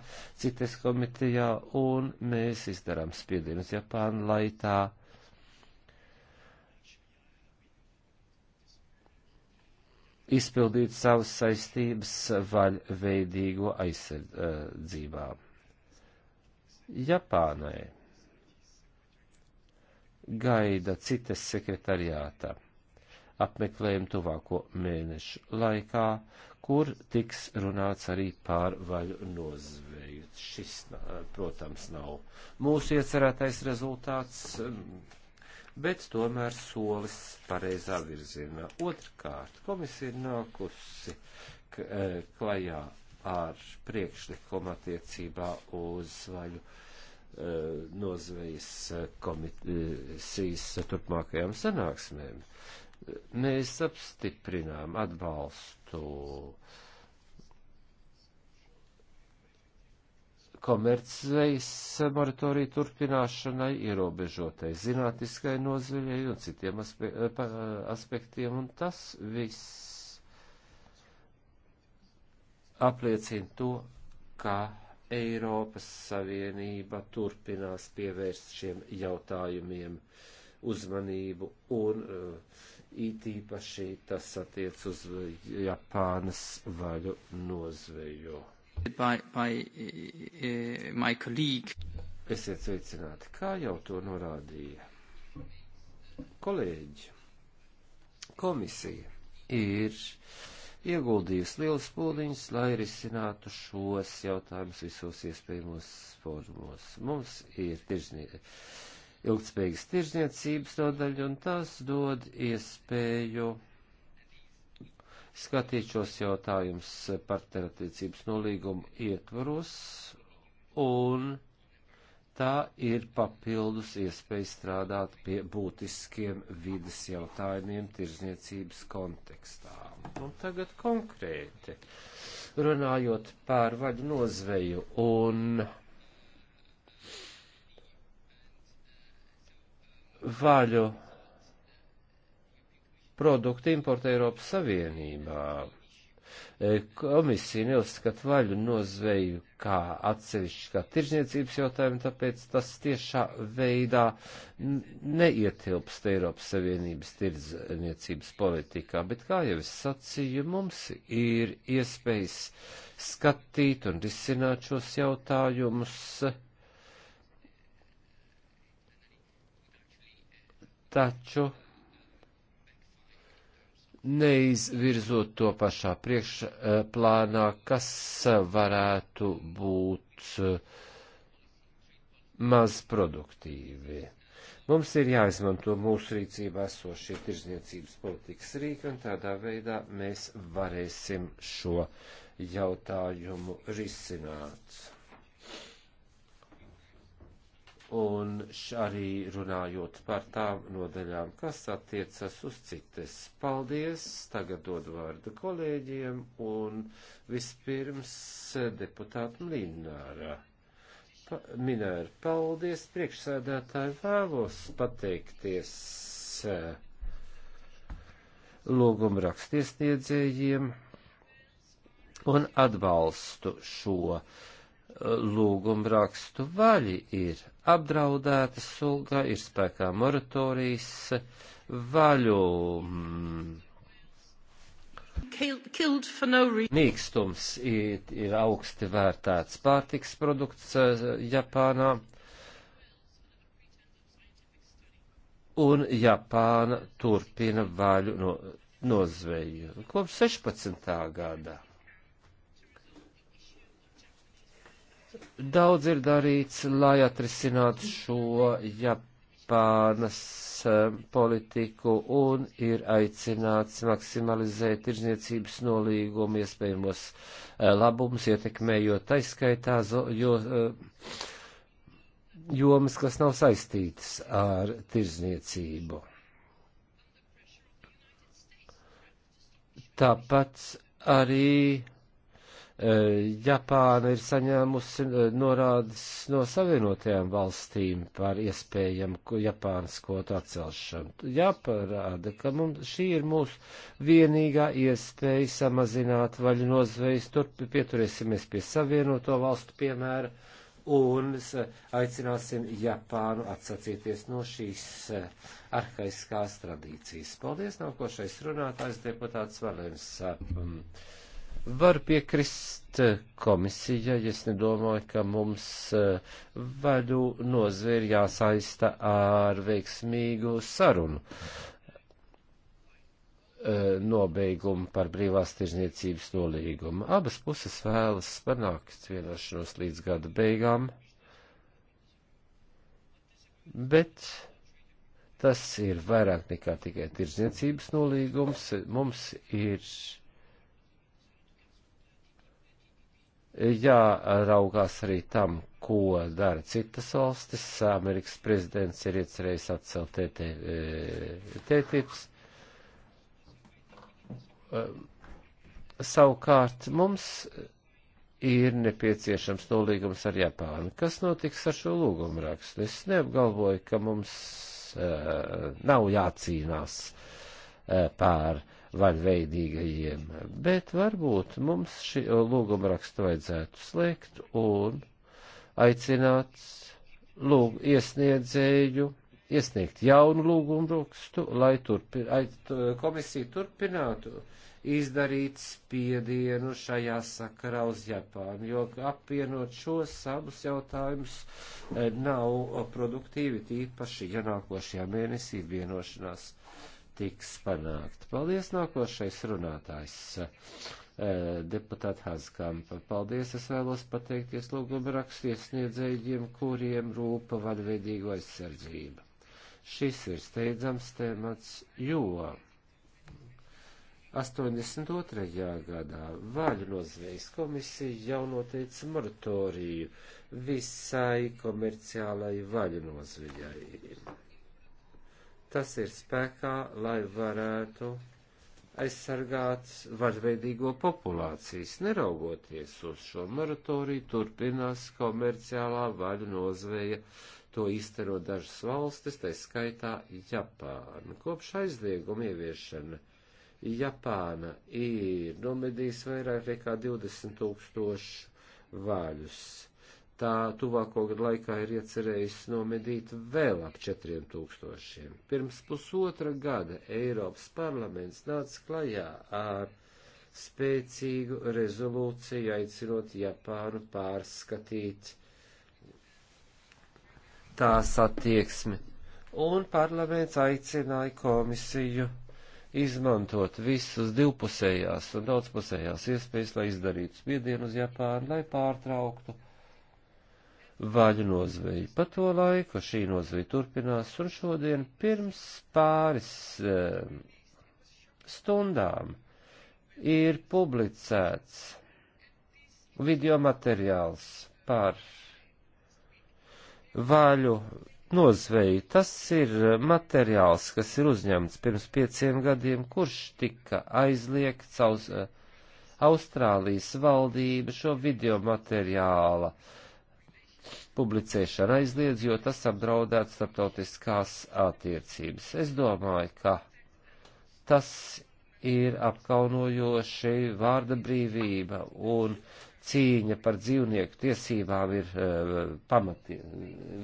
citas komitejā un mēs izdarām spiedienus Japānu, lai tā izpildītu savas saistības vaļveidīgo aizsardzībā. Japānai gaida citas sekretariātā apmeklējumu tuvāko mēnešu laikā, kur tiks runāts arī pār vaļu nozveju. Šis, protams, nav mūsu iecerētais rezultāts, um, bet tomēr solis pareizā virzienā. Otrkārt, komisija ir nākusi eh, klajā ar priekšlikumu attiecībā uz vaļu nozveju Eh, nozvejas eh, komisijas turpmākajām sanāksmēm. Mēs apstiprinām atbalstu komercvejas moratoriju turpināšanai, ierobežotai zinātniskai nozveļai un citiem aspe eh, aspektiem, un tas viss apliecina to, ka Eiropas Savienība turpinās pievērst šiem jautājumiem uzmanību un uh, it īpaši tas attiec uz eh, Japānas vaļu nozveju. By, by, uh, my colleague. Esiet sveicināti, kā jau to norādīja. Kolēģi, komisija ir uh, ieguldījusi liels pūliņus, lai risinātu šos jautājumus visos iespējamos formos. Mums ir tirznie, ilgspējīgas tirzniecības nodaļa, un tas dod iespēju skatīt šos jautājumus partnerattiecības nolīgumu ietvaros un tā ir papildus iespēja strādāt pie būtiskiem vidas jautājumiem tirzniecības kontekstā. Un tagad konkrēti, runājot par vaļu nozveju un vaļu produktu importu Eiropas Savienībā. E, komisija neuzskata vaļu nozveju kā atsevišķu, kā tirzniecības jautājumu, tāpēc tas tiešā veidā neietilpst Eiropas Savienības tirzniecības politikā, bet, kā jau es sacīju, mums ir iespējas skatīt un risināt šos jautājumus. Taču neizvirzot to pašā priekšplānā, kas varētu būt eh, mazproduktīvi. Mums ir jāizmanto mūsu rīcībā esošie tirzniecības politikas rīki, un tādā veidā mēs varēsim šo jautājumu risināt un arī runājot par tām nodaļām, kas attiecas uz citas. Paldies, tagad dod vārdu kolēģiem un vispirms deputātu Lināra. Pa, minēra, paldies priekšsēdētāji, vēlos pateikties eh, lūguma rakstiesniedzējiem un atbalstu šo uh, lūgumu rakstu vaļi ir apdraudēta sulga, ir spēkā moratorijas vaļu. Mm, no Mīkstums ir, ir augsti vērtēts pārtiks produkts eh, Japānā. Un Japāna turpina vaļu no, nozveju kopš 16. gadā Daudz ir darīts, lai atrisinātu šo Japānas eh, politiku un ir aicināts maksimalizēt tirzniecības nolīgumu iespējamos eh, labumus, ietekmējot taiskaitā, jo eh, jomas, kas nav saistītas ar tirzniecību. Tāpat arī Eh, Japāna ir saņēmusi eh, norādes no Savienotajām valstīm par iespējamu Japānas kvotu atcelšanu. Jāparāda, ka mums, šī ir mūsu vienīgā iespēja samazināt vaļu nozvejas, tur pieturēsimies pie Savienoto valstu piemēra un aicināsim Japānu atsacīties no šīs eh, arhaiskās tradīcijas. Paldies, nākošais runātājs deputāts Valens. Um, Varu piekrist eh, komisijai, es nedomāju, ka mums eh, vaļu nozvēri jāsaista ar veiksmīgu sarunu eh, nobeigumu par brīvās tirzniecības nolīgumu. Abas puses vēlas panākt vienošanos līdz gada beigām, bet tas ir vairāk nekā tikai tirzniecības nolīgums. Mums ir jāraugās arī tam, ko dara citas valstis. Amerikas prezidents ir iecerējis atcelt eh, TTIPs. Eh, savukārt mums ir nepieciešams nolīgums ar Japānu. Kas notiks ar šo lūgumu rakstu? Es neapgalvoju, ka mums uh, nav jācīnās uh, pār uh, vaļveidīgajiem, bet varbūt mums šī lūguma rakstu vajadzētu slēgt un aicināt lūg, iesniedzēju iesniegt jaunu lūgumu rakstu, lai turpi, ait, komisija turpinātu izdarīt spiedienu šajā sakarā uz Japānu, jo apvienot šos abus jautājumus eh, nav produktīvi, tīpaši, ja nākošajā mēnesī vienošanās tiks panākta. Paldies nākošais runātājs eh, deputāta Hazkampa. Paldies, es vēlos pateikties lūguma rakstiesniedzējiem, kuriem rūpa vadveidīgo aizsardzība. Šis ir steidzams temats, jo 82. gadā Vāļu nozvejas komisija jau noteica moratoriju visai komerciālai vaļu nozvejai Tas ir spēkā, lai varētu aizsargāt vaļveidīgo populācijas, neraugoties uz šo moratoriju, turpinās komerciālā vaļu nozveja, to iztero dažas valstis, tai skaitā Japāna. Kopš aizlieguma ieviešana Japāna ir nomedījis vairāk nekā 20 tūkstošu vaļus tā tuvāko gadu laikā ir iecerējis nomedīt vēl ap 4000. Pirms pusotra gada Eiropas parlaments nāca klajā ar spēcīgu rezolūciju aicinot Japānu pārskatīt tās attieksmi, un parlaments aicināja komisiju izmantot visus divpusējās un daudzpusējās iespējas, lai izdarītu spiedienu uz Japānu, lai pārtrauktu vaļu nozveju. Pa to laiku šī nozveja turpinās, un šodien pirms pāris eh, stundām ir publicēts video materiāls par vaļu nozveju. Tas ir materiāls, kas ir uzņemts pirms pieciem gadiem, kurš tika aizliegts aus, eh, Austrālijas valdība šo video materiāla uh, publicēšana aizliedz, jo tas apdraudētu starptautiskās attiecības. Es domāju, ka tas ir apkaunojoši vārda brīvība un cīņa par dzīvnieku tiesībām ir uh, pamati,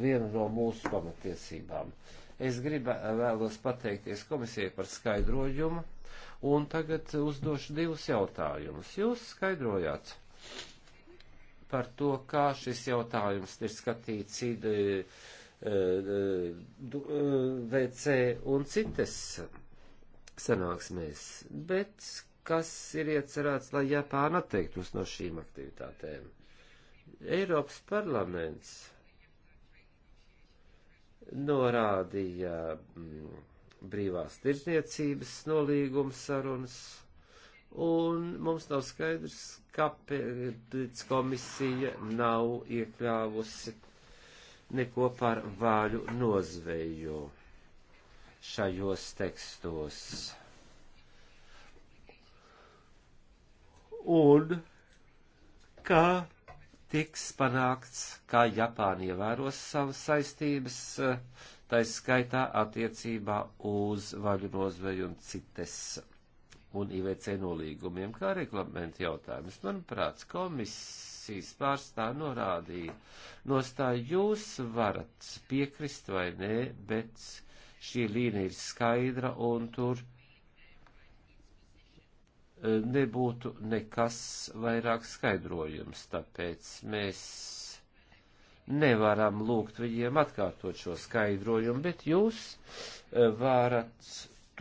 viena no mūsu pamatiesībām. Es gribu vēlos pateikties komisijai par skaidrojumu un tagad uzdošu divus jautājumus. Jūs skaidrojāt par to, kā šis jautājums ir skatīts eh, eh, eh, VC un citas sanāksmēs, bet kas ir iecerēts, lai Japāna atteiktos no šīm aktivitātēm. Eiropas parlaments norādīja mm, brīvās tirzniecības nolīgums sarunas, un mums nav skaidrs, kāpēc komisija nav iekļāvusi neko par vāļu nozveju šajos tekstos. Un kā tiks panākts, kā Japāna ievēros savas saistības, eh, tā skaitā attiecībā uz vaļu nozveju un citas un IVC nolīgumiem, kā reglamentu jautājums. Manuprāt, komisijas pārstāv norādīja, nostāja jūs varat piekrist vai nē, bet šī līnija ir skaidra un tur e, nebūtu nekas vairāk skaidrojums, tāpēc mēs nevaram lūgt viņiem atkārtot šo skaidrojumu, bet jūs e, varat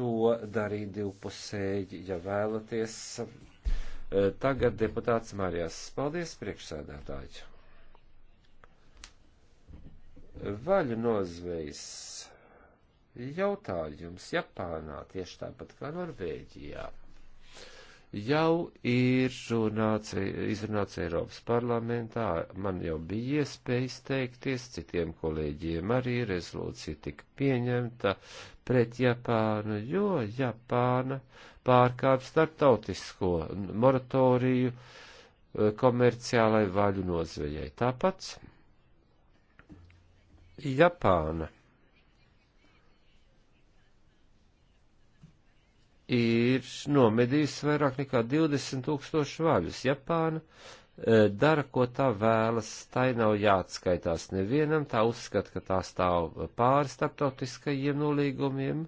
to darīt divpusēji, ja vēlaties. Eh, tagad deputāts Marijas. Paldies, priekšsēdētāji. Vaļu nozvejas jautājums Japānā tieši tāpat kā Norvēģijā jau ir runāts, izrunāts Eiropas parlamentā, man jau bija iespēja izteikties, citiem kolēģiem arī rezolūcija tika pieņemta pret Japānu, jo Japāna pārkāp starptautisko moratoriju eh, komerciālai vaļu nozvejai. Tāpat Japāna ir nomedījis vairāk nekā 20 tūkstošu vaļus. Japāna e, dara, ko tā vēlas, tai nav jāatskaitās nevienam, tā uzskata, ka tā stāv pāri starptautiskajiem nolīgumiem,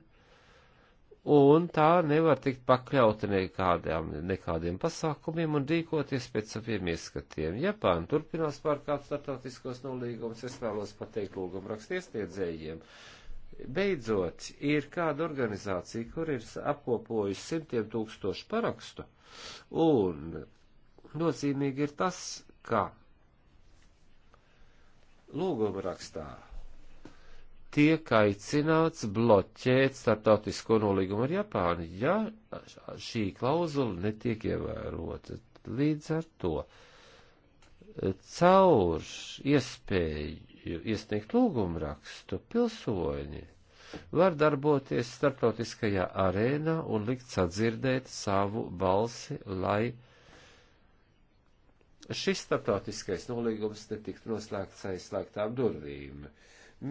un tā nevar tikt pakļauta nekādām, nekādiem pasākumiem un rīkoties pēc saviem ieskatiem. Japāna turpinās pārkāpt starptautiskos nolīgumus, es vēlos pateikt lūgumu rakstiesniedzējiem. Uh, beidzot ir kāda organizācija, kur ir apkopojusi simtiem tūkstošu parakstu, un nozīmīgi ir tas, ka lūguma rakstā tiek aicināts bloķēt startautisko nolīgumu ar Japānu, ja šī klauzula netiek ievērota. Līdz ar to caur iespēju iesniegt lūgumu rakstu, pilsoņi var darboties starptautiskajā arēnā un likt sadzirdēt savu balsi, lai šis starptautiskais nolīgums netiktu noslēgts aizslēgtām durvīm.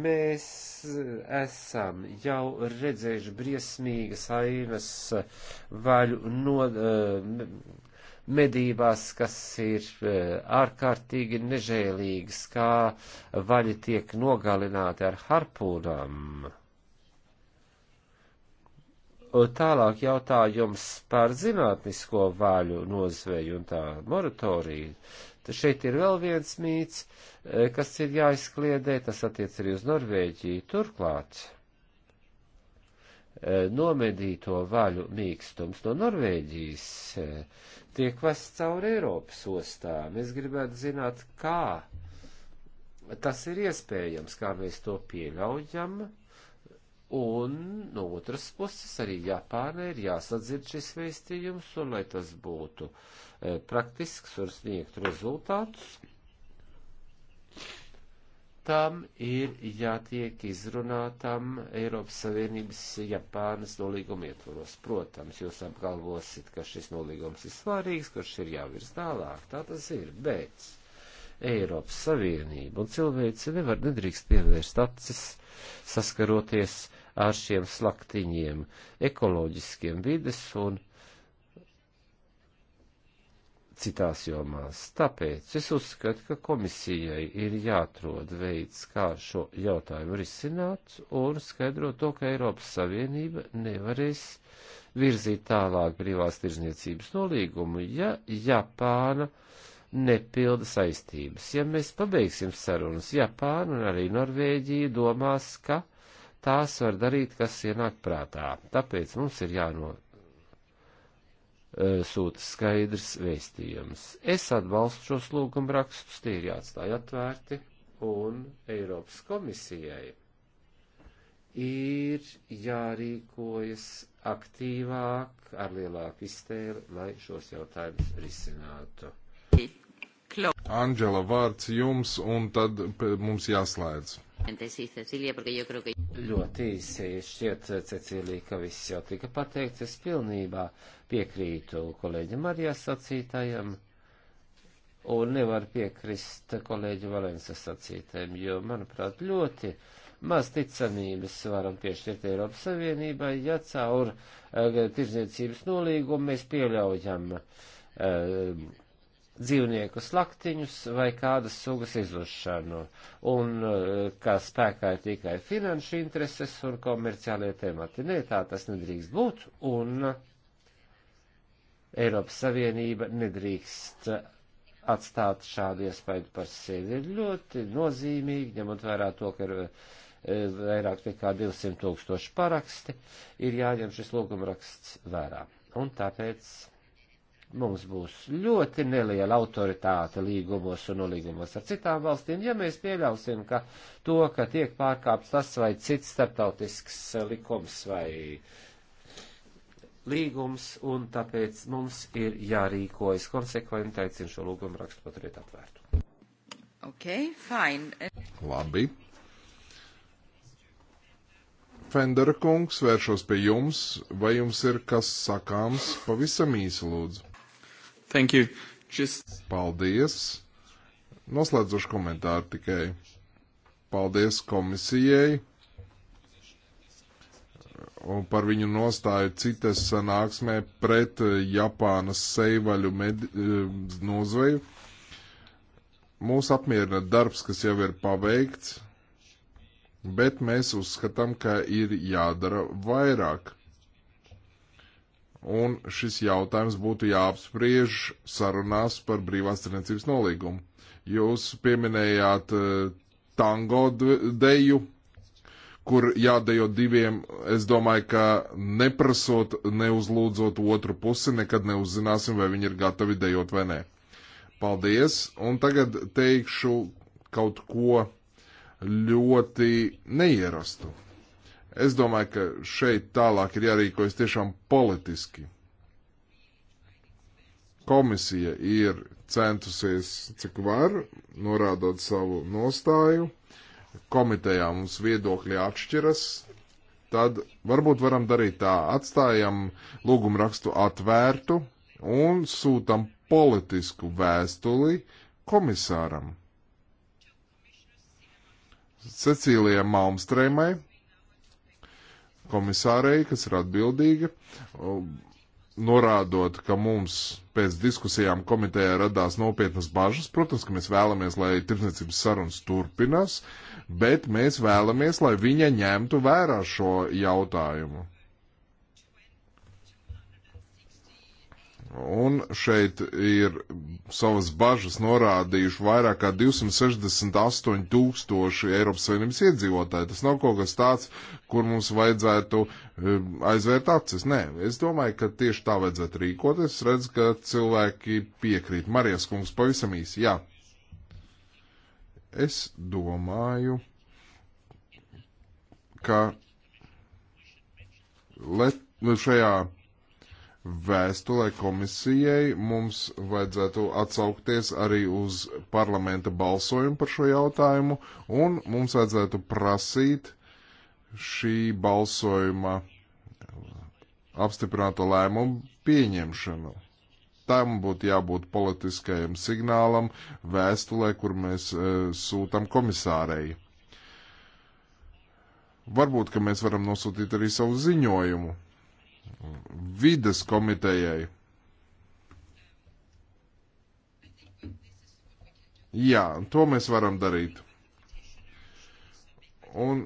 Mēs esam jau redzējuši briesmīgas ainas vaļu no, eh, medībās, kas ir e, ārkārtīgi nežēlīgas, kā vaļi tiek nogalināti ar harpūnām. Tālāk jautājums par zinātnisko vaļu nozveju un tā moratoriju. Tad šeit ir vēl viens mīts, e, kas ir jāizkliedē, tas attiec arī uz Norvēģiju. Turklāt e, nomedīto vaļu mīkstums no Norvēģijas tiek vests cauri Eiropas ostām. Es gribētu zināt, kā tas ir iespējams, kā mēs to pieļaujam. Un no otras puses arī Japānai ir jāsadzird šis vēstījums, un lai tas būtu e, praktisks un sniegt rezultātus, tam ir jātiek izrunātam Eiropas Savienības Japānas nolīguma ietvaros. Protams, jūs apgalvosit, ka šis nolīgums ir svarīgs, kurš ir jāvirs tālāk, tā tas ir, bet Eiropas Savienība un cilvēci nevar nedrīkst pievērst acis, saskaroties ar šiem slaktiņiem, ekoloģiskiem vides un citās jomās. Tāpēc es uzskatu, ka komisijai ir jāatrod veids, kā šo jautājumu risināt un skaidrot to, ka Eiropas Savienība nevarēs virzīt tālāk brīvās tirzniecības nolīgumu, ja Japāna nepilda saistības. Ja mēs pabeigsim sarunas, Japāna un arī Norvēģija domās, ka tās var darīt, kas ienāk prātā. Tāpēc mums ir jāno E, sūta skaidrs vēstījums. Es atbalstu šos lūgumrakstus, tie ir jāatstāj atvērti, un Eiropas komisijai ir jārīkojas aktīvāk, ar lielāku iztēli, lai šos jautājumus risinātu. Anģela, vārds jums, un tad mums jāslēdz. Ļoti īsi šķiet, Cecīlija, ka viss jau tika pateikts. Es pilnībā piekrītu kolēģim Marijas sacītājam un nevar piekrist kolēģi Valences sacītājiem, jo, manuprāt, ļoti maz ticamības varam piešķirt Eiropas Savienībai, ja caur uh, tirzniecības nolīgumu mēs pieļaujam uh, dzīvnieku slaktiņus vai kādas sugas izlušanu, un eh, kā spēkā ir tikai finanšu intereses un komerciālie temati. Nē, tā tas nedrīkst būt, un Eiropas Savienība nedrīkst atstāt šādu iespēju par sevi. Ir ļoti nozīmīgi, ņemot vērā to, ka ir eh, vairāk nekā 200 tūkstoši paraksti, ir jāņem šis lūgumraksts vērā. Un tāpēc mums būs ļoti neliela autoritāte līgumos un nolīgumos ar citām valstīm, ja mēs pieļausim, ka to, ka tiek pārkāpts tas vai cits starptautisks eh, likums vai līgums, un tāpēc mums ir jārīkojas konsekventi, aicinu šo lūgumu rakstu paturēt atvērtu. Ok, fine. Labi. Fendera kungs, vēršos pie jums, vai jums ir kas sakāms pavisam īsi lūdzu? Thank you. Just... Paldies. Noslēdzošu komentāru tikai. Paldies komisijai un uh, par viņu nostāju citas sanāksmē pret Japānas seivaļu uh, nozveju. Mūs apmierina darbs, kas jau ir paveikts, bet mēs uzskatām, ka ir jādara vairāk un šis jautājums būtu jāapspriež sarunās par brīvās tirniecības nolīgumu. Jūs pieminējāt e, tango deju, kur jādejo diviem, es domāju, ka neprasot, neuzlūdzot otru pusi, nekad neuzzināsim, vai viņi ir gatavi dejot vai nē. Paldies, un tagad teikšu kaut ko ļoti neierastu. Es domāju, ka šeit tālāk ir jārīkojas tiešām politiski. Komisija ir centusies, cik var, norādot savu nostāju. Komitejā mums viedokļi atšķiras. Tad varbūt varam darīt tā, atstājam lūgumu rakstu atvērtu un sūtam politisku vēstuli komisāram. Cecīlijai Malmstrēmai komisārei, kas ir atbildīga, um, norādot, ka mums pēc diskusijām komitejā radās nopietnas bažas. Protams, ka mēs vēlamies, lai tirdzniecības sarunas turpinās, bet mēs vēlamies, lai viņa ņemtu vērā šo jautājumu. Un šeit ir savas bažas norādījuši vairāk kā 268 tūkstoši Eiropas Savienības iedzīvotāji. Tas nav kaut kas tāds, kur mums vajadzētu eh, aizvērt acis. Nē, es domāju, ka tieši tā vajadzētu rīkoties. Es redzu, ka cilvēki piekrīt. Marijas kungs pavisam īsi, jā. Es domāju, ka let, nu šajā vēstulē komisijai mums vajadzētu atsaukties arī uz parlamenta balsojumu par šo jautājumu, un mums vajadzētu prasīt šī balsojuma apstiprināto lēmumu pieņemšanu. Tam būtu jābūt politiskajam signālam vēstulē, kur mēs e, sūtam komisārei. Varbūt, ka mēs varam nosūtīt arī savu ziņojumu vides komitejai. Jā, to mēs varam darīt. Un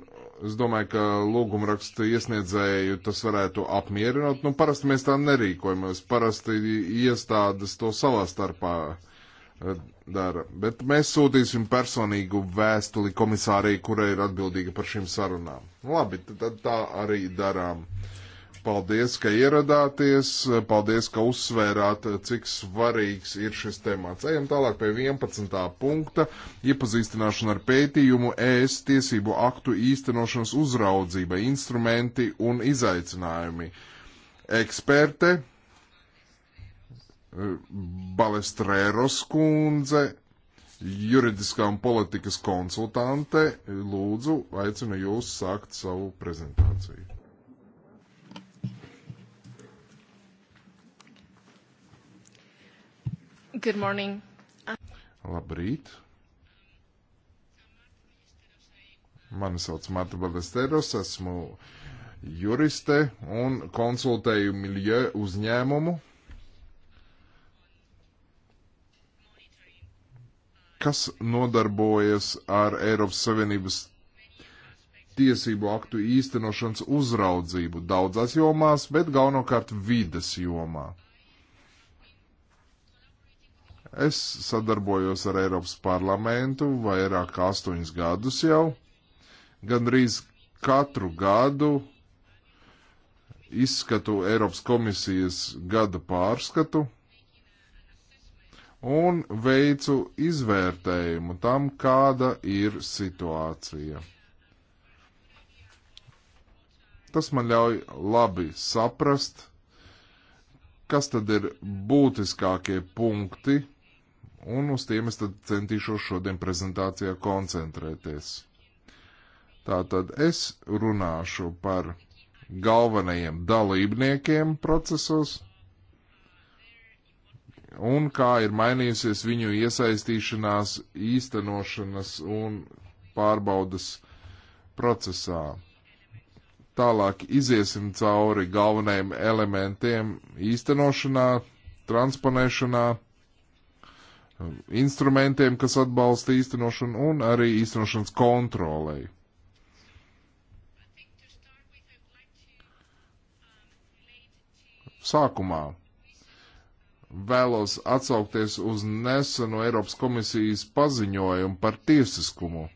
es domāju, ka lūguma raksta iesniedzēju tas varētu apmierināt. Nu, parasti mēs tā nerīkojamies. Parasti iestādes to savā starpā eh, dara. Bet mēs sūtīsim personīgu vēstuli komisārei, kurai ir atbildīga par šīm sarunām. Labi, tad tā arī darām. Uh, Paldies, ka ieradāties, paldies, ka uzsvērāt, cik svarīgs ir šis temats. Ejam tālāk pie 11. punkta - iepazīstināšana ar pētījumu ES tiesību aktu īstenošanas uzraudzība, instrumenti un izaicinājumi. Eksperte eh, Balestrēros kundze, juridiskā un politikas konsultante. Lūdzu, aicinu jūs sākt savu prezentāciju. Good morning. Labrīt. Mani sauc Marta Balesteros, esmu juriste un konsultēju miljö uzņēmumu. kas nodarbojas ar Eiropas Savienības tiesību aktu īstenošanas uzraudzību daudzās jomās, bet galvenokārt vides jomā. Es sadarbojos ar Eiropas parlamentu vairāk kā astoņus gadus jau. Gandrīz katru gadu izskatu Eiropas komisijas gada pārskatu un veicu izvērtējumu tam, kāda ir situācija. Tas man ļauj labi saprast, kas tad ir būtiskākie punkti Un uz tiem es tad centīšos šodien prezentācijā koncentrēties. Tātad es runāšu par galvenajiem dalībniekiem procesos un kā ir mainījusies viņu iesaistīšanās īstenošanas un pārbaudas procesā. Tālāk iziesim cauri galvenajiem elementiem īstenošanā, transponēšanā instrumentiem, kas atbalsta īstenošanu un arī īstenošanas kontrolei. Sākumā vēlos atsaukties uz neseno Eiropas komisijas paziņojumu par tiesiskumu.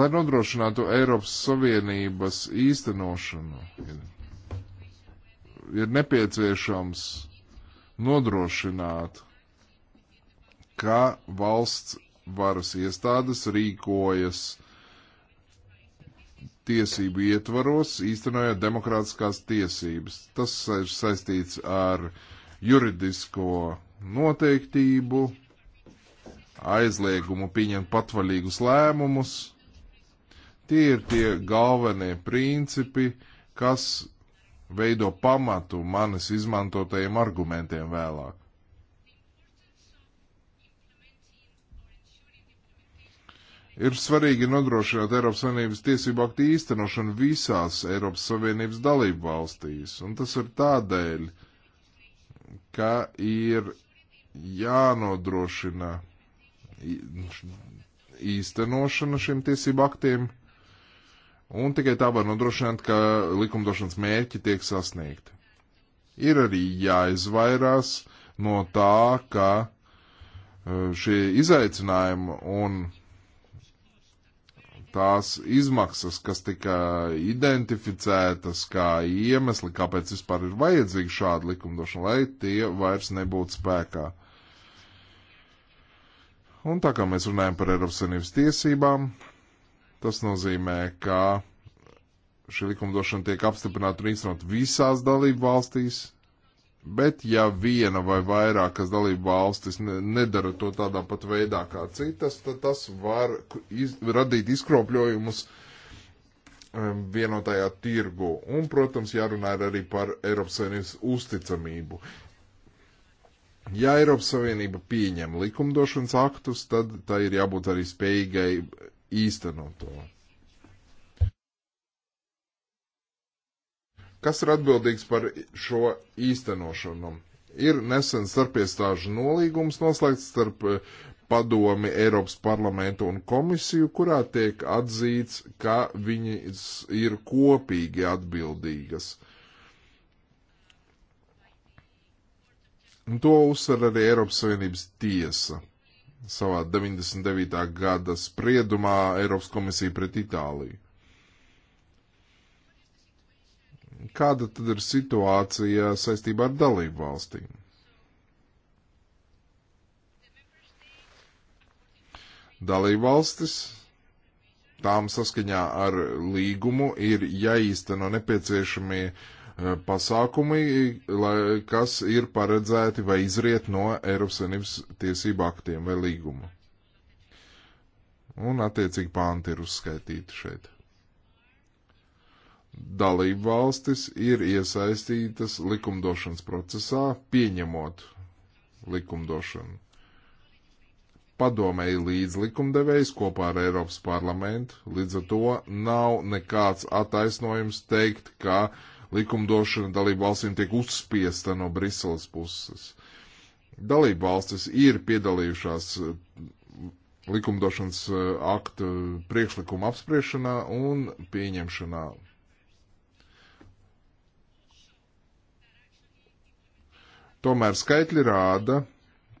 Lai nodrošinātu Eiropas Savienības īstenošanu, ir nepieciešams nodrošināt, ka valsts varas iestādes rīkojas tiesību ietvaros, īstenojot demokrātiskās tiesības. Tas ir saistīts ar juridisko noteiktību, aizliegumu pieņemt patvaļīgus lēmumus. Tie ir tie galvenie principi, kas veido pamatu manis izmantotajiem argumentiem vēlāk. Ir svarīgi nodrošināt Eiropas Savienības tiesību aktu īstenošanu visās Eiropas Savienības dalību valstīs, un tas ir tādēļ, ka ir jānodrošina īstenošana šiem tiesību aktiem Un tikai tā var nodrošināt, ka likumdošanas mērķi tiek sasniegti. Ir arī jāizvairās no tā, ka e, šie izaicinājumi un tās izmaksas, kas tika identificētas kā iemesli, kāpēc vispār ir vajadzīga šāda likumdošana, lai tie vairs nebūtu spēkā. Un tā kā mēs runājam par Eiropas Savienības tiesībām, Tas nozīmē, ka šī likumdošana tiek apstiprināta un īstenot visās dalību valstīs, bet ja viena vai vairākas dalību valstis nedara to tādā pat veidā kā citas, tad tas var iz, radīt izkropļojumus um, vienotajā tirgu. Un, protams, jārunā arī par Eiropas Savienības uzticamību. Ja Eiropas Savienība pieņem likumdošanas aktus, tad tā ir jābūt arī spējīgai īstenot to. Kas ir atbildīgs par šo īstenošanu? Ir nesen starpiestāžu nolīgums noslēgts starp eh, padomi Eiropas parlamentu un komisiju, kurā tiek atzīts, ka viņas ir kopīgi atbildīgas. Un to uzsver arī Eiropas Savienības tiesa savā 99. gada spriedumā Eiropas komisija pret Itāliju. Kāda tad ir situācija saistībā ar dalību valstīm? Dalību valstis tām saskaņā ar līgumu ir jāīsteno nepieciešamie uh, Eh, pasākumi, eh, lai, kas ir paredzēti vai izriet no Eiropas Savienības tiesību aktiem vai līguma. Un attiecīgi pānti ir uzskaitīti šeit. Dalību valstis ir iesaistītas likumdošanas procesā, pieņemot likumdošanu padomēji līdz likumdevējs kopā ar Eiropas parlamentu, līdz ar to nav nekāds attaisnojums teikt, ka likumdošana dalību valstīm tiek uzspiesta no Briseles puses. Dalību valstis ir piedalījušās eh, likumdošanas eh, aktu priekšlikuma apspriešanā un pieņemšanā. Tomēr skaitļi rāda,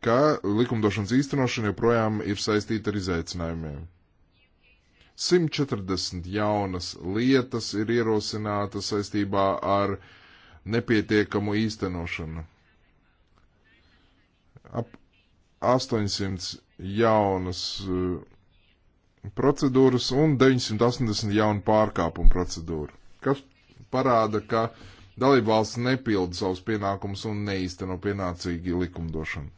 ka likumdošanas īstenošana joprojām ir saistīta ar izaicinājumiem. 140 jaunas lietas ir ierosinātas saistībā ar nepietiekamu īstenošanu. Ap 800 jaunas uh, procedūras un 980 jaunu pārkāpumu procedūru, kas parāda, ka dalībvalsts nepilda savus pienākumus un neīsteno pienācīgi likumdošanu.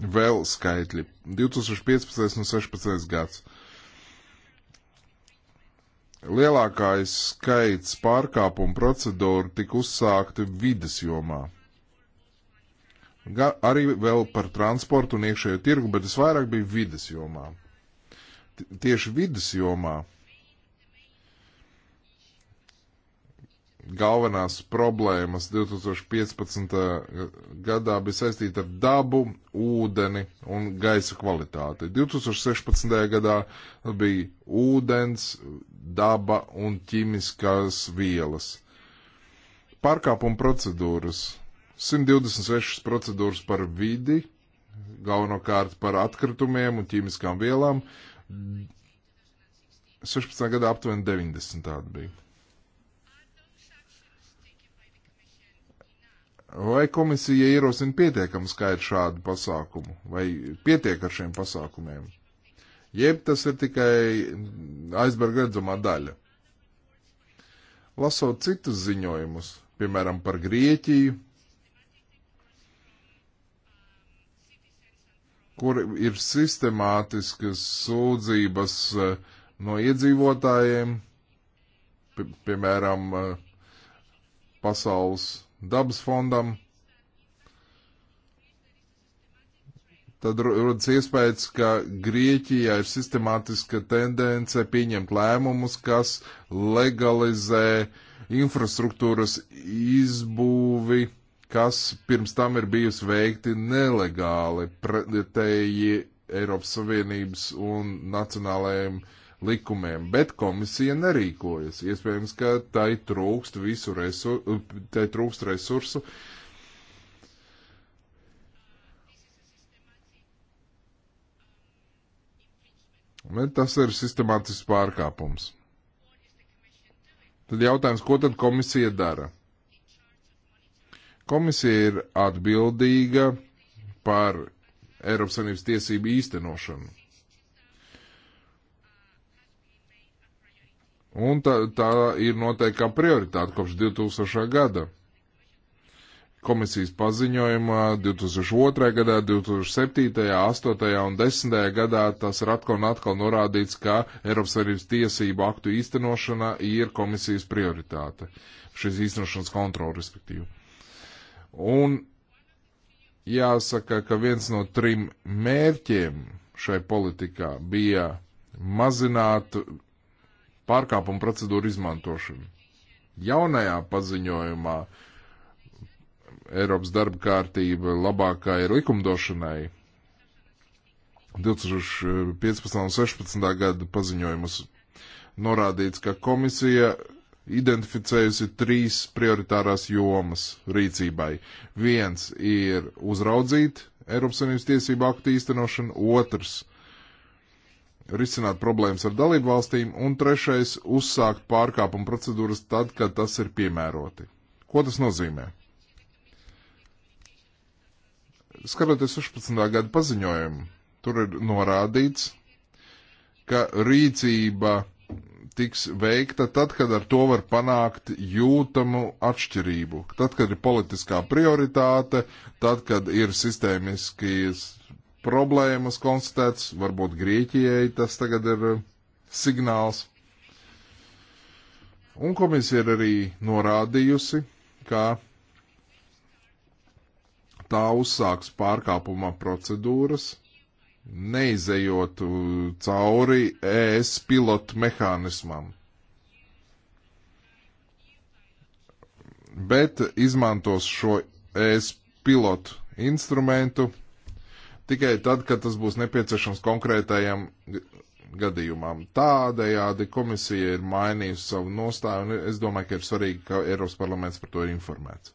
Vēl skaitļi. 2015. un 16. gads. Lielākais skaits pārkāpumu procedūru tika uzsākti vidas jomā. Ga, arī vēl par transportu un iekšējo tirgu, bet es vairāk biju vidas jomā. T tieši vidas jomā galvenās problēmas 2015. gadā bija saistīta ar dabu, ūdeni un gaisa kvalitāti. 2016. gadā bija ūdens, daba un ķīmiskās vielas. Pārkāpuma procedūras. 126 procedūras par vidi, galvenokārt par atkritumiem un ķīmiskām vielām. 16. gadā aptuveni 90 tāda bija. Vai komisija ierosina pietiekamu skaitu šādu pasākumu, vai pietiek ar šiem pasākumiem? Jeb tas ir tikai aizberga redzamā daļa. Lasot citus ziņojumus, piemēram, par Grieķiju, kur ir sistemātiskas sūdzības eh, no iedzīvotājiem, piemēram, eh, pasaules dabas fondam. Tad rodas iespējas, ka Grieķijā ir sistemātiska tendence pieņemt lēmumus, kas legalizē infrastruktūras izbūvi, kas pirms tam ir bijusi veikti nelegāli pretēji Eiropas Savienības un nacionālajiem uh, likumiem, bet komisija nerīkojas. Iespējams, ka tai trūkst visu resursu, tai trūkst resursu. Bet tas ir sistemātisks pārkāpums. Tad jautājums, ko tad komisija dara? Komisija ir atbildīga par Eiropas Savienības tiesību īstenošanu. Un tā, tā ir noteikta prioritāte kopš 2000. gada. Komisijas paziņojumā 2002. gadā, 2007., 2008. un 2010. gadā tas ir atkal un atkal norādīts, ka Eiropas Savienības tiesību aktu īstenošana ir komisijas prioritāte. Šis īstenošanas kontrola, respektīvi. Un jāsaka, ka viens no trim mērķiem šai politikā bija mazināt pārkāpuma procedūru izmantošanu. Jaunajā paziņojumā Eiropas darba kārtība labākai likumdošanai 2015. un 16. gada paziņojumus norādīts, ka komisija identificējusi trīs prioritārās jomas rīcībai. Viens ir uzraudzīt Eiropas Savienības tiesību aktu īstenošanu, otrs risināt problēmas ar dalību valstīm, un trešais - uzsākt pārkāpumu procedūras tad, kad tas ir piemēroti. Ko tas nozīmē? Skatoties 16. gada paziņojumu, tur ir norādīts, ka rīcība tiks veikta tad, kad ar to var panākt jūtamu atšķirību. Tad, kad ir politiskā prioritāte, tad, kad ir sistēmiskas problēmas konstatētas, varbūt Grieķijai tas tagad ir eh, signāls. Un komisija ir arī norādījusi, ka tā uzsāks pārkāpuma procedūras, neizejot cauri ES pilotu mehānismam. Bet izmantos šo ES pilotu instrumentu tikai tad, kad tas būs nepieciešams konkrētajam gadījumam. Tādējādi komisija ir mainījusi savu nostāju, un es domāju, ka ir svarīgi, ka Eiropas parlaments par to ir informēts.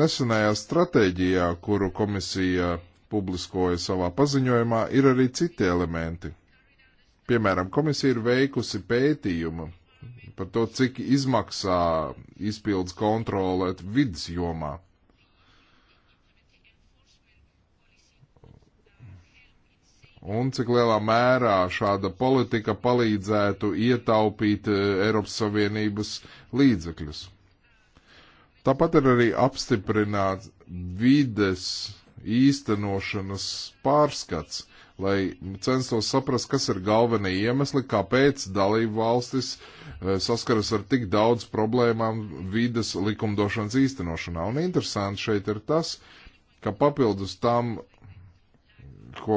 Nesenajā stratēģijā, kuru komisija publiskoja savā paziņojumā, ir arī citi elementi. Piemēram, komisija ir veikusi pētījumu par to, cik izmaksā izpildus kontrole vidas jomā. un cik lielā mērā šāda politika palīdzētu ietaupīt e, Eiropas Savienības līdzekļus. Tāpat ir arī apstiprināts vides īstenošanas pārskats, lai censtos saprast, kas ir galvenie iemesli, kāpēc dalību valstis e, saskaras ar tik daudz problēmām vides likumdošanas īstenošanā. Un interesanti šeit ir tas, ka papildus tam, ko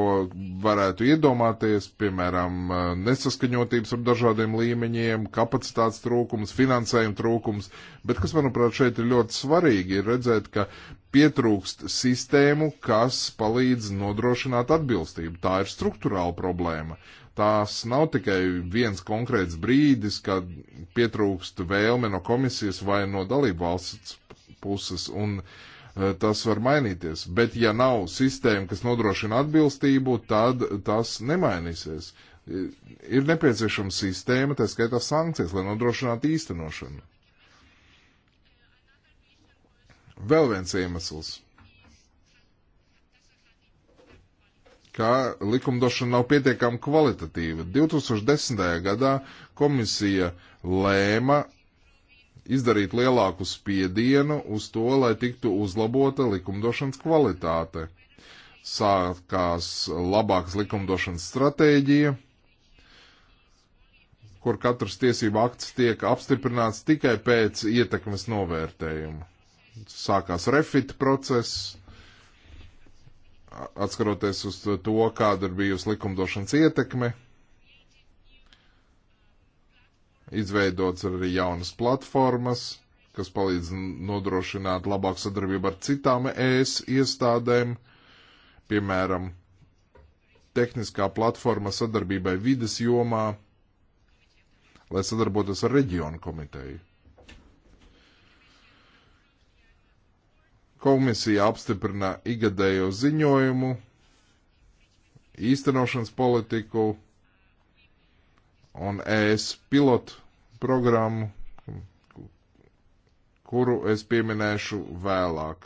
varētu iedomāties, piemēram, eh, nesaskaņotības ar dažādiem līmeņiem, kapacitātes trūkums, finansējuma trūkums, bet kas, manuprāt, šeit ir ļoti svarīgi, ir redzēt, ka pietrūkst sistēmu, kas palīdz nodrošināt atbilstību. Tā ir struktūrāla problēma. Tās nav tikai viens konkrēts brīdis, kad pietrūkst vēlme no komisijas vai no dalību valsts puses. Un, uh, Eh, tas var mainīties. Bet ja nav sistēma, kas nodrošina atbilstību, tad tas nemainīsies. Eh, ir nepieciešama sistēma, tā skaitā sankcijas, lai nodrošinātu īstenošanu. Vēl viens iemesls. ka likumdošana nav pietiekama kvalitatīva. 2010. gadā komisija lēma izdarīt lielāku spiedienu uz to, lai tiktu uzlabota likumdošanas kvalitāte. Sākās labākas likumdošanas stratēģija, kur katrs tiesība akts tiek apstiprināts tikai pēc ietekmes novērtējuma. Sākās refit process, atskaroties uz to, kāda ir bijusi likumdošanas ietekme Izveidots arī jaunas platformas, kas palīdz nodrošināt labāku sadarbību ar citām ES iestādēm, piemēram, tehniskā platforma sadarbībai vides jomā, lai sadarbotos ar reģionu komiteju. Komisija apstiprina igadējo ziņojumu, īstenošanas politiku un ES pilotu programmu, kuru es pieminēšu vēlāk.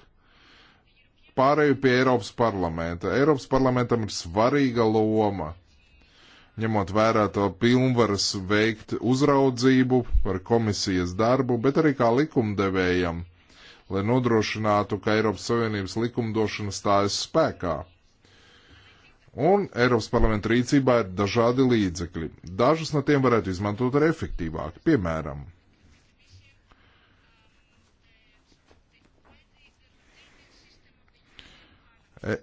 Pārēju pie Eiropas parlamenta. Eiropas parlamentam ir svarīga loma, ņemot vērā to pilnvaras veikt uzraudzību par komisijas darbu, bet arī kā likumdevējam, lai nodrošinātu, ka Eiropas Savienības likumdošana stājas spēkā. Un Eiropas parlamenta rīcībā ir dažādi līdzekļi. Dažus no tiem varētu izmantot arī efektīvāk. Piemēram, e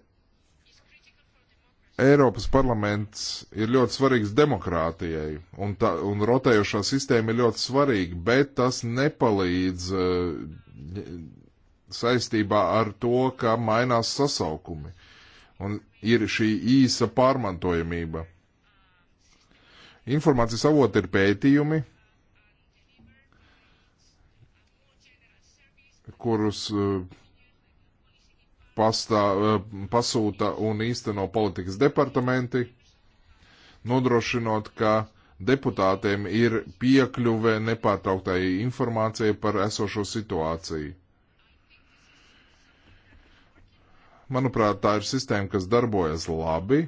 Eiropas parlaments ir ļoti svarīgs demokrātijai, un, tā, un rotējošā sistēma ir ļoti svarīga, bet tas nepalīdz uh, saistībā ar to, ka mainās sasaukumi. Uh, un ir šī īsa pārmantojamība. Informācijas avot ir pētījumi, kurus eh, pastā, eh, pasūta un īsteno politikas departamenti, nodrošinot, ka deputātiem ir piekļuve nepārtrauktai informācijai par esošo situāciju. Manuprāt, tā ir sistēma, kas darbojas labi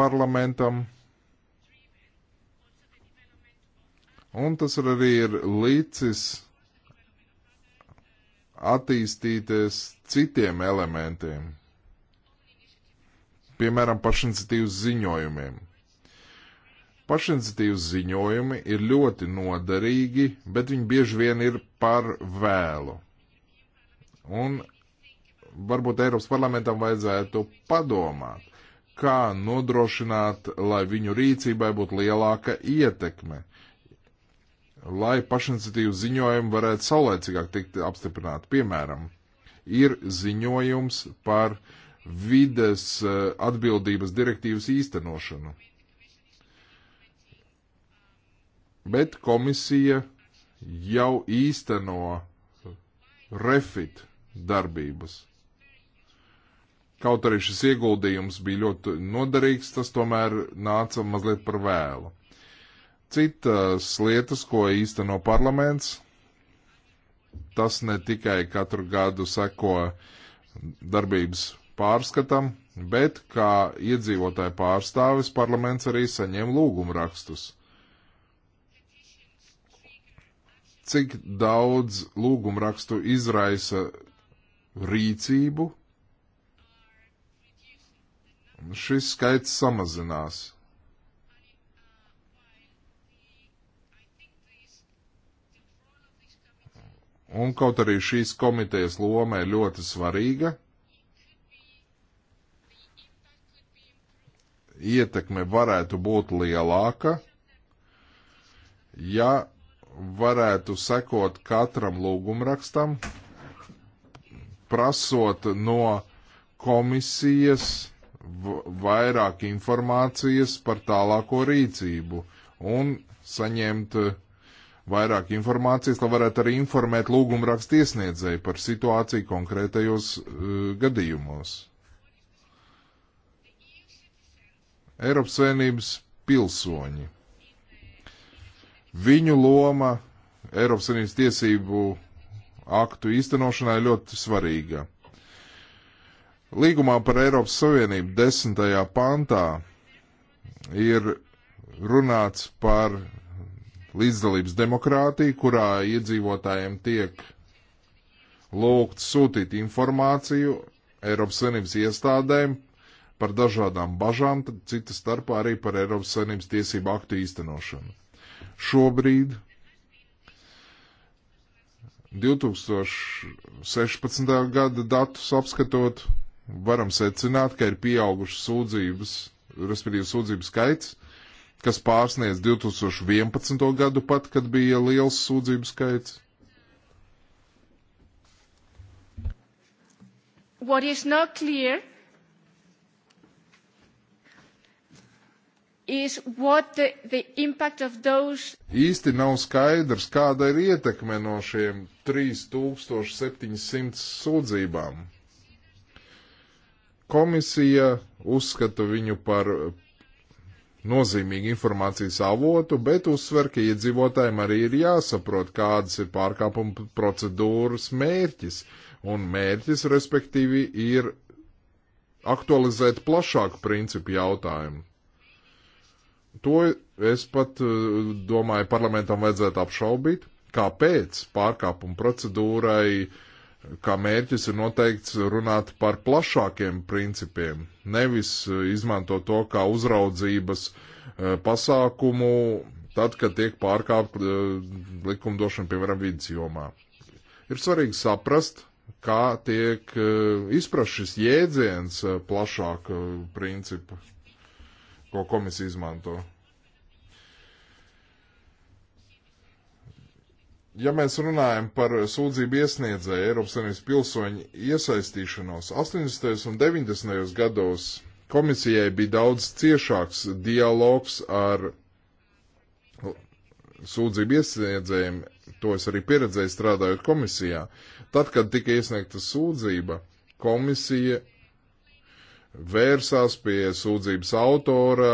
parlamentam. Un tas arī ir līdzis attīstīties citiem elementiem, piemēram, pašiniciatīvas ziņojumiem. Pašiniciatīvas ziņojumi ir ļoti noderīgi, bet viņi bieži vien ir par vēlu. Un varbūt Eiropas parlamentam vajadzētu padomāt, kā nodrošināt, lai viņu rīcībai būtu lielāka ietekme, lai pašiniciatīvu ziņojumu varētu saulēcīgāk tikt apstiprināt. Piemēram, ir ziņojums par vides eh, atbildības direktīvas īstenošanu. Bet komisija jau īsteno refit darbības. Kaut arī šis ieguldījums bija ļoti noderīgs, tas tomēr nāca mazliet par vēlu. Citas lietas, ko īsteno parlaments, tas ne tikai katru gadu seko darbības pārskatam, bet kā iedzīvotāju pārstāvis parlaments arī saņem lūgumu rakstus. Cik daudz lūgumu rakstu izraisa rīcību Šis skaits samazinās. Un kaut arī šīs komitejas loma ir ļoti svarīga, ietekme varētu būt lielāka, ja varētu sekot katram lūgumrakstam, prasot no komisijas vairāk informācijas par tālāko rīcību un saņemt eh, vairāk informācijas, lai varētu arī informēt lūguma rakstu iesniedzēju par situāciju konkrētajos uh, gadījumos. Eiropas Savienības pilsoņi. Viņu loma Eiropas Savienības tiesību aktu īstenošanā ir ļoti svarīga. Līgumā par Eiropas Savienību desmitajā pantā ir runāts par līdzdalības demokrātiju, kurā iedzīvotājiem tiek lūgts sūtīt informāciju Eiropas Savienības iestādēm par dažādām bažām, citas starpā arī par Eiropas Savienības tiesību aktu īstenošanu. Šobrīd 2016. gada datus apskatot, varam secināt, ka ir pieaugušas sūdzības, respektīvi sūdzību skaits, kas pārsniedz 2011. gadu pat, kad bija liels sūdzību skaits. What is not clear is what the, the impact of those. Īsti nav skaidrs, kāda ir ietekme no šiem 3700 sūdzībām. Komisija uzskata viņu par nozīmīgu informācijas avotu, bet uzsver, ka iedzīvotājiem arī ir jāsaprot, kādas ir pārkāpuma procedūras mērķis. Un mērķis, respektīvi, ir aktualizēt plašāku principu jautājumu. To es pat eh, domāju, parlamentam vajadzētu apšaubīt, kāpēc pārkāpuma procedūrai uh, kā mērķis ir noteikts runāt par plašākiem principiem, nevis eh, izmantot to kā uzraudzības eh, pasākumu, tad, kad tiek pārkāpt eh, likumdošana, piemēram, vidas jomā. Ir svarīgi saprast, kā tiek izprast šis jēdziens plašāk principu, ko komisija izmanto. ja mēs runājam par sūdzību iesniedzēju Eiropas Savienības pilsoņu iesaistīšanos, 80. un 90. gados komisijai bija daudz ciešāks dialogs ar sūdzību iesniedzējiem, to es arī pieredzēju strādājot komisijā. Tad, kad tika iesniegta sūdzība, komisija vērsās pie sūdzības autora,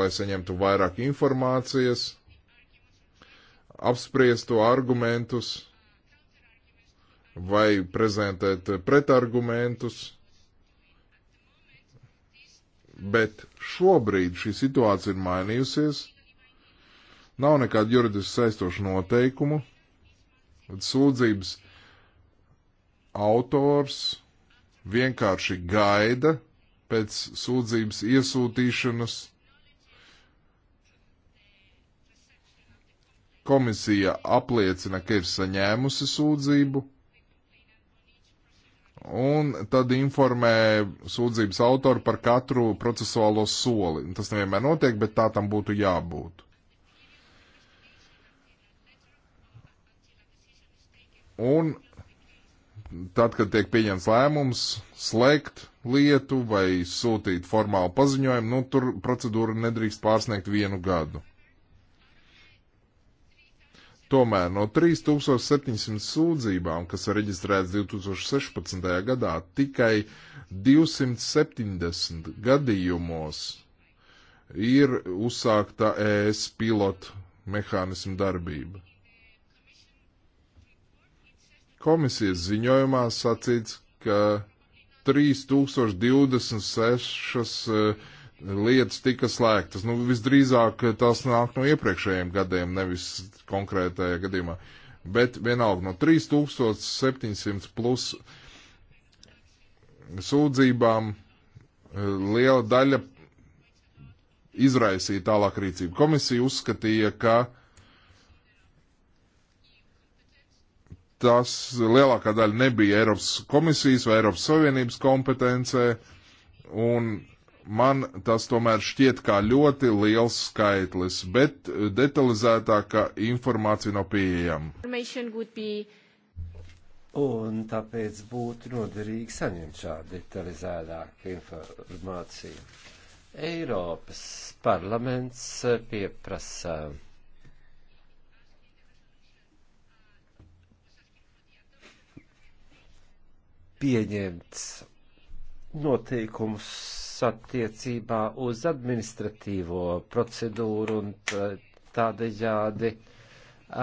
lai saņemtu vairāk informācijas apspriestu argumentus vai prezentēt pretargumentus. Bet šobrīd šī situācija ir mainījusies. Nav nekādu juridiski saistošu noteikumu. Sūdzības autors vienkārši gaida pēc sūdzības iesūtīšanas Komisija apliecina, ka ir saņēmusi sūdzību, un tad informē sūdzības autoru par katru procesuālo soli. Tas nevienmēr notiek, bet tā tam būtu jābūt. Un tad, kad tiek pieņemts lēmums slēgt lietu vai sūtīt formālu paziņojumu, nu tur procedūra nedrīkst pārsniegt vienu gadu. Tomēr no 3700 sūdzībām, kas ir reģistrētas 2016. gadā, tikai 270 gadījumos ir uzsākta ES pilotu mehānismu darbība. Komisijas ziņojumā sacīts, ka 3026 lietas tika slēgtas. Nu, visdrīzāk tas nāk no iepriekšējiem gadiem, nevis konkrētajā gadījumā. Bet vienalga no 3700 plus sūdzībām eh, liela daļa izraisīja tālāk rīcību. Komisija uzskatīja, ka tas lielākā daļa nebija Eiropas komisijas vai Eiropas Savienības kompetencē, un man tas tomēr šķiet kā ļoti liels skaitlis, bet eh, detalizētāka informācija nav pieejama. Un tāpēc būtu noderīgi saņemt šādu detalizētāku informāciju. Eiropas parlaments eh, pieprasa pieņemts noteikumus attiecībā uz administratīvo procedūru un tādējādi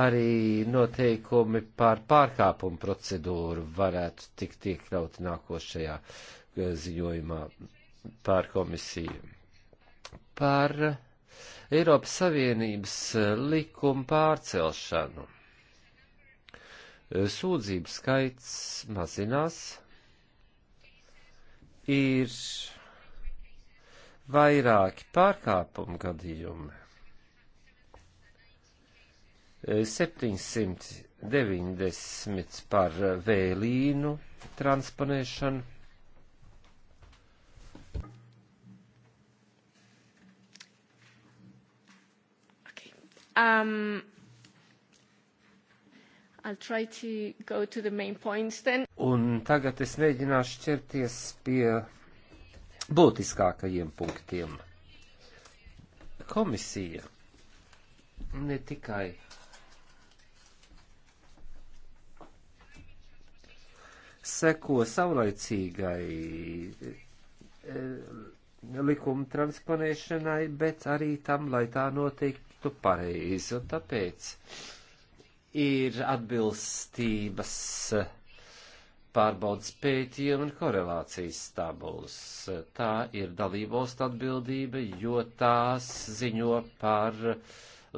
arī noteikumi par pārkāpumu procedūru varētu tikt iekļauti nākošajā eh, ziņojumā par komisiju. Par Eiropas Savienības eh, likumu pārcelšanu. Eh, sūdzību skaits mazinās ir vairāki pārkāpumu gadījumi. 790 par vēlīnu transponēšanu. Okay. Um, Un tagad es mēģināšu ķerties pie būtiskākajiem punktiem. Komisija ne tikai seko saulaicīgai eh, likuma transponēšanai, bet arī tam, lai tā notiktu pareizi. Un tāpēc uh, ir atbilstības pārbaudas pētījuma un korelācijas tabulas. Tā ir dalībvalstu atbildība, jo tās ziņo par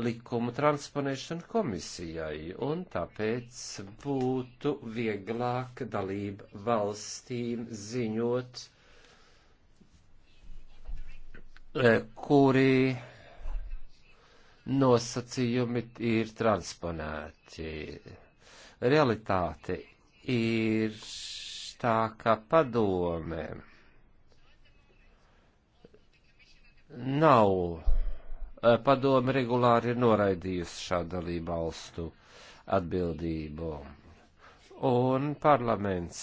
likumu transponēšanu komisijai, un tāpēc būtu vieglāk dalību valstīm ziņot, e, kuri nosacījumi ir transponēti. Realitāte ir tā, ka padome nav eh, padome regulāri ir noraidījusi šā dalību valstu atbildību un parlaments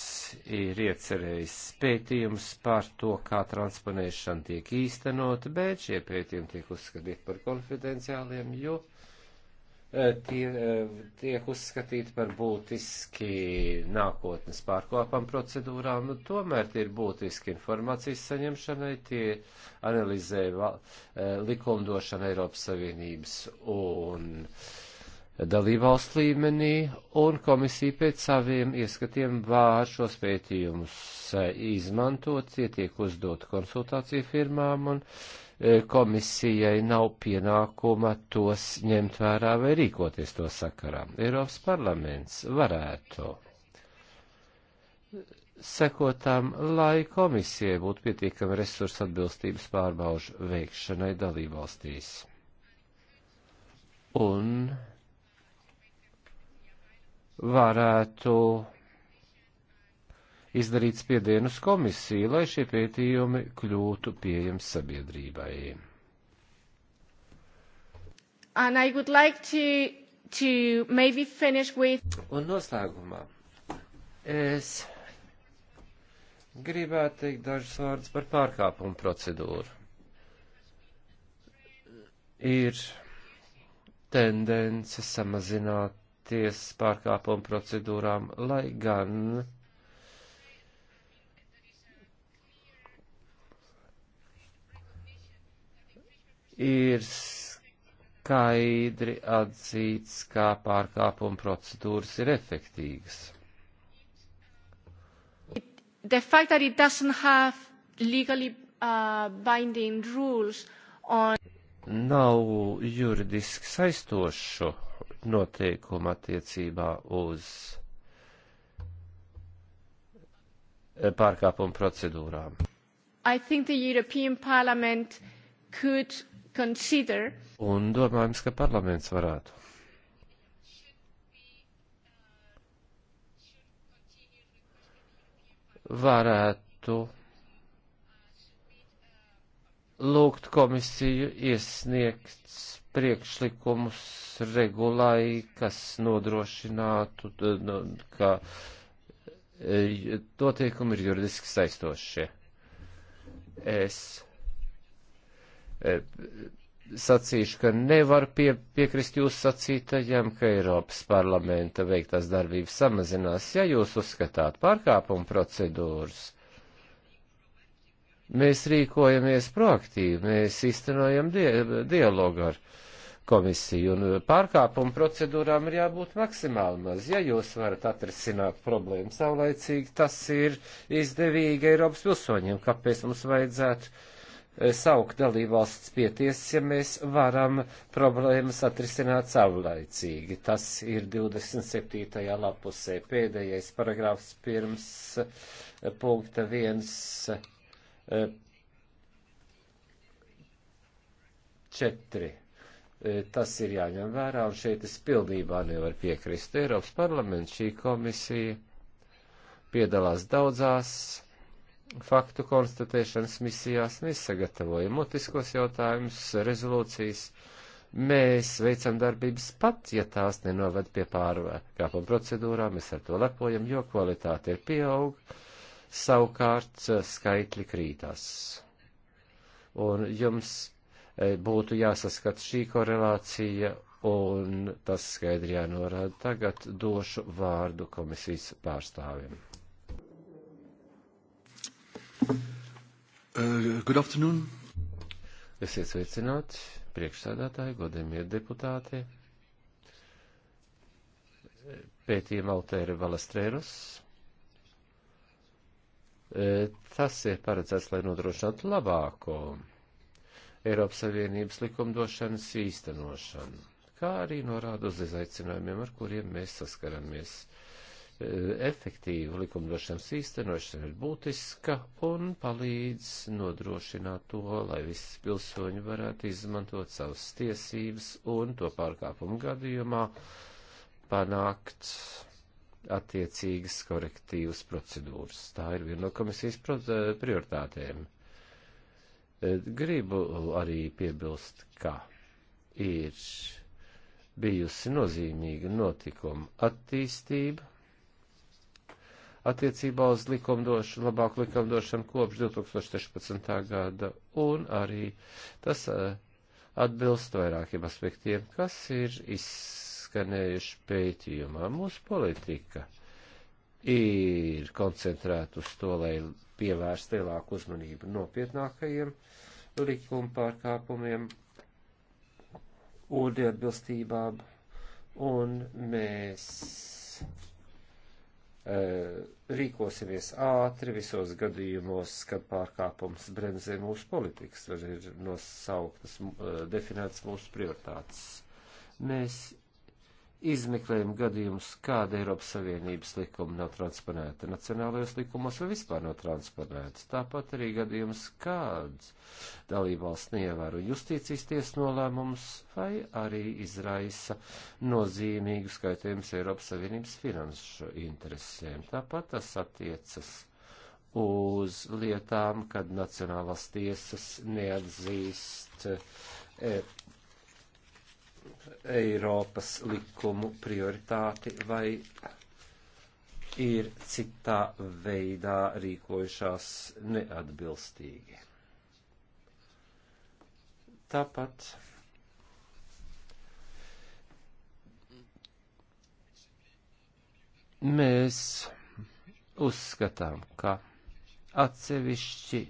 ir iecerējis pētījumus par to, kā transponēšana tiek īstenota, bet šie pētījumi tiek uzskatīti par konfidenciāliem, jo e, tie e, tiek uzskatīti par būtiski nākotnes pārkopam procedūrām, un nu, tomēr tie ir būtiski informācijas saņemšanai, tie analizē e, likumdošana Eiropas Savienības un uh, dalībvalstu līmenī, un komisija pēc saviem ieskatiem var šos pētījumus e, izmantot, tie tiek uzdot konsultāciju firmām, un e, komisijai nav pienākuma tos ņemt vērā vai rīkoties to sakarā. Eiropas parlaments varētu sekotām, lai komisijai būtu pietiekami resursu atbilstības pārbaužu veikšanai dalībvalstīs. Un varētu izdarīt spiedienu uz komisiju, lai šie pētījumi kļūtu pieejami sabiedrībai. Like to, to with... Un noslēgumā es gribētu teikt dažus vārdus par pārkāpumu procedūru. Ir tendence samazināt pieskarties pārkāpumu procedūrām, lai gan ir skaidri atzīts, kā pārkāpuma procedūras ir efektīgas. The fact that it doesn't have legally uh, binding rules on nav juridiski saistošu noteikuma attiecībā uz eh, pārkāpumu procedūrām. Consider... Un domājams, ka parlaments varētu. Varētu lūgt komisiju iesniegt priekšlikumus regulai, kas nodrošinātu, ka e, noteikumi ir juridiski saistošie. Es e, sacīšu, ka nevar pie, piekrist jūsu sacītajam, ka Eiropas parlamenta veiktās darbības samazinās, ja jūs uzskatāt pārkāpumu procedūras Mēs rīkojamies proaktīvi, mēs iztenojam die dialogu ar komisiju, un pārkāpumu procedūrām ir jābūt maksimāli maz. Ja jūs varat atrisināt problēmu saulaicīgi, tas ir izdevīgi Eiropas pilsoņiem, kāpēc mums vajadzētu eh, saukt dalībvalsts pieties, ja mēs varam problēmas atrisināt savlaicīgi. Tas ir 27. lapusē pēdējais paragrāfs pirms eh, punkta 1 E, četri. E, tas ir jāņem vērā, un šeit es pilnībā nevaru piekrist. Eiropas parlaments šī komisija piedalās daudzās faktu konstatēšanas misijās, mēs sagatavojam motiskos jautājumus, rezolūcijas, mēs veicam darbības pat, ja tās nenoved pie pārkāpuma procedūrām, mēs ar to lepojam, jo kvalitāte ir pieauga savukārt eh, skaitļi krītās. Un jums eh, būtu jāsaskat šī korelācija, un tas skaidri jānorāda. Tagad došu vārdu komisijas pārstāvim. Uh, good afternoon. Esiet sveicināti, priekšsēdētāji, godējumie deputāti. Pētījuma Altēra Valastrēros E, tas ir paredzēts, lai nodrošinātu labāko Eiropas Savienības likumdošanas īstenošanu, kā arī norāda uz izaicinājumiem, ar kuriem mēs saskaramies. E, efektīva likumdošanas īstenošana ir būtiska un palīdz nodrošināt to, lai visi pilsoņi varētu izmantot savas tiesības un to pārkāpumu gadījumā panākt attiecīgas korektīvas procedūras. Tā ir viena no komisijas eh, prioritātēm. Eh, gribu arī piebilst, ka ir bijusi nozīmīga notikuma attīstība attiecībā uz likumdošanu, labāku likumdošanu kopš 2016. gada, un arī tas eh, atbilst vairākiem aspektiem, kas ir izsākts izskanējuši pētījumā. Mūsu politika ir koncentrēta uz to, lai pievērst lielāku uzmanību nopietnākajiem likuma pārkāpumiem un atbilstībām, un mēs e, rīkosimies ātri visos gadījumos, kad pārkāpums bremzē mūsu politikas, var ir nosauktas, e, definētas mūsu prioritātes. Mēs izmeklējam gadījumus, kāda Eiropas Savienības likuma nav transponēta nacionālajos likumos vai vispār nav transponēta. Tāpat arī gadījums, kāds dalībvalsts neievēro justīcijas tiesas nolēmumus vai arī izraisa nozīmīgu skaitījumus Eiropas Savienības finanšu interesēm. Tāpat tas attiecas uz lietām, kad nacionālās tiesas neatzīst. E, Eiropas likumu prioritāti vai ir citā veidā rīkojušās neatbilstīgi. Tāpat mēs uzskatām, ka atsevišķi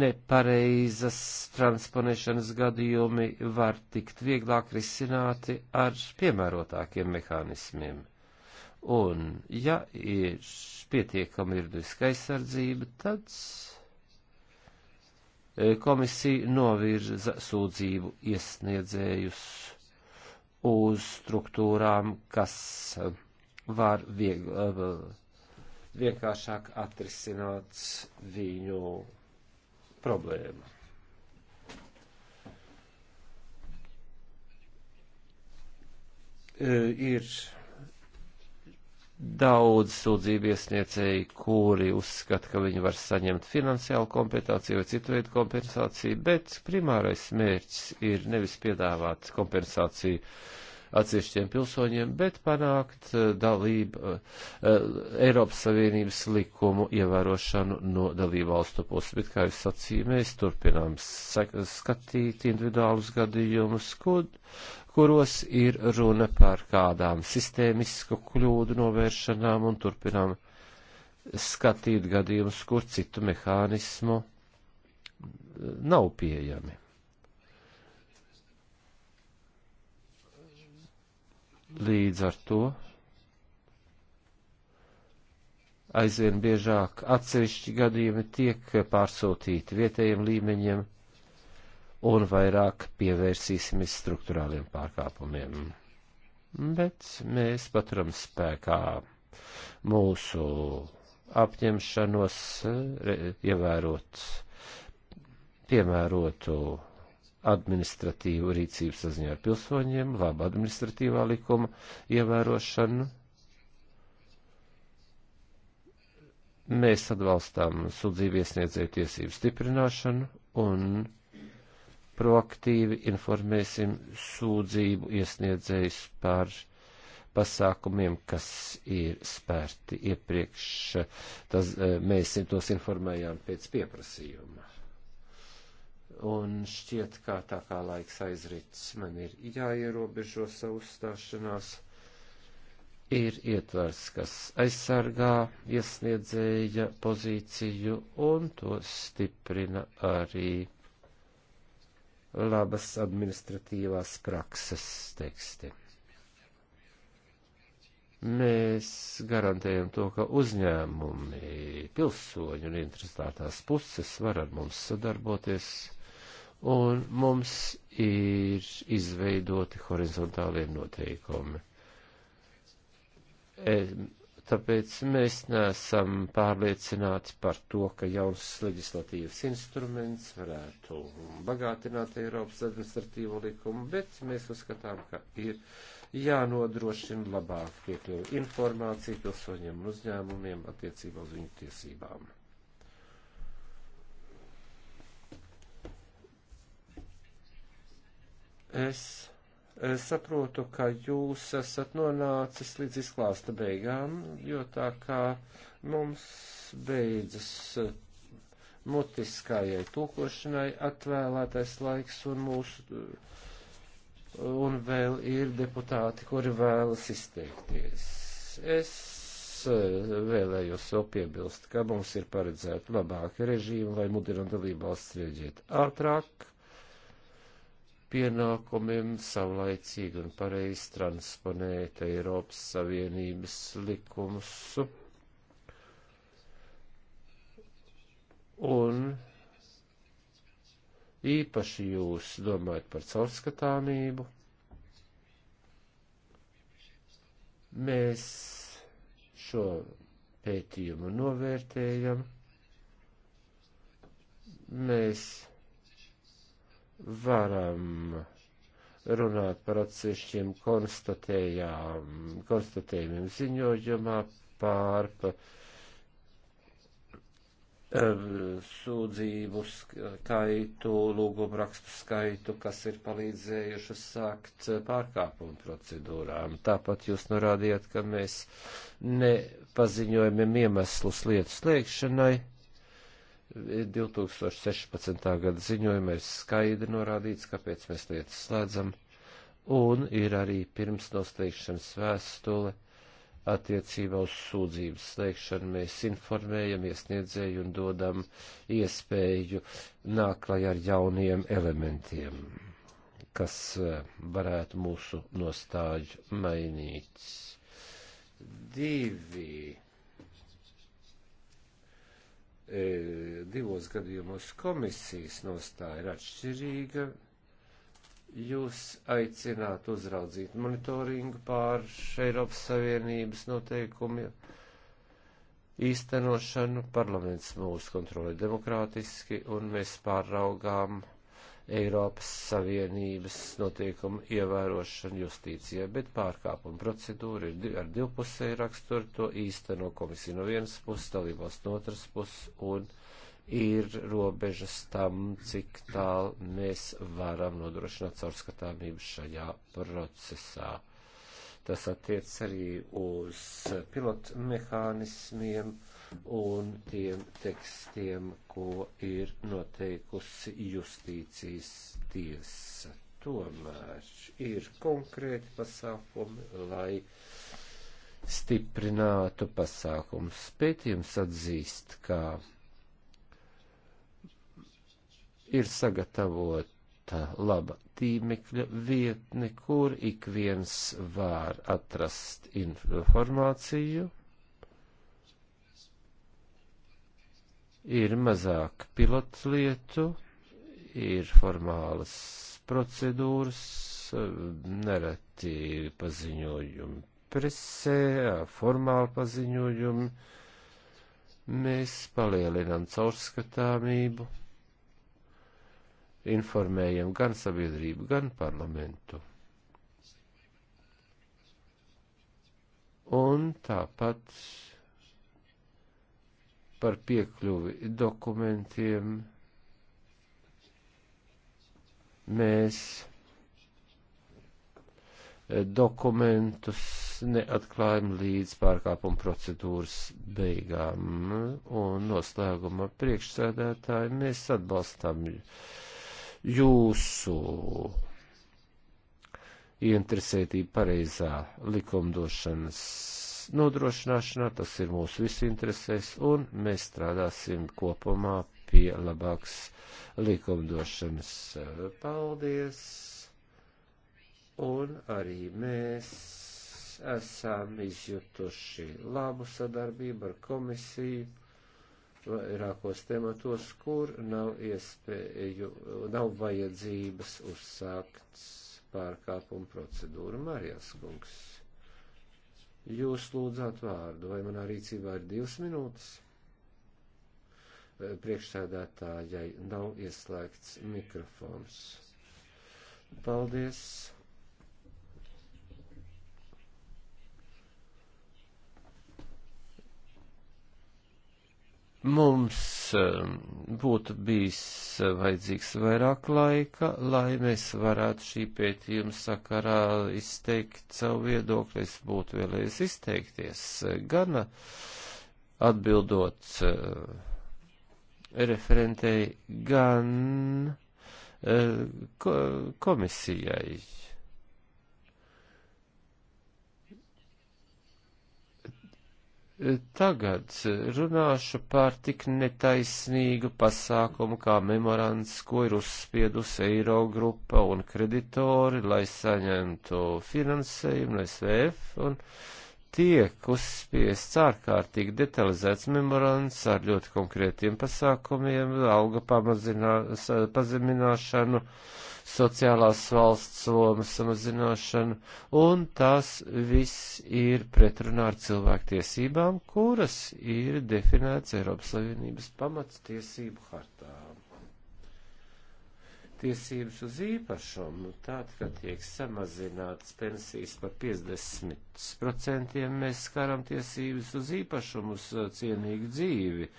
nepareizas transponēšanas gadījumi var tikt vieglāk risināti ar piemērotākiem mehānismiem. Un, ja ir pietiekama juridiska aizsardzība, tad e, komisija novirza sūdzību iesniedzējus uz struktūrām, kas var viegl, e, vienkāršāk atrisināt viņu problēma. E, ir daudz sūdzību iesniedzēji, kuri uzskata, ka viņi var saņemt finansiālu kompensāciju vai citu veidu kompensāciju, bet primārais mērķis ir nevis piedāvāt kompensāciju atsevišķiem pilsoņiem, bet panākt eh, dalību eh, eh, Eiropas Savienības likumu ievērošanu no dalību valstu puses. Bet, kā jūs sacīju, mēs turpinām skatīt individuālus gadījumus, kur, kuros ir runa par kādām sistēmisku kļūdu novēršanām un turpinām skatīt gadījumus, kur citu mehānismu nav pieejami. Līdz ar to aizvien biežāk atsevišķi gadījumi tiek pārsūtīti vietējiem līmeņiem un vairāk pievērsīsimies struktūrāliem pārkāpumiem. Bet mēs paturam spēkā mūsu apņemšanos eh, ievērot piemērotu administratīvu rīcību saziņā ar pilsoņiem, labu administratīvā likuma ievērošanu. Mēs atbalstām sūdzību iesniedzēju tiesību stiprināšanu un proaktīvi informēsim sūdzību iesniedzējus par pasākumiem, kas ir spērti iepriekš. Tas, eh, mēs tos informējām pēc pieprasījuma. Un šķiet, kā tā kā laiks aizritis, man ir jāierobežo savu uzstāšanās. Ir ietvers, kas aizsargā iesniedzēja pozīciju un to stiprina arī labas administratīvās prakses teksti. Mēs garantējam to, ka uzņēmumi, pilsoņi un interesētās puses var ar mums sadarboties un mums ir izveidoti horizontālie noteikumi. E, tāpēc mēs neesam pārliecināti par to, ka jauns leģislatīvs instruments varētu bagātināt Eiropas administratīvo likumu, bet mēs uzskatām, ka ir jānodrošina labāk piekļuvi informāciju pilsoņiem un uzņēmumiem attiecībā uz viņu tiesībām. Es saprotu, ka jūs esat nonācis līdz izklāsta beigām, jo tā kā mums beidzas eh, mutiskajai tūkošanai atvēlētais laiks un mūsu, eh, un vēl ir deputāti, kuri vēlas izteikties. Es eh, vēlējos vēl piebilst, ka mums ir paredzēta labāka režīma, lai mudinam dalībvalsts rieģiet ātrāk pienākumiem savlaicīgi un pareizi transponēt Eiropas Savienības likumus. Un īpaši jūs domājat par caurskatāmību. Mēs šo pētījumu novērtējam. Mēs varam runāt par atsevišķiem konstatējumiem ziņojumā pār pa, eh, sūdzību skaitu, lūgumu rakstu skaitu, kas ir palīdzējuši sākt pārkāpumu procedūrām. Tāpat jūs norādījāt, ka mēs nepaziņojam iemeslus lietu slēgšanai 2016. gada ziņojumā ir skaidri norādīts, kāpēc mēs lietas slēdzam, un ir arī pirms noslēgšanas vēstule attiecībā uz sūdzības slēgšanu. Mēs informējam iesniedzēju un dodam iespēju nāklai ar jauniem elementiem, kas eh, varētu mūsu nostāju mainīt. Divi E, divos gadījumos komisijas nostāja ir atšķirīga. Jūs aicināt uzraudzīt monitoringu pār Eiropas Savienības noteikumiem īstenošanu. Parlaments mūs kontrolē demokrātiski un mēs pārraugām Eiropas Savienības notiekumu ievērošanu justīcijai, bet pārkāpuma procedūra ir ar divpusēju raksturu, to īsteno komisija no vienas puses, dalībās no otras puses, un ir robežas tam, cik tālu mēs varam nodrošināt caurskatāmību šajā procesā. Tas attiec arī uz pilotu mehānismiem un tiem tekstiem, ko ir noteikusi justīcijas tiesa. Tomēr ir konkrēti pasākumi, lai stiprinātu pasākums. Pētījums atzīst, ka ir sagatavota laba tīmekļa vietne, kur ik viens var atrast informāciju ir mazāk pilotlietu, ir formālas procedūras, nereti paziņojumi presē, formāli paziņojumi. Mēs palielinām caurskatāmību, informējam gan sabiedrību, gan parlamentu. Un tāpat par piekļuvi dokumentiem mēs eh, dokumentus neatklājam līdz pārkāpuma procedūras beigām. Un noslēguma priekšsēdētāji mēs atbalstam jūsu ieinteresētību pareizā likumdošanas nodrošināšanā, tas ir mūsu visu interesēs, un mēs strādāsim kopumā pie labāks likumdošanas. Paldies! Un arī mēs esam izjutuši labu sadarbību ar komisiju vairākos tematos, kur nav iespēju, nav vajadzības uzsākt pārkāpumu procedūru Marijas kungs. Jūs lūdzāt vārdu, vai manā rīcībā ir divas minūtes? Priekšsēdētājai nav ieslēgts mikrofons. Paldies! Mums um, būtu bijis uh, vajadzīgs vairāk laika, lai mēs varētu šī pētījuma sakarā izteikt savu viedokli, es būtu vēlējis izteikties uh, gana uh, atbildot referentei, gan komisijai Tagad runāšu par tik netaisnīgu pasākumu kā memorands, ko ir uzspiedusi Eirogrupa un kreditori, lai saņemtu finansējumu no SVF, un tiek uzspiests ārkārtīgi detalizēts memorands ar ļoti konkrētiem pasākumiem, alga pazemināšanu, uh, sociālās valsts lomas samazināšanu, un tas viss ir pretrunā ar cilvēktiesībām, kuras ir definēts Eiropas Savienības pamats tiesību hartā. Tiesības uz īpašumu, tad, kad tiek samazināts pensijas par 50%, mēs skaram tiesības uz īpašumu, uz uh, cienīgu dzīvi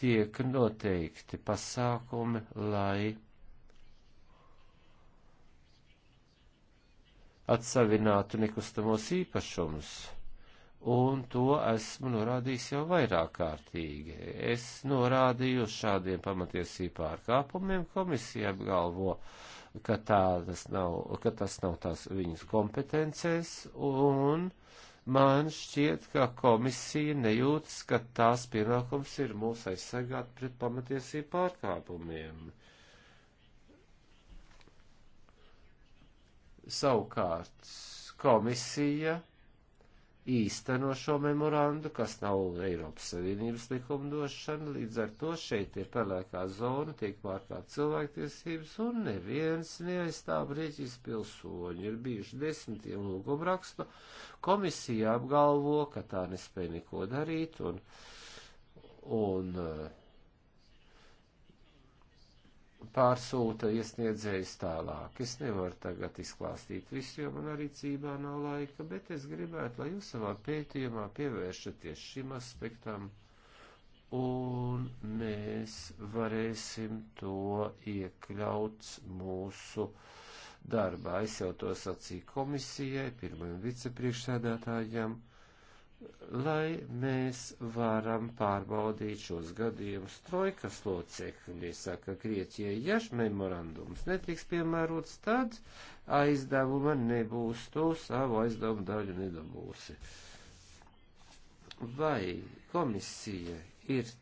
tiek noteikti pasākumi, lai atsavinātu nekustamos īpašumus. Un to esmu norādījis jau vairāk kārtīgi. Es norādīju uz šādiem pamatiesību pārkāpumiem. Komisija apgalvo, ka, tā, tas nav, ka tas nav tās viņas kompetencēs, un man šķiet, ka komisija nejūtas, ka tās pienākums ir mūs aizsargāt pret pamatiesību pārkāpumiem. Uh, Savukārt komisija īsteno šo memorandu, kas nav Eiropas Savienības likumdošana, līdz ar to šeit ir pelēkā zona, tiek pārkāpt cilvēktiesības, un neviens neaizstāv Grieķijas pilsoņi. Ir bijuši desmitiem lūgumu rakstu, komisija apgalvo, ka tā nespēja neko darīt, un, un uh, pārsūta iesniedzējus tālāk. Es nevaru tagad izklāstīt visu, jo man arī cībā nav laika, bet es gribētu, lai jūs savā pētījumā pievēršaties šim aspektam, un mēs varēsim to iekļaut mūsu darbā. Es jau to sacīju komisijai, pirmajam vicepriekšsēdētājam, lai mēs varam pārbaudīt šos gadījumus. Trojkas locekļi saka, Grieķijai, ja memorandums netiks piemērots, tad aizdevuma nebūs, to savu aizdevumu daļu nedabūsi. Vai komisija ir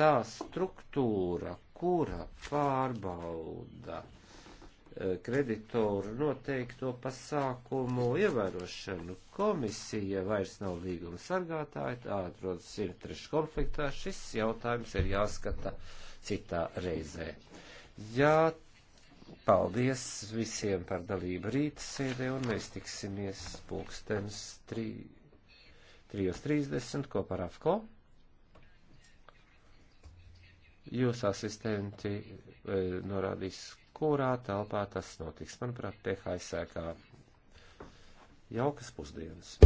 tā struktūra, kura pārbauda kreditoru noteikto pasākumu ievērošanu. Komisija vairs nav līguma sargātāja, tā atrodas interešu konfliktā. Šis jautājums ir jāskata citā reizē. Jā, paldies visiem par dalību rīta sēdē, un mēs tiksimies pulkstens 3.30 kopā ar AFKO jūsu asistenti e, norādīs, kurā telpā tas notiks. Manuprāt, PHS sēkā jaukas pusdienas.